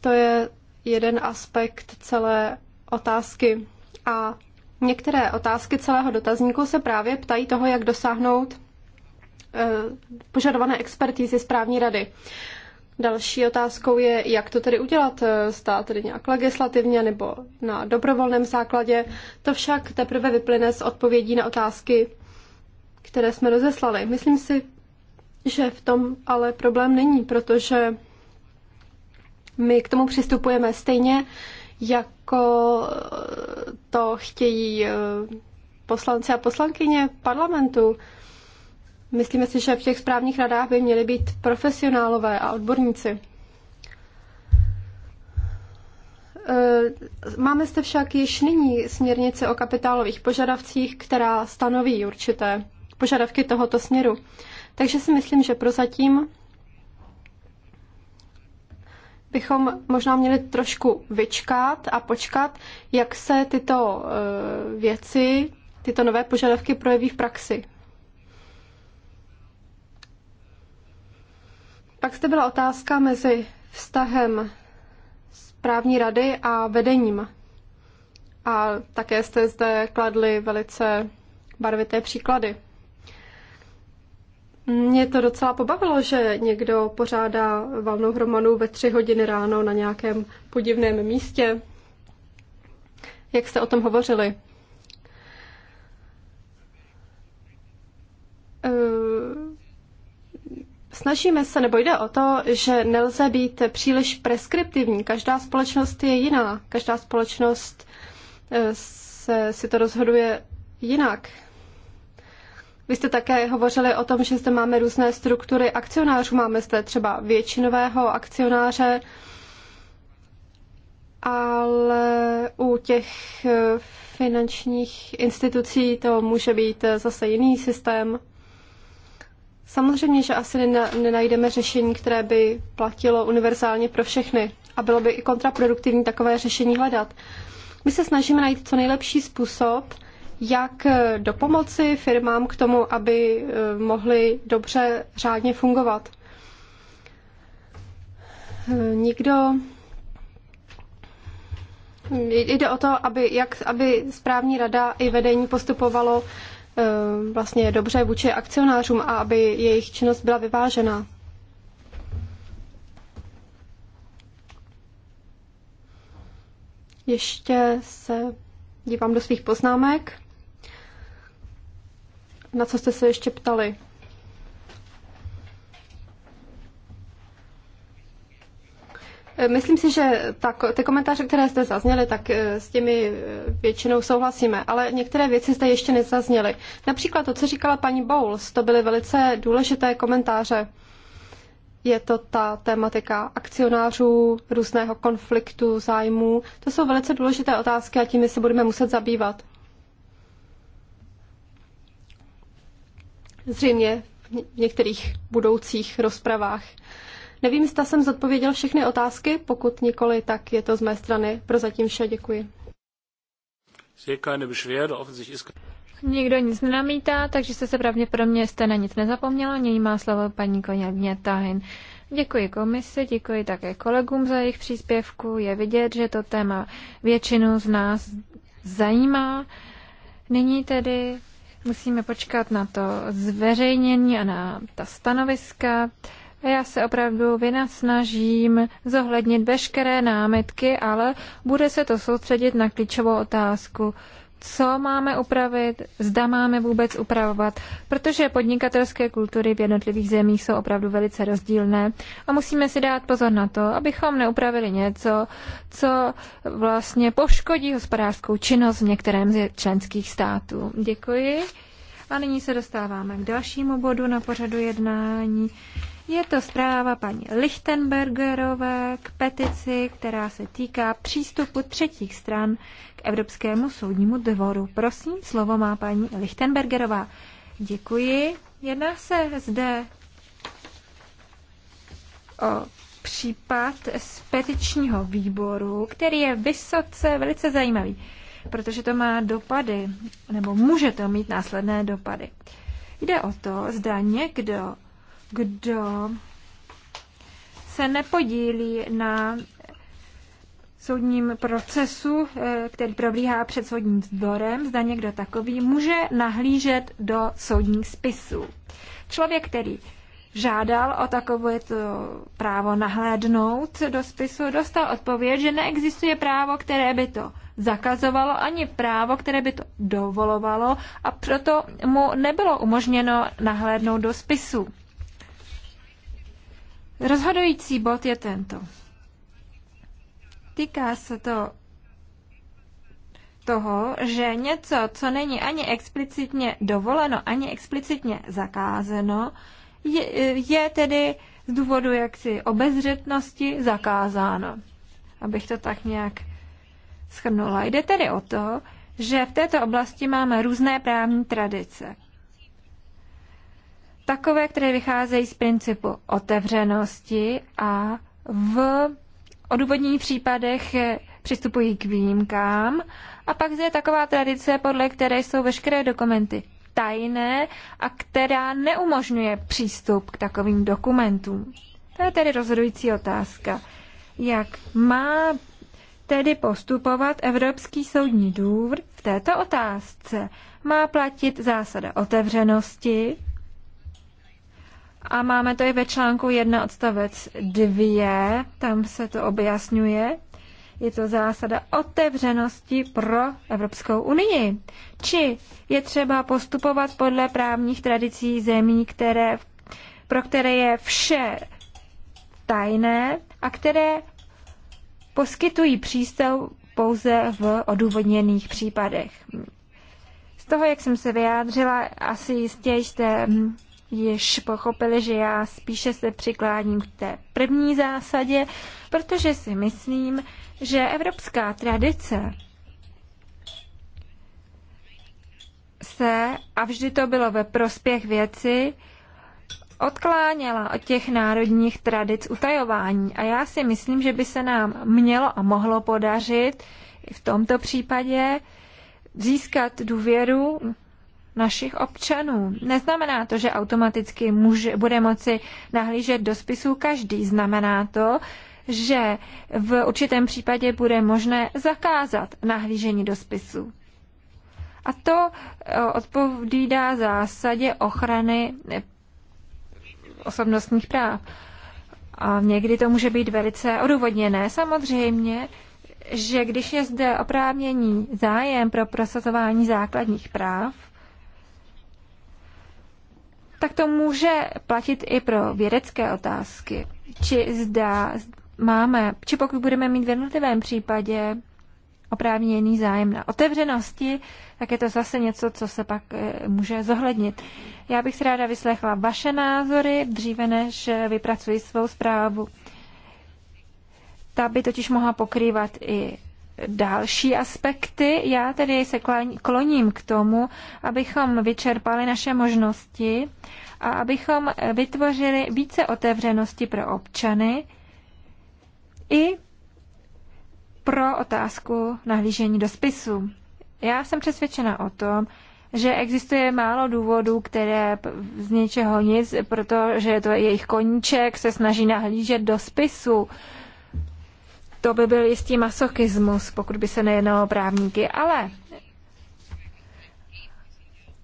To je jeden aspekt celé otázky. A některé otázky celého dotazníku se právě ptají toho, jak dosáhnout eh, požadované expertízy správní rady. Další otázkou je, jak to tedy udělat, stát tedy nějak legislativně nebo na dobrovolném základě. To však teprve vyplyne z odpovědí na otázky, které jsme rozeslali. Myslím si, že v tom ale problém není, protože my k tomu přistupujeme stejně, jako to chtějí eh, poslanci a poslankyně parlamentu. Myslíme si, že v těch správních radách by měly být profesionálové a odborníci. E, máme zde však již nyní směrnice o kapitálových požadavcích, která stanoví určité požadavky tohoto směru. Takže si myslím, že prozatím bychom možná měli trošku vyčkat a počkat, jak se tyto e, věci, tyto nové požadavky projeví v praxi. Pak zde byla otázka mezi vztahem správní rady a vedením. A také jste zde kladli velice barvité příklady. Mě to docela pobavilo, že někdo pořádá valnou hromadu ve tři hodiny ráno na nějakém podivném místě. Jak jste o tom hovořili? Ehm, Snažíme se, nebo jde o to, že nelze být příliš preskriptivní. Každá společnost je jiná. Každá společnost eh, se, si to rozhoduje jinak. Vy jste také hovořili o tom, že zde máme různé struktury akcionářů. Máme zde třeba většinového akcionáře, ale u těch eh, finančních institucí to může být eh, zase jiný systém. Samozřejmě, že asi nenajdeme řešení, které by platilo univerzálně pro všechny a bylo by i kontraproduktivní takové řešení hledat. My se snažíme najít co nejlepší způsob, jak eh, do pomoci firmám k tomu, aby eh, mohly dobře řádně fungovat. Eh, nikdo Jde o to, aby, jak, aby správní rada i vedení postupovalo Eh, vlastně dobře vůči akcionářům a aby jejich činnost byla vyvážená. Ještě se dívám do svých poznámek. Na co jste se ještě ptali? Eh, myslím si, že tak, ty komentáře, které jste zazněly, tak eh, s těmi eh, většinou souhlasíme, ale některé věci zde ještě nezazněly. Například to, co říkala paní Bowles, to byly velice důležité komentáře. Je to ta tématika akcionářů, různého konfliktu, zájmů. To jsou velice důležité otázky a tím se budeme muset zabývat. Zřejmě v některých budoucích rozpravách. Nevím, zda jsem zodpověděl všechny otázky, pokud nikoli, tak je to z mé strany. Prozatím vše, děkuji. Nikdo nic nenamítá, takže jste se pravděpodobně jste na nic nezapomněla. Nyní má slovo paní Koněvně Tahin. Děkuji komisi, děkuji také kolegům za jejich příspěvku. Je vidět, že to téma většinu z nás zajímá. Nyní tedy musíme počkat na to zveřejnění a na ta stanoviska. A já se opravdu vynasnažím zohlednit veškeré námitky, ale bude se to soustředit na klíčovou otázku co máme upravit, zda máme vůbec upravovat, protože podnikatelské kultury v jednotlivých zemích jsou opravdu velice rozdílné a musíme si dát pozor na to, abychom neupravili něco, co vlastně poškodí hospodářskou činnost v některém z členských států. Děkuji. A nyní se dostáváme k dalšímu bodu na pořadu jednání. Je to zpráva paní Lichtenbergerové k petici, která se týká přístupu třetích stran k Evropskému soudnímu dvoru. Prosím, slovo má paní Lichtenbergerová. Děkuji. Jedná se zde o případ z petičního výboru, který je vysoce, velice zajímavý, protože to má dopady, nebo může to mít následné dopady. Jde o to, zda někdo kdo se nepodílí na soudním procesu, eh, který probíhá před soudním zborem. zda někdo takový, může nahlížet do soudních spisů. Člověk, který žádal o takové to právo nahlédnout do spisu, dostal odpověď, že neexistuje právo, které by to zakazovalo, ani právo, které by to dovolovalo a proto mu nebylo umožněno nahlédnout do spisu. Rozhodující bod je tento. Týká se to toho, že něco, co není ani explicitně dovoleno, ani explicitně zakázeno, je, je tedy z důvodu jaksi obezřetnosti zakázáno. Abych to tak nějak schrnula. Jde tedy o to, že v této oblasti máme různé právní tradice takové, které vycházejí z principu otevřenosti a v odůvodněných případech přistupují k výjimkám. A pak je taková tradice, podle které jsou veškeré dokumenty tajné a která neumožňuje přístup k takovým dokumentům. To je tedy rozhodující otázka. Jak má tedy postupovat Evropský soudní důvr v této otázce? Má platit zásada otevřenosti, a máme to i ve článku 1 odstavec 2, tam se to objasňuje. Je to zásada otevřenosti pro Evropskou unii. Či je třeba postupovat podle právních tradicí zemí, které, pro které je vše tajné a které poskytují přístup pouze v odůvodněných případech. Z toho, jak jsem se vyjádřila, asi jistě jste hm, již pochopili, že já spíše se přikládním k té první zásadě, protože si myslím, že evropská tradice se, a vždy to bylo ve prospěch věci, odkláněla od těch národních tradic utajování. A já si myslím, že by se nám mělo a mohlo podařit i v tomto případě získat důvěru našich občanů. Neznamená to, že automaticky může, bude moci nahlížet do spisů každý. Znamená to, že v určitém případě bude možné zakázat nahlížení do spisů. A to e, odpovídá zásadě ochrany osobnostních práv. A někdy to může být velice odůvodněné. Samozřejmě, že když je zde oprávnění zájem pro prosazování základních práv, tak to může platit i pro vědecké otázky. Či zda máme, či pokud budeme mít v jednotlivém případě oprávněný zájem na otevřenosti, tak je to zase něco, co se pak eh, může zohlednit. Já bych si ráda vyslechla vaše názory, dříve než eh, vypracuji svou zprávu. Ta by totiž mohla pokrývat i další aspekty. Já tedy se kloním k tomu, abychom vyčerpali naše možnosti a abychom vytvořili více otevřenosti pro občany i pro otázku nahlížení do spisu. Já jsem přesvědčena o tom, že existuje málo důvodů, které z ničeho nic, protože to je jejich koníček, se snaží nahlížet do spisu. To by byl jistý masochismus, pokud by se nejednalo o právníky, ale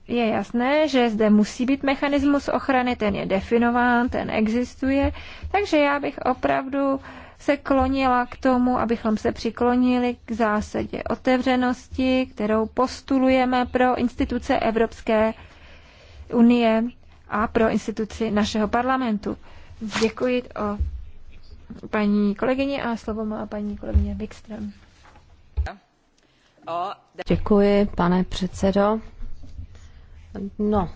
je jasné, že zde musí být mechanismus ochrany, ten je definován, ten existuje, takže já bych opravdu se klonila k tomu, abychom se přiklonili k zásadě otevřenosti, kterou postulujeme pro instituce Evropské unie a pro instituci našeho parlamentu. Děkuji o paní kolegyně a slovo má paní kolegyně Wikström. Děkuji, pane předsedo. No,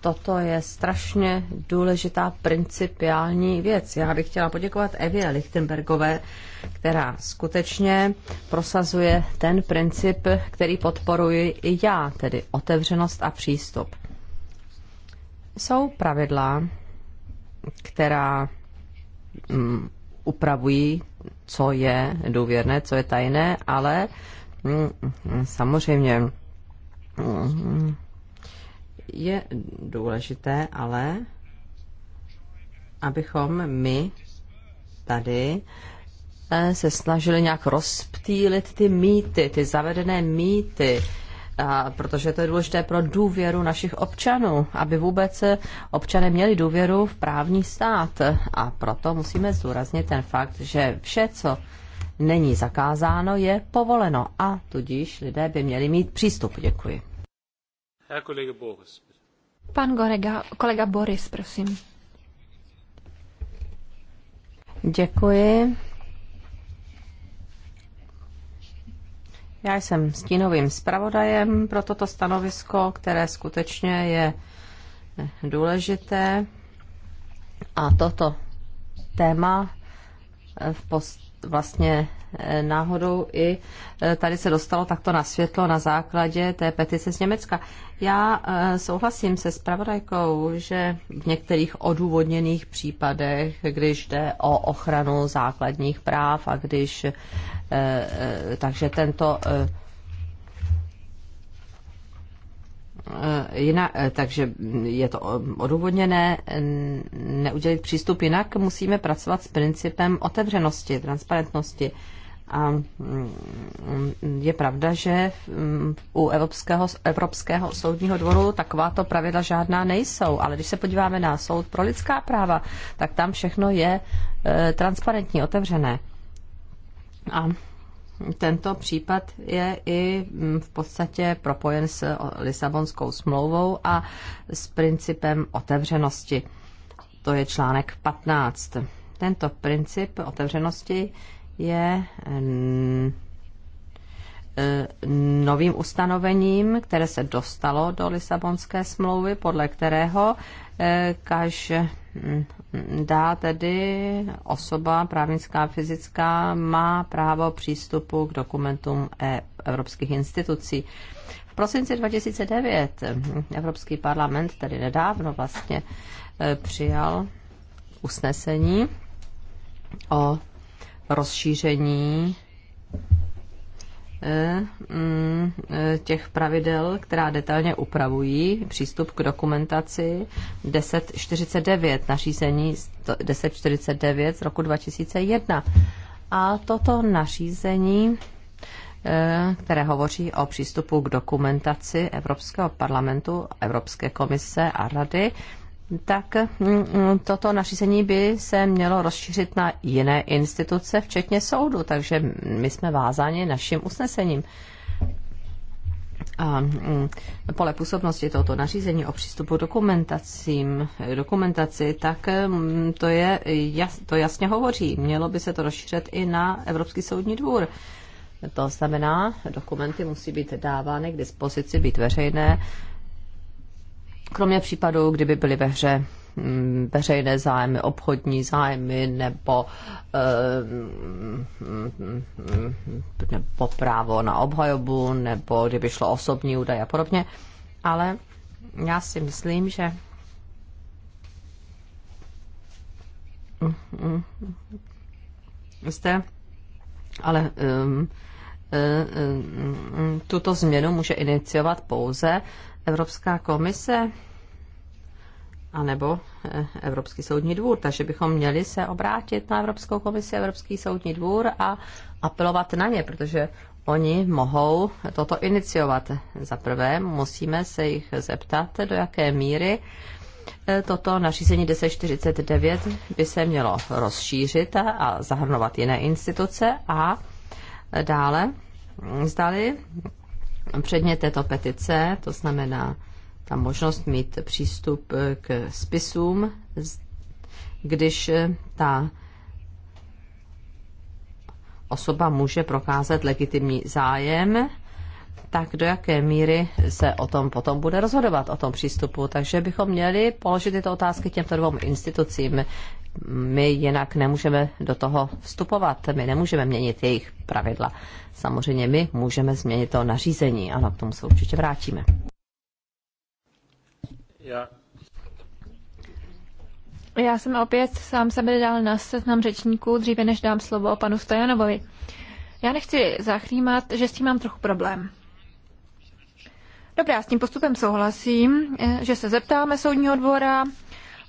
toto je strašně důležitá principiální věc. Já bych chtěla poděkovat Evě Lichtenbergové, která skutečně prosazuje ten princip, který podporuji i já, tedy otevřenost a přístup. Jsou pravidla, která mm, upravují, co je důvěrné, co je tajné, ale mm, mm, samozřejmě mm, je důležité, ale abychom my tady eh, se snažili nějak rozptýlit ty mýty, ty zavedené mýty, a protože to je důležité pro důvěru našich občanů, aby vůbec občané měli důvěru v právní stát. A proto musíme zdůraznit ten fakt, že vše, co není zakázáno, je povoleno a tudíž lidé by měli mít přístup. Děkuji. Pan Gorega, kolega Boris, prosím. Děkuji. Já jsem stínovým zpravodajem pro toto stanovisko, které skutečně je důležité. A toto téma eh, v post, vlastně eh, náhodou i eh, tady se dostalo takto na světlo na základě té petice z Německa. Já souhlasím se spravodajkou, že v některých odůvodněných případech, když jde o ochranu základních práv a když Eh, eh, takže tento eh, Jinak, takže je to odůvodněné neudělit přístup, jinak musíme pracovat s principem otevřenosti, transparentnosti. A mm, je pravda, že u Evropského, Evropského soudního dvoru takováto pravidla žádná nejsou, ale když se podíváme na soud pro lidská práva, tak tam všechno je transparentní, otevřené. A tento případ je i mm, v podstatě propojen s Lisabonskou smlouvou a s principem otevřenosti. To je článek 15. Tento princip otevřenosti je mm, Eh, novým ustanovením, které se dostalo do Lisabonské smlouvy, podle kterého eh, každá hm, tedy osoba právnická a fyzická má právo přístupu k dokumentům e, evropských institucí. V prosinci 2009 Evropský parlament, tedy nedávno vlastně, eh, přijal usnesení o rozšíření E, mm, e, těch pravidel, která detailně upravují přístup k dokumentaci 1049, nařízení 1049 z roku 2001. A toto nařízení e, které hovoří o přístupu k dokumentaci Evropského parlamentu, Evropské komise a rady, tak mm, mm, toto nařízení by se mělo rozšířit na jiné instituce, včetně soudu, takže my jsme vázáni naším usnesením. A mm, pole působnosti tohoto nařízení o přístupu dokumentacím, dokumentaci, tak to, je, to jasně hovoří. Mělo by se to rozšířit i na Evropský soudní dvůr. To znamená, dokumenty musí být dávány k dispozici, být veřejné Kromě případů, kdyby byly ve hře mm, veřejné zájmy, obchodní zájmy nebo, eh, nebo právo na obhajobu, nebo kdyby šlo osobní údaje a podobně. Ale já si myslím, že mm-hmm. jste, ale e, tuto změnu může iniciovat pouze Evropská komise a nebo eh, Evropský soudní dvůr. Takže bychom měli se obrátit na Evropskou komisi, Evropský soudní dvůr a apelovat na ně, protože oni mohou toto iniciovat. Za prvé musíme se jich zeptat, do jaké míry eh, toto nařízení 1049 by se mělo rozšířit a zahrnovat jiné instituce a eh, dále zdali předmět této petice, to znamená ta možnost mít přístup k spisům, když eh, ta osoba může prokázat legitimní zájem, tak do jaké míry se o tom potom bude rozhodovat, o tom přístupu. Takže bychom měli položit tyto otázky těmto dvou institucím, my jinak nemůžeme do toho vstupovat, my nemůžeme měnit jejich pravidla. Samozřejmě my můžeme změnit to nařízení, ano, k tomu se určitě vrátíme. Já. Já jsem opět sám sebe dal na seznam řečníků, dříve než dám slovo panu Stojanovovi. Já nechci zachrýmat, že s tím mám trochu problém. Dobrá, s tím postupem souhlasím, že se zeptáme soudního dvora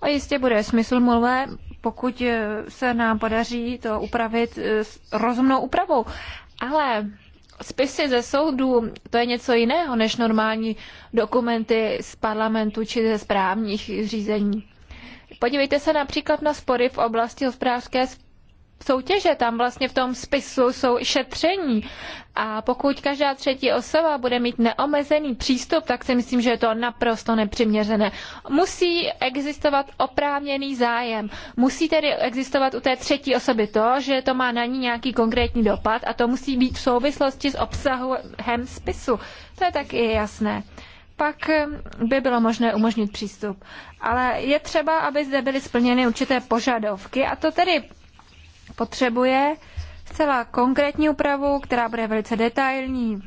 a jistě bude smysl mluvé pokud eh, se nám podaří to upravit eh, rozumnou úpravou. Ale spisy ze soudu, to je něco jiného než normální dokumenty z parlamentu či ze správních řízení. Podívejte se například na spory v oblasti hospodářské soutěže. Tam vlastně v tom spisu jsou šetření. A pokud každá třetí osoba bude mít neomezený přístup, tak si myslím, že je to naprosto nepřiměřené. Musí existovat oprávněný zájem. Musí tedy existovat u té třetí osoby to, že to má na ní nějaký konkrétní dopad a to musí být v souvislosti s obsahem spisu. To je taky jasné pak ehm, by bylo možné umožnit přístup. Ale je třeba, aby zde byly splněny určité požadovky, a to tedy potřebuje zcela konkrétní úpravu, která bude velice detailní.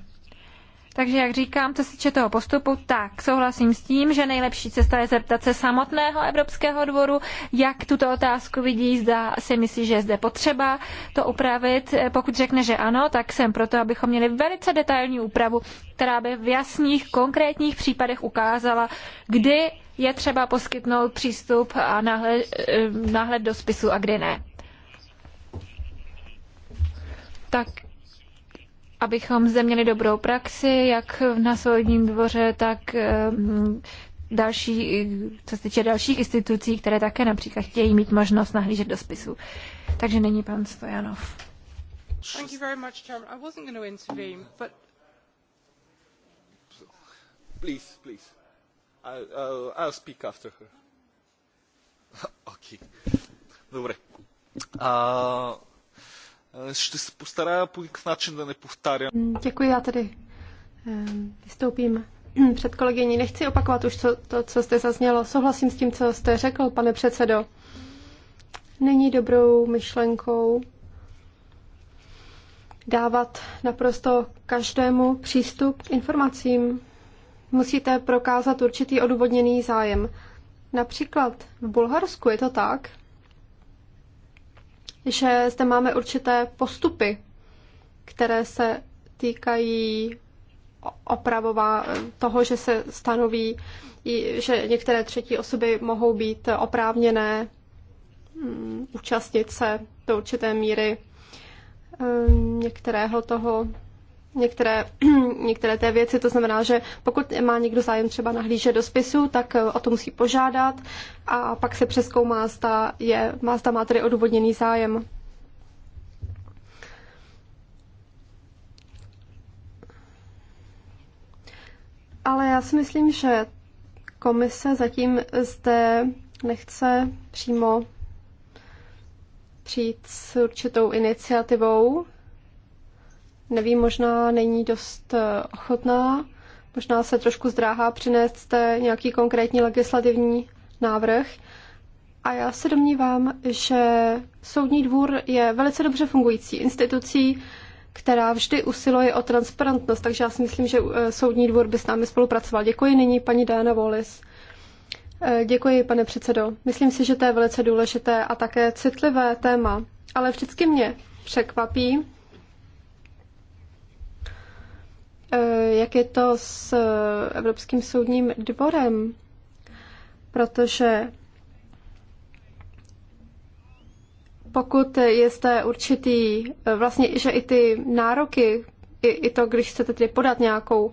Takže jak říkám, co se týče toho postupu, tak souhlasím s tím, že nejlepší cesta je zeptat se samotného Evropského dvoru, jak tuto otázku vidí, zda si myslí, že je zde potřeba to upravit. Pokud řekne, že ano, tak jsem proto, abychom měli velice detailní úpravu, která by v jasných, konkrétních případech ukázala, kdy je třeba poskytnout přístup a náhled, eh, náhled do spisu a kdy ne tak abychom zde měli dobrou praxi, jak na soudním dvoře, tak ehm, další, co se týče dalších institucí, které také například chtějí mít možnost nahlížet do spisu. Takže není pan Stojanov. Please, please. I'll, I'll, I'll speak after her. [LAUGHS] okay. Uh, Ще se постарая по никакъв начин да не повтарям. Děkuji, já tedy vystoupím [CLEARS THROAT] před kolegyní. Nechci opakovat už to, to, co jste zaznělo. Souhlasím s tím, co jste řekl, pane předsedo. Není dobrou myšlenkou dávat naprosto každému přístup k informacím. Musíte prokázat určitý odůvodněný zájem. Například v Bulharsku je to tak, že zde máme určité postupy, které se týkají opravová toho, že se stanoví, že některé třetí osoby mohou být oprávněné mm, účastnit se do určité míry eh, některého toho některé, [CLEARS THROAT] některé té věci. To znamená, že pokud má někdo zájem třeba nahlížet do spisu, tak eh, o to musí požádat a pak se přeskoumá, zda, je, má, zda má tedy odůvodněný zájem. Ale já si myslím, že komise zatím zde nechce přímo přijít s určitou iniciativou, nevím, možná není dost eh, ochotná, možná se trošku zdráhá přinést eh, nějaký konkrétní legislativní návrh. A já se domnívám, že Soudní dvůr je velice dobře fungující institucí, která vždy usiluje o transparentnost, takže já si myslím, že eh, Soudní dvůr by s námi spolupracoval. Děkuji nyní paní Diana Wallis. Děkuji, pane předsedo. Myslím si, že to je velice důležité a také citlivé téma, ale vždycky mě překvapí, Eh, jak je to s eh, Evropským soudním dvorem, protože pokud je zde určitý, eh, vlastně, že i ty nároky, i, i to, když chcete tedy podat nějakou,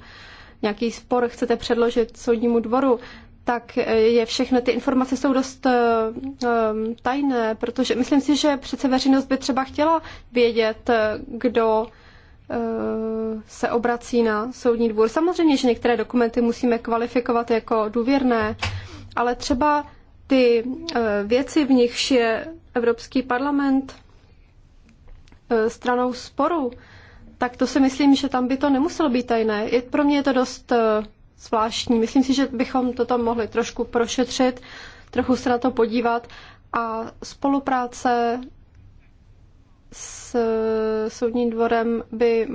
nějaký spor, chcete předložit soudnímu dvoru, tak je všechny ty informace jsou dost um, tajné, protože myslím si, že přece veřejnost by třeba chtěla vědět, kdo uh, se obrací na soudní dvůr. Samozřejmě, že některé dokumenty musíme kvalifikovat jako důvěrné, ale třeba ty eh, věci, v nichž je Evropský parlament eh, stranou sporu, tak to si myslím, že tam by to nemuselo být tajné. Je, pro mě je to dost eh, zvláštní. Myslím si, že bychom to tam mohli trošku prošetřit, trochu se na to podívat a spolupráce s soudním dvorem by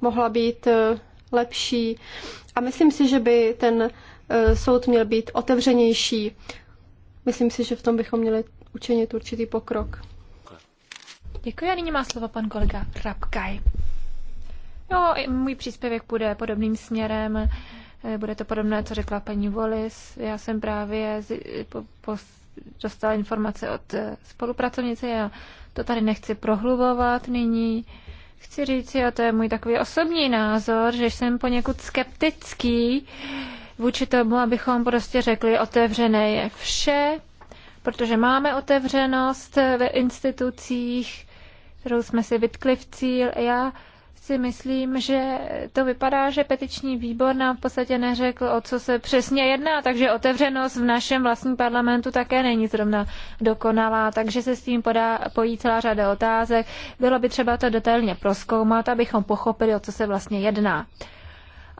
mohla být eh, lepší. A myslím si, že by ten eh, soud měl být otevřenější. Myslím si, že v tom bychom měli učinit určitý pokrok. Děkuji a nyní má slovo pan kolega Rabkaj. Jo, můj příspěvek bude podobným směrem. Eh, bude to podobné, co řekla paní Volis. Já jsem právě z, po, po, dostala informace od spolupracovnice a to tady nechci prohlubovat nyní. Chci říci, a to je můj takový osobní názor, že jsem poněkud skeptický vůči tomu, abychom prostě řekli, otevřené je vše, protože máme otevřenost ve institucích, kterou jsme si vytkli v cíl. Já si myslím, že to vypadá, že petiční výbor nám v podstatě neřekl, o co se přesně jedná, takže otevřenost v našem vlastním parlamentu také není zrovna dokonalá, takže se s tím podá, pojí celá řada otázek. Bylo by třeba to detailně proskoumat, abychom pochopili, o co se vlastně jedná.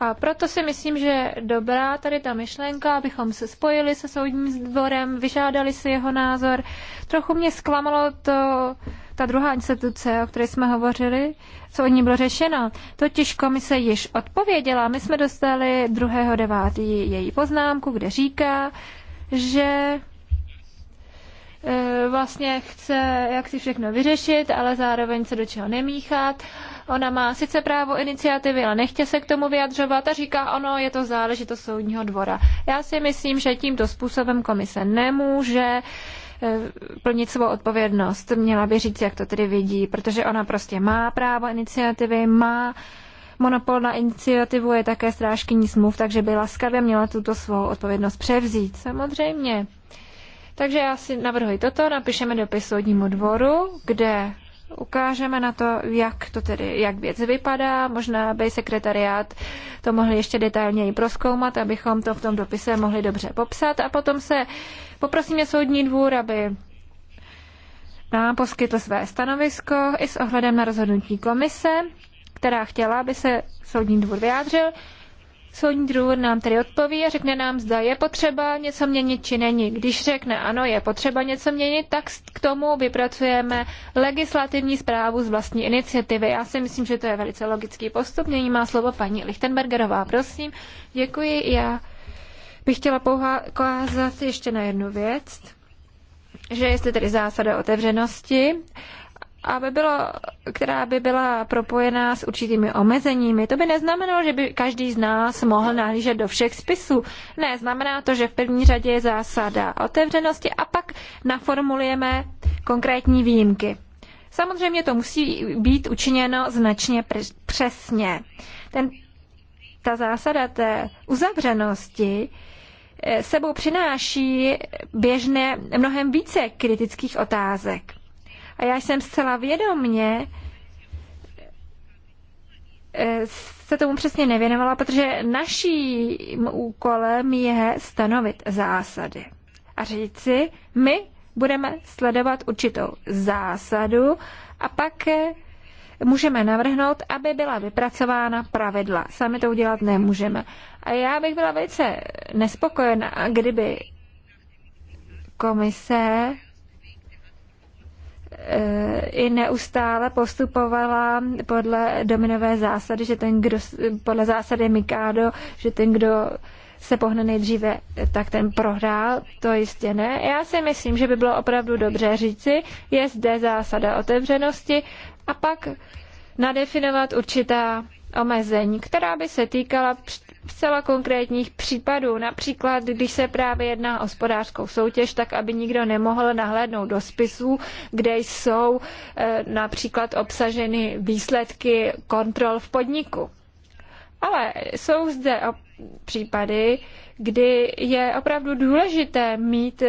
A proto si myslím, že je dobrá tady ta myšlenka, abychom se spojili se soudním dvorem, vyžádali si jeho názor. Trochu mě zklamalo to, ta druhá instituce, o které jsme hovořili, co o ní bylo řešeno. Totiž komise již odpověděla. My jsme dostali 2.9. její poznámku, kde říká, že e, vlastně chce jak si všechno vyřešit, ale zároveň se do čeho nemíchat Ona má sice právo iniciativy, ale nechtě se k tomu vyjadřovat a říká, ono je to záležitost soudního dvora. Já si myslím, že tímto způsobem komise nemůže e, plnit svou odpovědnost. Měla by říct, jak to tedy vidí, protože ona prostě má právo iniciativy, má monopol na iniciativu, je také strážkyní smluv, takže by laskavě měla tuto svou odpovědnost převzít. Samozřejmě. Takže já si navrhuji toto, napíšeme dopis soudnímu dvoru, kde ukážeme na to, jak to tedy, jak věc vypadá. Možná by sekretariát to mohli ještě detailněji proskoumat, abychom to v tom dopise mohli dobře popsat. A potom se poprosíme soudní dvůr, aby nám poskytl své stanovisko i s ohledem na rozhodnutí komise, která chtěla, aby se soudní dvůr vyjádřil. Soudní dvůr nám tedy odpoví a řekne nám, zda je potřeba něco měnit či není. Když řekne ano, je potřeba něco měnit, tak k tomu vypracujeme legislativní zprávu z vlastní iniciativy. Já si myslím, že to je velice logický postup. Nyní má slovo paní Lichtenbergerová, prosím. Děkuji. Já bych chtěla poukázat ještě na jednu věc, že jestli tedy zásada otevřenosti aby bylo, která by byla propojená s určitými omezeními. To by neznamenalo, že by každý z nás mohl nahlížet do všech spisů. Ne, znamená to, že v první řadě je zásada otevřenosti a pak naformulujeme konkrétní výjimky. Samozřejmě to musí být učiněno značně přesně. Ten, ta zásada té uzavřenosti eh, sebou přináší běžné mnohem více kritických otázek. A já jsem zcela vědomně eh, se tomu přesně nevěnovala, protože naším úkolem je stanovit zásady a říci, my budeme sledovat určitou zásadu a pak eh, můžeme navrhnout, aby byla vypracována pravidla. Sami to udělat nemůžeme. A já bych byla velice nespokojená, kdyby komise i neustále postupovala podle dominové zásady, že ten, kdo, podle zásady Mikado, že ten, kdo se pohne nejdříve, tak ten prohrál, to jistě ne. Já si myslím, že by bylo opravdu dobře říci, je zde zásada otevřenosti a pak nadefinovat určitá omezení, která by se týkala zcela konkrétních případů. Například, když se právě jedná o hospodářskou soutěž, tak aby nikdo nemohl nahlédnout do spisů, kde jsou eh, například obsaženy výsledky kontrol v podniku. Ale jsou zde případy, kdy je opravdu důležité mít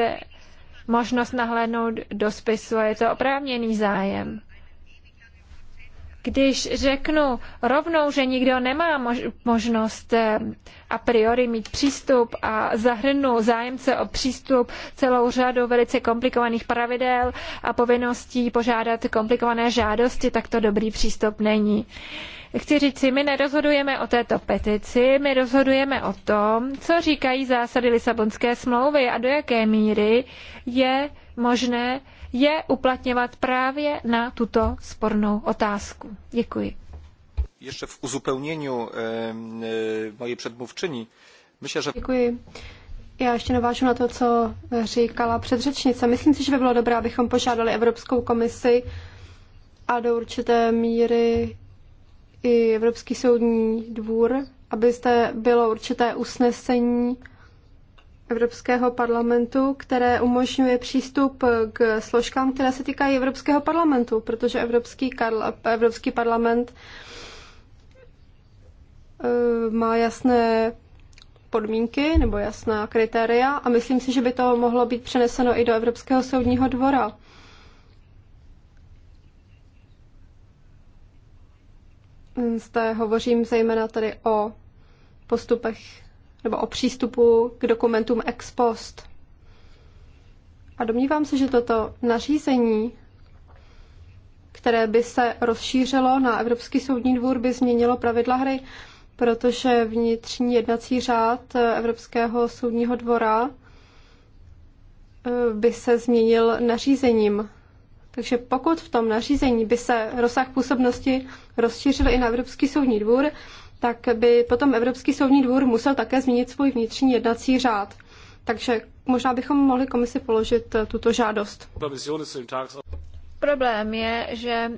možnost nahlédnout do spisu a je to oprávněný zájem. Když řeknu rovnou, že nikdo nemá možnost eh, a priori mít přístup a zahrnu zájemce o přístup celou řadu velice komplikovaných pravidel a povinností požádat komplikované žádosti, tak to dobrý přístup není. Chci říct si, my nerozhodujeme o této petici, my rozhodujeme o tom, co říkají zásady Lisabonské smlouvy a do jaké míry je možné je uplatňovat právě na tuto spornou otázku. Děkuji. Ještě v uzupełnieniu e, mojej předmluvčiny. Myslím, že... Děkuji. Já ještě navážu na to, co říkala předřečnice. Myslím si, že by bylo dobré, abychom požádali Evropskou komisi a do určité míry i Evropský soudní dvůr, abyste bylo určité usnesení Evropského parlamentu, které umožňuje přístup k složkám, které se týkají Evropského parlamentu, protože Evropský, Karl, Evropský parlament eh, má jasné podmínky nebo jasná kritéria a myslím si, že by to mohlo být přeneseno i do Evropského soudního dvora. Zde hovořím zejména tady o postupech nebo o přístupu k dokumentům ex post. A domnívám se, že toto nařízení, které by se rozšířilo na Evropský soudní dvůr, by změnilo pravidla hry, protože vnitřní jednací řád Evropského soudního dvora eh, by se změnil nařízením. Takže pokud v tom nařízení by se rozsah působnosti rozšířil i na Evropský soudní dvůr, tak by potom Evropský soudní dvůr musel také změnit svůj vnitřní jednací řád. Takže možná bychom mohli komisi položit eh, tuto žádost. Problém je, že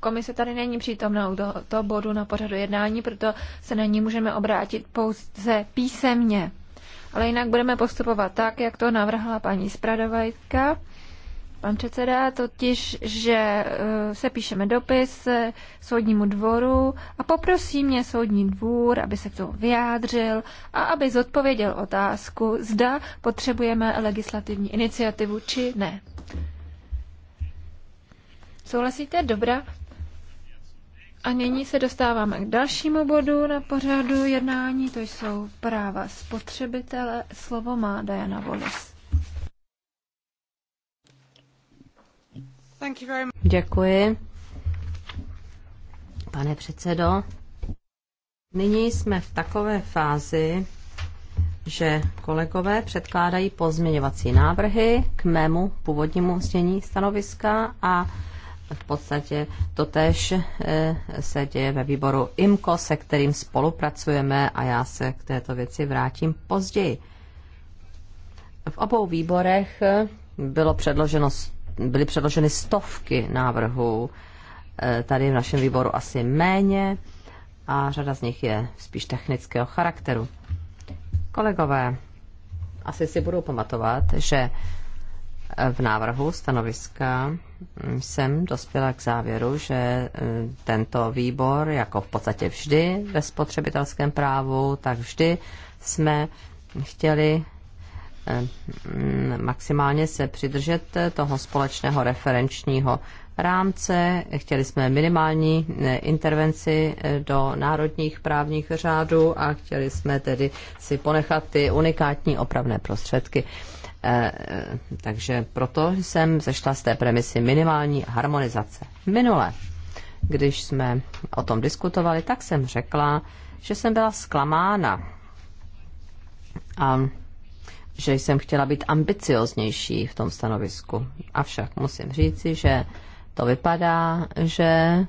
komise tady není přítomná do toho bodu na pořadu jednání, proto se na ní můžeme obrátit pouze písemně. Ale jinak budeme postupovat tak, jak to navrhla paní Spradovajka pan předseda, totiž, že eh, se píšeme dopis eh, soudnímu dvoru a poprosí mě soudní dvůr, aby se k tomu vyjádřil a aby zodpověděl otázku, zda potřebujeme legislativní iniciativu či ne. Souhlasíte? Dobrá. A nyní se dostáváme k dalšímu bodu na pořadu jednání, to jsou práva spotřebitele. Slovo má Diana Wallace. Děkuji. Pane předsedo, nyní jsme v takové fázi, že kolegové předkládají pozměňovací návrhy k mému původnímu znění stanoviska a v podstatě to tež eh, se děje ve výboru IMCO, se kterým spolupracujeme a já se k této věci vrátím později. V obou výborech bylo předloženo byly předloženy stovky návrhů, eh, tady v našem výboru asi méně a řada z nich je spíš technického charakteru. Kolegové, asi si budou pamatovat, že eh, v návrhu stanoviska hm, jsem dospěla k závěru, že eh, tento výbor, jako v podstatě vždy ve spotřebitelském právu, tak vždy jsme chtěli Eh, maximálně se přidržet toho společného referenčního rámce. Chtěli jsme minimální eh, intervenci eh, do národních právních řádů a chtěli jsme tedy si ponechat ty unikátní opravné prostředky. Takže proto jsem zešla z té premisy minimální harmonizace. Minule, když jsme o tom diskutovali, tak jsem řekla, že jsem byla zklamána. A že jsem chtěla být ambicioznější v tom stanovisku. Avšak musím říci, že to vypadá, že e,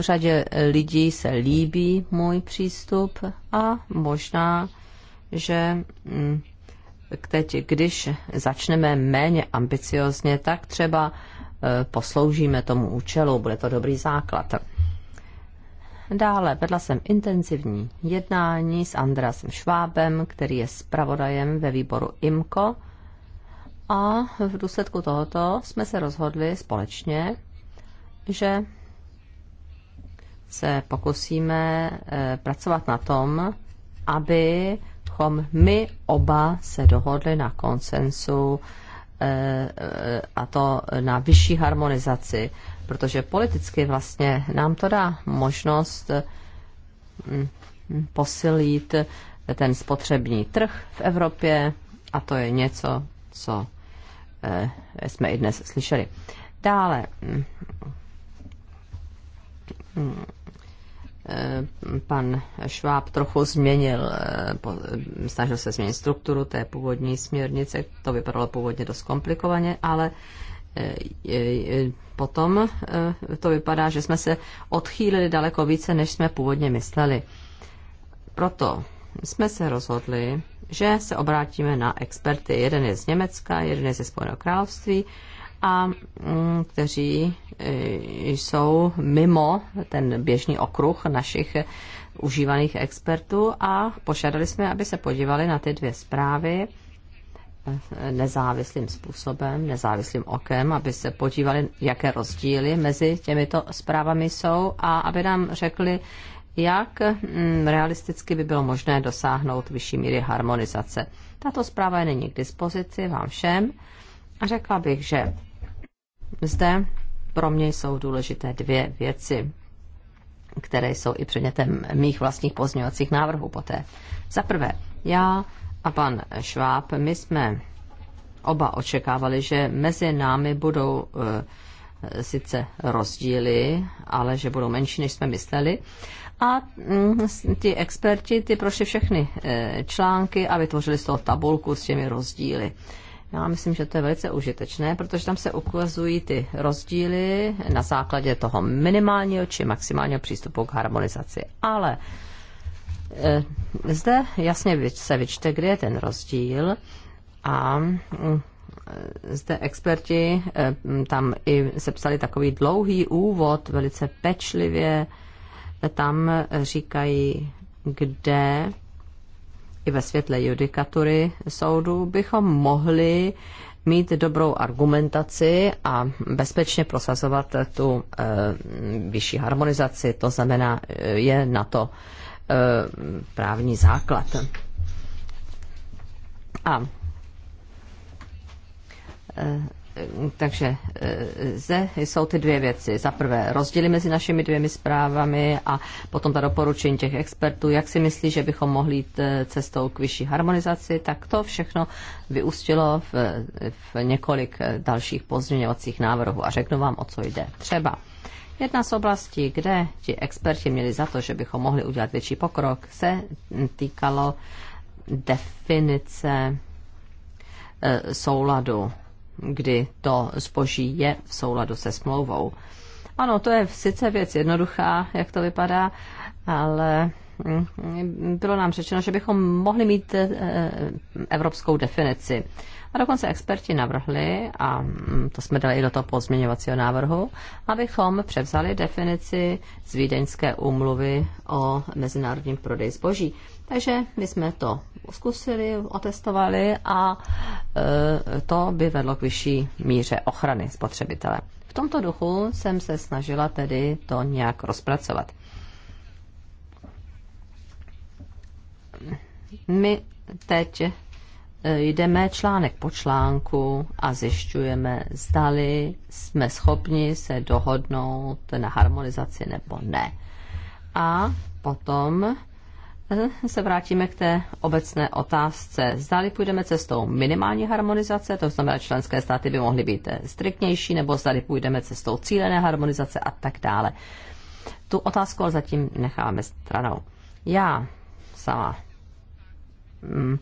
řadě lidí se líbí můj přístup a možná, že mm, teď, když začneme méně ambiciozně, tak třeba e, posloužíme tomu účelu, bude to dobrý základ. Dále vedla jsem intenzivní jednání s Andrasem Švábem, který je zpravodajem ve výboru IMCO. A v důsledku tohoto jsme se rozhodli společně, že se pokusíme eh, pracovat na tom, abychom my oba se dohodli na konsensu eh, eh, a to na vyšší harmonizaci protože politicky vlastně nám to dá možnost mm, posilit ten spotřební trh v Evropě a to je něco, co eh, jsme i dnes slyšeli. Dále mm, mm, eh, pan Šváb trochu změnil, eh, snažil se změnit strukturu té původní směrnice, to vypadalo původně dost komplikovaně, ale potom eh, to vypadá, že jsme se odchýlili daleko více, než jsme původně mysleli. Proto jsme se rozhodli, že se obrátíme na experty. Jeden je z Německa, jeden je ze Spojeného království a mm, kteří eh, jsou mimo ten běžný okruh našich eh, užívaných expertů a požádali jsme, aby se podívali na ty dvě zprávy nezávislým způsobem, nezávislým okem, aby se podívali, jaké rozdíly mezi těmito zprávami jsou a aby nám řekli, jak mm, realisticky by bylo možné dosáhnout vyšší míry harmonizace. Tato zpráva je nyní k dispozici vám všem a řekla bych, že zde pro mě jsou důležité dvě věci, které jsou i předmětem mých vlastních pozměňovacích návrhů poté. Za prvé, já a pan Šváb, my jsme oba očekávali, že mezi námi budou e, sice rozdíly, ale že budou menší, než jsme mysleli. A mm, ti experti, ty prošli všechny e, články a vytvořili z toho tabulku s těmi rozdíly. Já myslím, že to je velice užitečné, protože tam se ukazují ty rozdíly na základě toho minimálního či maximálního přístupu k harmonizaci. Ale E, zde jasně se vyčte, kde je ten rozdíl a mm, e, zde experti e, mm, tam i sepsali takový dlouhý úvod, velice pečlivě. Tam říkají, kde i ve světle judikatury soudu bychom mohli mít dobrou argumentaci a bezpečně prosazovat tu vyšší harmonizaci. To znamená, je na to Eh, právní základ. A eh, takže eh, ze, jsou ty dvě věci. Za prvé rozdíly mezi našimi dvěmi zprávami a potom ta doporučení těch expertů, jak si myslí, že bychom mohli jít cestou k vyšší harmonizaci, tak to všechno vyústilo v, v několik dalších pozměňovacích návrhů a řeknu vám, o co jde. Třeba Jedna z oblastí, kde ti experti měli za to, že bychom mohli udělat větší pokrok, se týkalo definice e, souladu, kdy to zboží je v souladu se smlouvou. Ano, to je sice věc jednoduchá, jak to vypadá, ale mm, bylo nám řečeno, že bychom mohli mít e, e, evropskou definici a dokonce experti navrhli, a mm, to jsme dali i do toho pozměňovacího návrhu, abychom převzali definici z Vídeňské úmluvy o mezinárodním prodeji zboží. Takže my jsme to zkusili, otestovali a e, to by vedlo k vyšší míře ochrany spotřebitele. V tomto duchu jsem se snažila tedy to nějak rozpracovat. My teď jdeme článek po článku a zjišťujeme, zdali jsme schopni se dohodnout na harmonizaci nebo ne. A potom eh, se vrátíme k té obecné otázce. Zdali půjdeme cestou minimální harmonizace, to znamená, členské státy by mohly být eh, striktnější, nebo zdali půjdeme cestou cílené harmonizace a tak dále. Tu otázku ale zatím necháme stranou. Já sama Mm,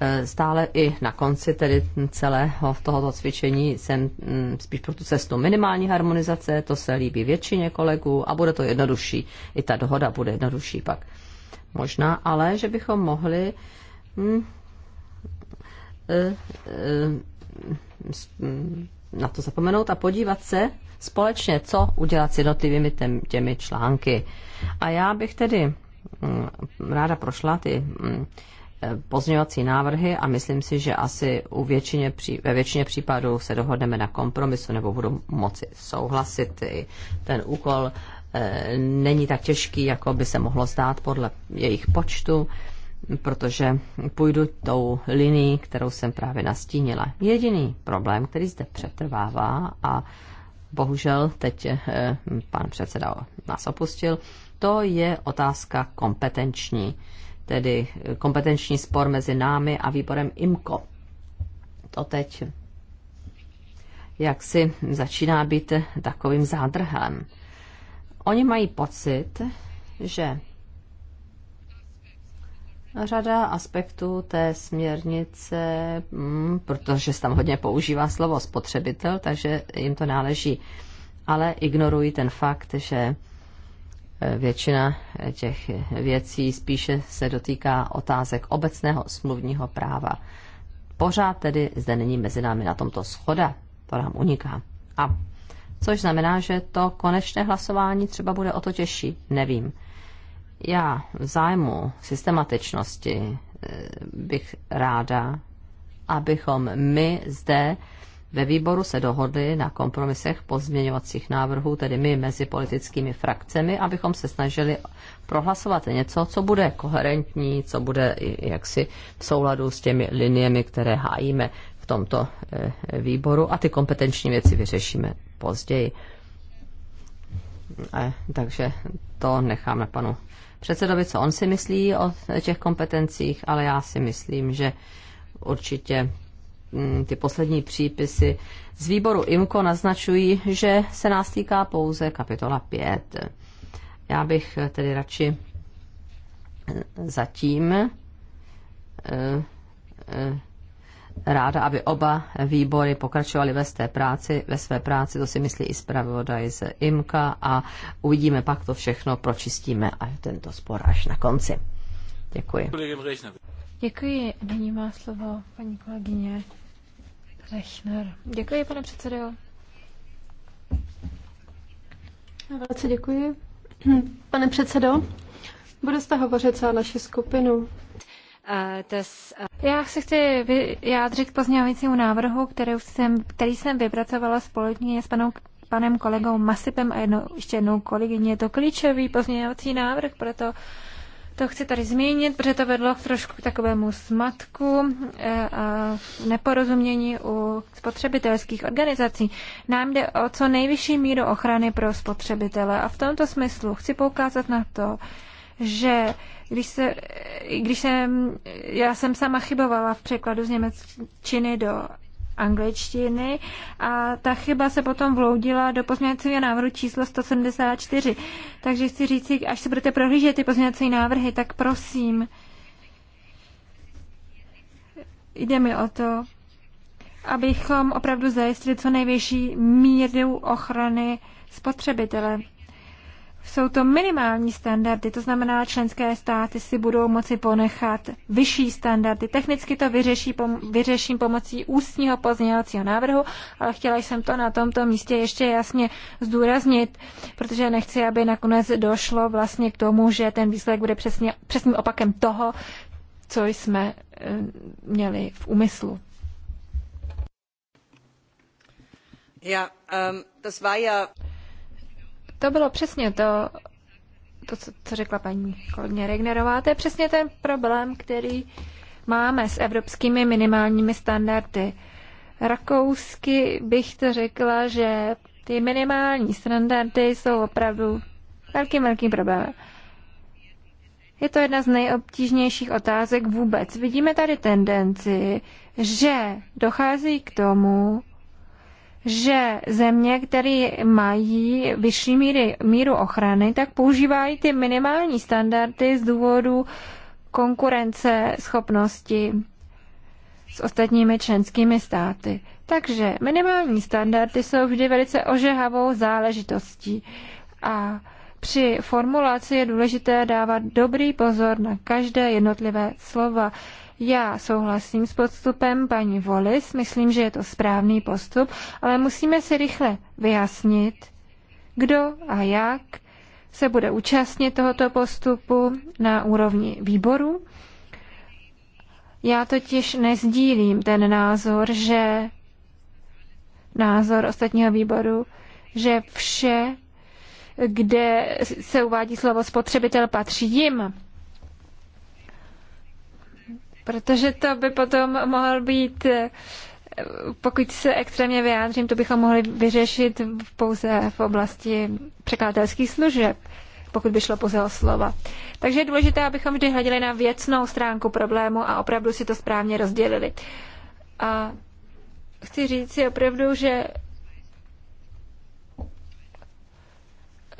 eh, stále i na konci tedy celého tohoto cvičení jsem mm, spíš pro tu cestu minimální harmonizace, to se líbí většině kolegů a bude to jednodušší. I ta dohoda bude jednodušší pak. Možná ale, že bychom mohli hm, na to zapomenout a podívat se společně, co udělat s jednotlivými těmi články. A já bych tedy ráda prošla ty Eh, pozměňovací návrhy a myslím si, že asi u většině, ve většině případů se dohodneme na kompromisu nebo budu moci souhlasit. Ten úkol eh, není tak těžký, jako by se mohlo zdát podle jejich počtu, protože půjdu tou linií, kterou jsem právě nastínila. Jediný problém, který zde přetrvává a bohužel teď eh, pan předseda nás opustil, to je otázka kompetenční tedy kompetenční spor mezi námi a výborem IMCO. To teď jak si začíná být takovým zádrhelem. Oni mají pocit, že řada aspektů té směrnice, mm, protože se tam hodně používá slovo spotřebitel, takže jim to náleží, ale ignorují ten fakt, že většina těch věcí spíše se dotýká otázek obecného smluvního práva. Pořád tedy zde není mezi námi na tomto schoda, to nám uniká. A což znamená, že to konečné hlasování třeba bude o to těžší, nevím. Já v zájmu systematičnosti eh, bych ráda, abychom my zde ve výboru se dohodli na kompromisech pozměňovacích návrhů, tedy my mezi politickými frakcemi, abychom se snažili prohlasovat něco, co bude koherentní, co bude jaksi v souladu s těmi liniemi, které hájíme v tomto eh, výboru a ty kompetenční věci vyřešíme později. Eh, takže to nechám na panu předsedovi, co on si myslí o těch kompetencích, ale já si myslím, že určitě Mm, ty poslední přípisy z výboru IMCO naznačují, že se nás týká pouze kapitola 5. Já bych eh, tedy radši eh, zatím eh, ráda, aby oba výbory pokračovaly ve, své práci, ve své práci, to si myslí i zpravodaj z IMKA a uvidíme pak to všechno, pročistíme a tento spor až na konci. Děkuji. Děkuji. Nyní má slovo paní kolegyně Rechner. Děkuji, pane předsedo. Velice děkuji. [CLEARS THROAT] Pane předsedo, bude jste hovořit za naši skupinu. Eh, eh, Já se chci vyjádřit k pozměňovacímu návrhu, který jsem, který jsem vypracovala společně s panou, panem kolegou Masipem a jednou, ještě jednou kolegyně. Je to klíčový pozměňovací návrh, proto to chci tady zmínit, protože to vedlo k trošku k takovému smatku eh, a neporozumění u spotřebitelských organizací. Nám jde o co nejvyšší míru ochrany pro spotřebitele a v tomto smyslu chci poukázat na to, že když, se, když jsem, já jsem sama chybovala v překladu z němečtiny do angličtiny a ta chyba se potom vloudila do pozměňovacího návrhu číslo 174. Takže chci říct, až se budete prohlížet ty pozměňovací návrhy, tak prosím, jde mi o to, abychom opravdu zajistili co největší míru ochrany spotřebitele. Jsou to minimální standardy, to znamená, členské státy si budou moci ponechat vyšší standardy. Technicky to vyřeší, pom- vyřeším pomocí ústního pozměňovacího návrhu, ale chtěla jsem to na tomto místě ještě jasně zdůraznit, protože nechci, aby nakonec došlo vlastně k tomu, že ten výsledek bude přesně, přesným opakem toho, co jsme eh, měli v úmyslu. Ja, um, das war ja to bylo přesně to, to co, co řekla paní kolegyně Regnerová. To je přesně ten problém, který máme s evropskými minimálními standardy. Rakousky bych to řekla, že ty minimální standardy jsou opravdu velkým, velkým problémem. Je to jedna z nejobtížnějších otázek vůbec. Vidíme tady tendenci, že dochází k tomu, že země, které mají vyšší míry, míru ochrany, tak používají ty minimální standardy z důvodu konkurence schopnosti s ostatními členskými státy. Takže minimální standardy jsou vždy velice ožehavou záležitostí a při formulaci je důležité dávat dobrý pozor na každé jednotlivé slova. Já souhlasím s podstupem paní Volis, myslím, že je to správný postup, ale musíme si rychle vyjasnit, kdo a jak se bude účastnit tohoto postupu na úrovni výboru. Já totiž nezdílím ten názor, že názor ostatního výboru, že vše, kde se uvádí slovo spotřebitel, patří jim protože to by potom mohl být eh, pokud se extrémně vyjádřím, to bychom mohli vyřešit pouze v oblasti překladatelských služeb, pokud by šlo pouze o slova. Takže je důležité, abychom vždy hleděli na věcnou stránku problému a opravdu si to správně rozdělili. A chci říct si opravdu, že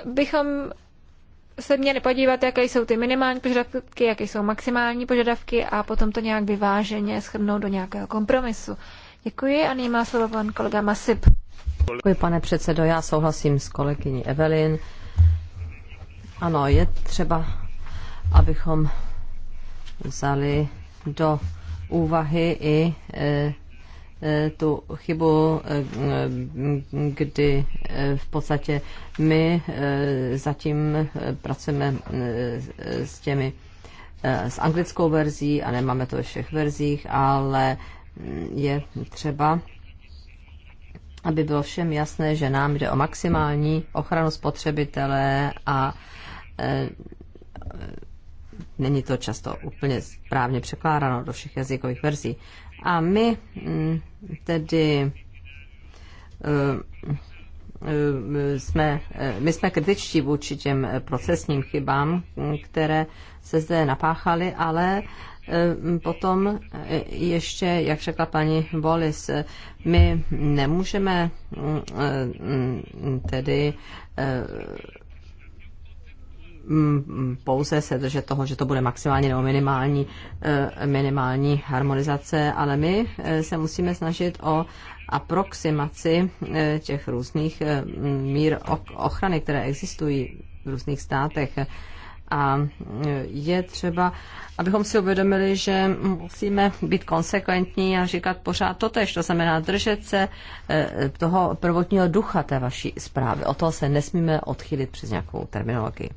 bychom se měli podívat, jaké jsou ty minimální požadavky, jaké jsou maximální požadavky a potom to nějak vyváženě shrnout do nějakého kompromisu. Děkuji a nyní má slovo pan kolega Masip. Děkuji, pane předsedo. Já souhlasím s kolegyní Evelyn. Ano, je třeba, abychom vzali do úvahy i e, tu chybu, kdy v podstatě my eh, zatím eh, pracujeme eh, s těmi s anglickou verzí a nemáme to ve všech verzích, ale je třeba, aby bylo všem jasné, že nám jde o maximální ochranu spotřebitele a není to často úplně správně překládáno do všech jazykových verzí. A my mm, tedy eh, eh, jsme, eh, my jsme kritičtí vůči těm procesním chybám, které se zde napáchaly, ale potom ještě, jak řekla paní Bolis, my nemůžeme mm, mm, tedy Mm, mm, pouze se držet toho, že to bude maximálně nebo minimální, eh, minimální harmonizace, ale my eh, se musíme snažit o aproximaci eh, těch různých mm, mír ochrany, které existují v různých státech. A je třeba, abychom si uvědomili, že musíme být konsekventní a říkat pořád tež, To znamená držet se toho prvotního ducha té vaší zprávy. O toho se nesmíme odchylit přes nějakou terminologii.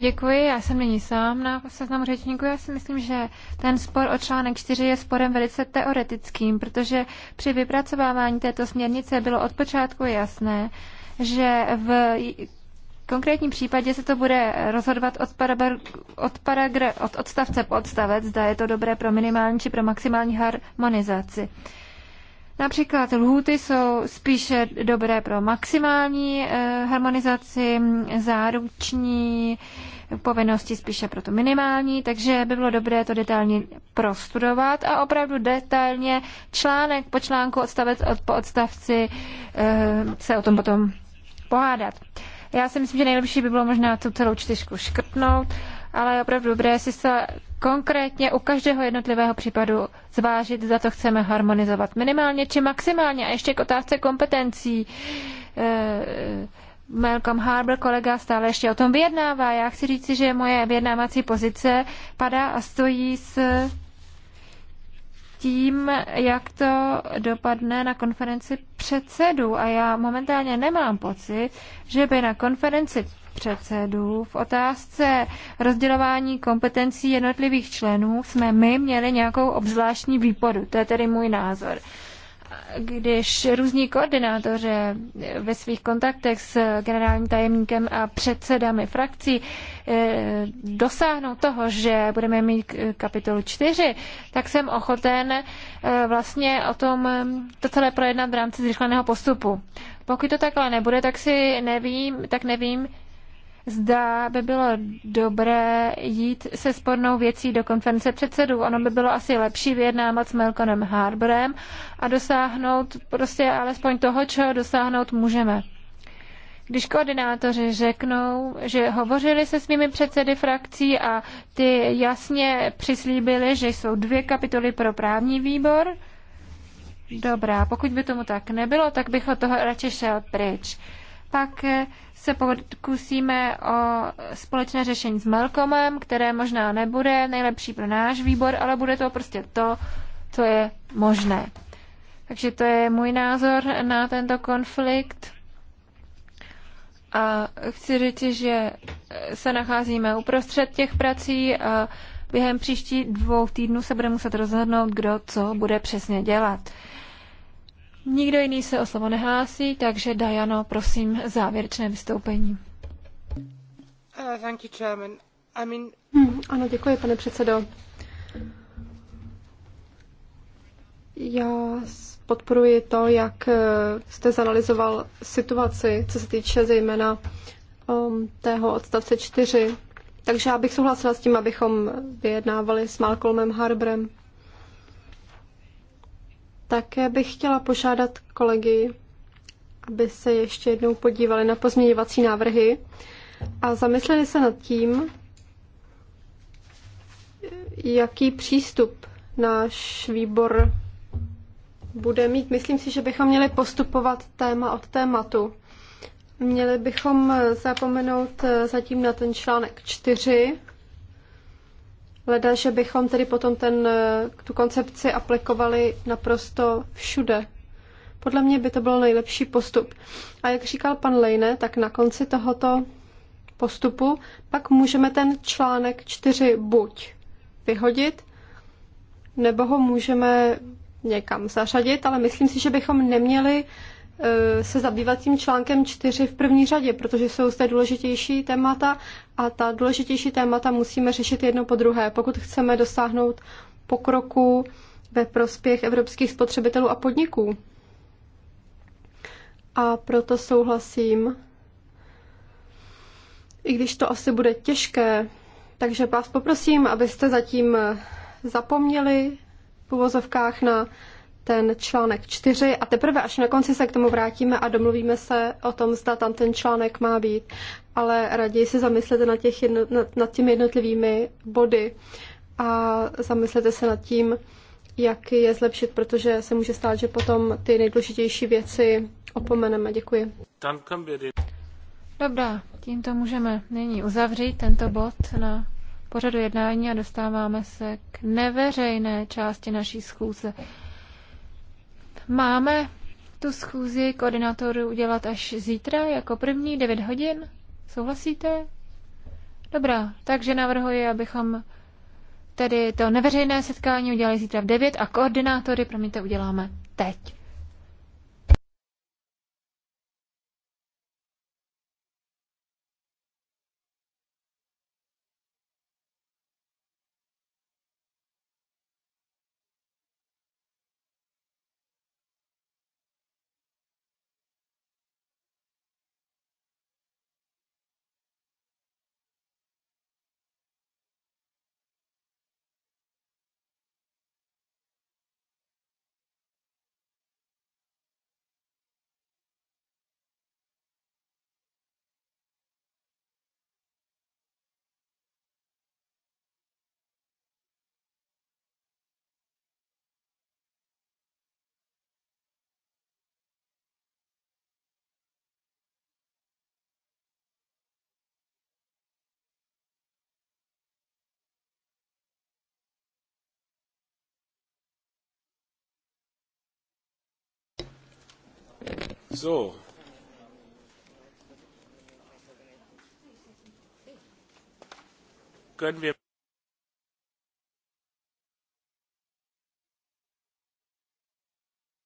Děkuji, já jsem nyní sám na seznamu řečníků. Já si myslím, že ten spor o článek 4 je sporem velice teoretickým, protože při vypracovávání této směrnice bylo od počátku jasné, že v konkrétním případě se to bude rozhodovat od, parabar, od, paragra, od odstavce po odstavec, zda je to dobré pro minimální či pro maximální harmonizaci. Například lhůty jsou spíše dobré pro maximální eh, harmonizaci, záruční povinnosti spíše pro tu minimální, takže by bylo dobré to detailně prostudovat a opravdu detailně článek po článku, odstavec od, po odstavci eh, se o tom potom pohádat. Já si myslím, že nejlepší by bylo možná tu celou čtyřku škrtnout ale je opravdu dobré si se konkrétně u každého jednotlivého případu zvážit, za to chceme harmonizovat minimálně či maximálně. A ještě k otázce kompetencí. Eh, Malcolm Harbour, kolega, stále ještě o tom vyjednává. Já chci říci, že moje vyjednávací pozice padá a stojí s tím, jak to dopadne na konferenci předsedů. A já momentálně nemám pocit, že by na konferenci předsedů. V otázce rozdělování kompetencí jednotlivých členů jsme my měli nějakou obzvláštní výporu. To je tedy můj názor když různí koordinátoři ve svých kontaktech s generálním tajemníkem a předsedami frakcí eh, dosáhnou toho, že budeme mít kapitolu 4, tak jsem ochoten eh, vlastně o tom eh, to celé projednat v rámci zrychleného postupu. Pokud to takhle nebude, tak si nevím, tak nevím, zda by bylo dobré jít se spornou věcí do konference předsedů. Ono by bylo asi lepší vyjednávat s Melkonem Harborem a dosáhnout prostě alespoň toho, čeho dosáhnout můžeme. Když koordinátoři řeknou, že hovořili se svými předsedy frakcí a ty jasně přislíbili, že jsou dvě kapitoly pro právní výbor, dobrá, pokud by tomu tak nebylo, tak bych od toho radši šel pryč pak eh, se pokusíme o společné řešení s Malcolmem, které možná nebude nejlepší pro náš výbor, ale bude to prostě to, co je možné. Takže to je můj názor na tento konflikt. A chci říct, že eh, se nacházíme uprostřed těch prací a během příští dvou týdnů se bude muset rozhodnout, kdo co bude přesně dělat. Nikdo jiný se o slovo nehlásí, takže Dajano, prosím, závěrečné vystoupení. Uh, thank you, Chairman. I mean... hmm, ano, děkuji, pane předsedo. Já podporuji to, jak uh, jste zanalizoval situaci, co se týče zejména um, tého odstavce 4. Takže já bych souhlasila s tím, abychom vyjednávali s Malcolmem Harbrem. Také bych chtěla požádat kolegy, aby se ještě jednou podívali na pozměňovací návrhy a zamysleli se nad tím, jaký přístup náš výbor bude mít. Myslím si, že bychom měli postupovat téma od tématu. Měli bychom zapomenout zatím na ten článek 4, Leda, že bychom tedy potom ten, eh, tu koncepci aplikovali naprosto všude. Podle mě by to byl nejlepší postup. A jak říkal pan Lejne, tak na konci tohoto postupu pak můžeme ten článek 4 buď vyhodit, nebo ho můžeme někam zařadit, ale myslím si, že bychom neměli Eh, se zabývat tím článkem 4 v první řadě, protože jsou zde důležitější témata a ta důležitější témata musíme řešit jedno po druhé, pokud chceme dosáhnout pokroku ve prospěch evropských spotřebitelů a podniků. A proto souhlasím, i když to asi bude těžké, takže vás poprosím, abyste zatím zapomněli v uvozovkách na ten článek 4 a teprve až na konci se k tomu vrátíme a domluvíme se o tom, zda tam ten článek má být. Ale raději se zamyslete nad, těch jedno, nad, nad těmi jednotlivými body a zamyslete se nad tím, jak je zlepšit, protože se může stát, že potom ty nejdůležitější věci opomeneme. Děkuji. Dobrá, tímto můžeme nyní uzavřít tento bod na pořadu jednání a dostáváme se k neveřejné části naší schůze. Máme tu schůzi koordinátorů udělat až zítra, jako první 9 hodin. Souhlasíte? Dobrá, takže navrhuji, abychom tedy to neveřejné setkání udělali zítra v 9 a koordinátory, promiňte, uděláme teď. So. Können wir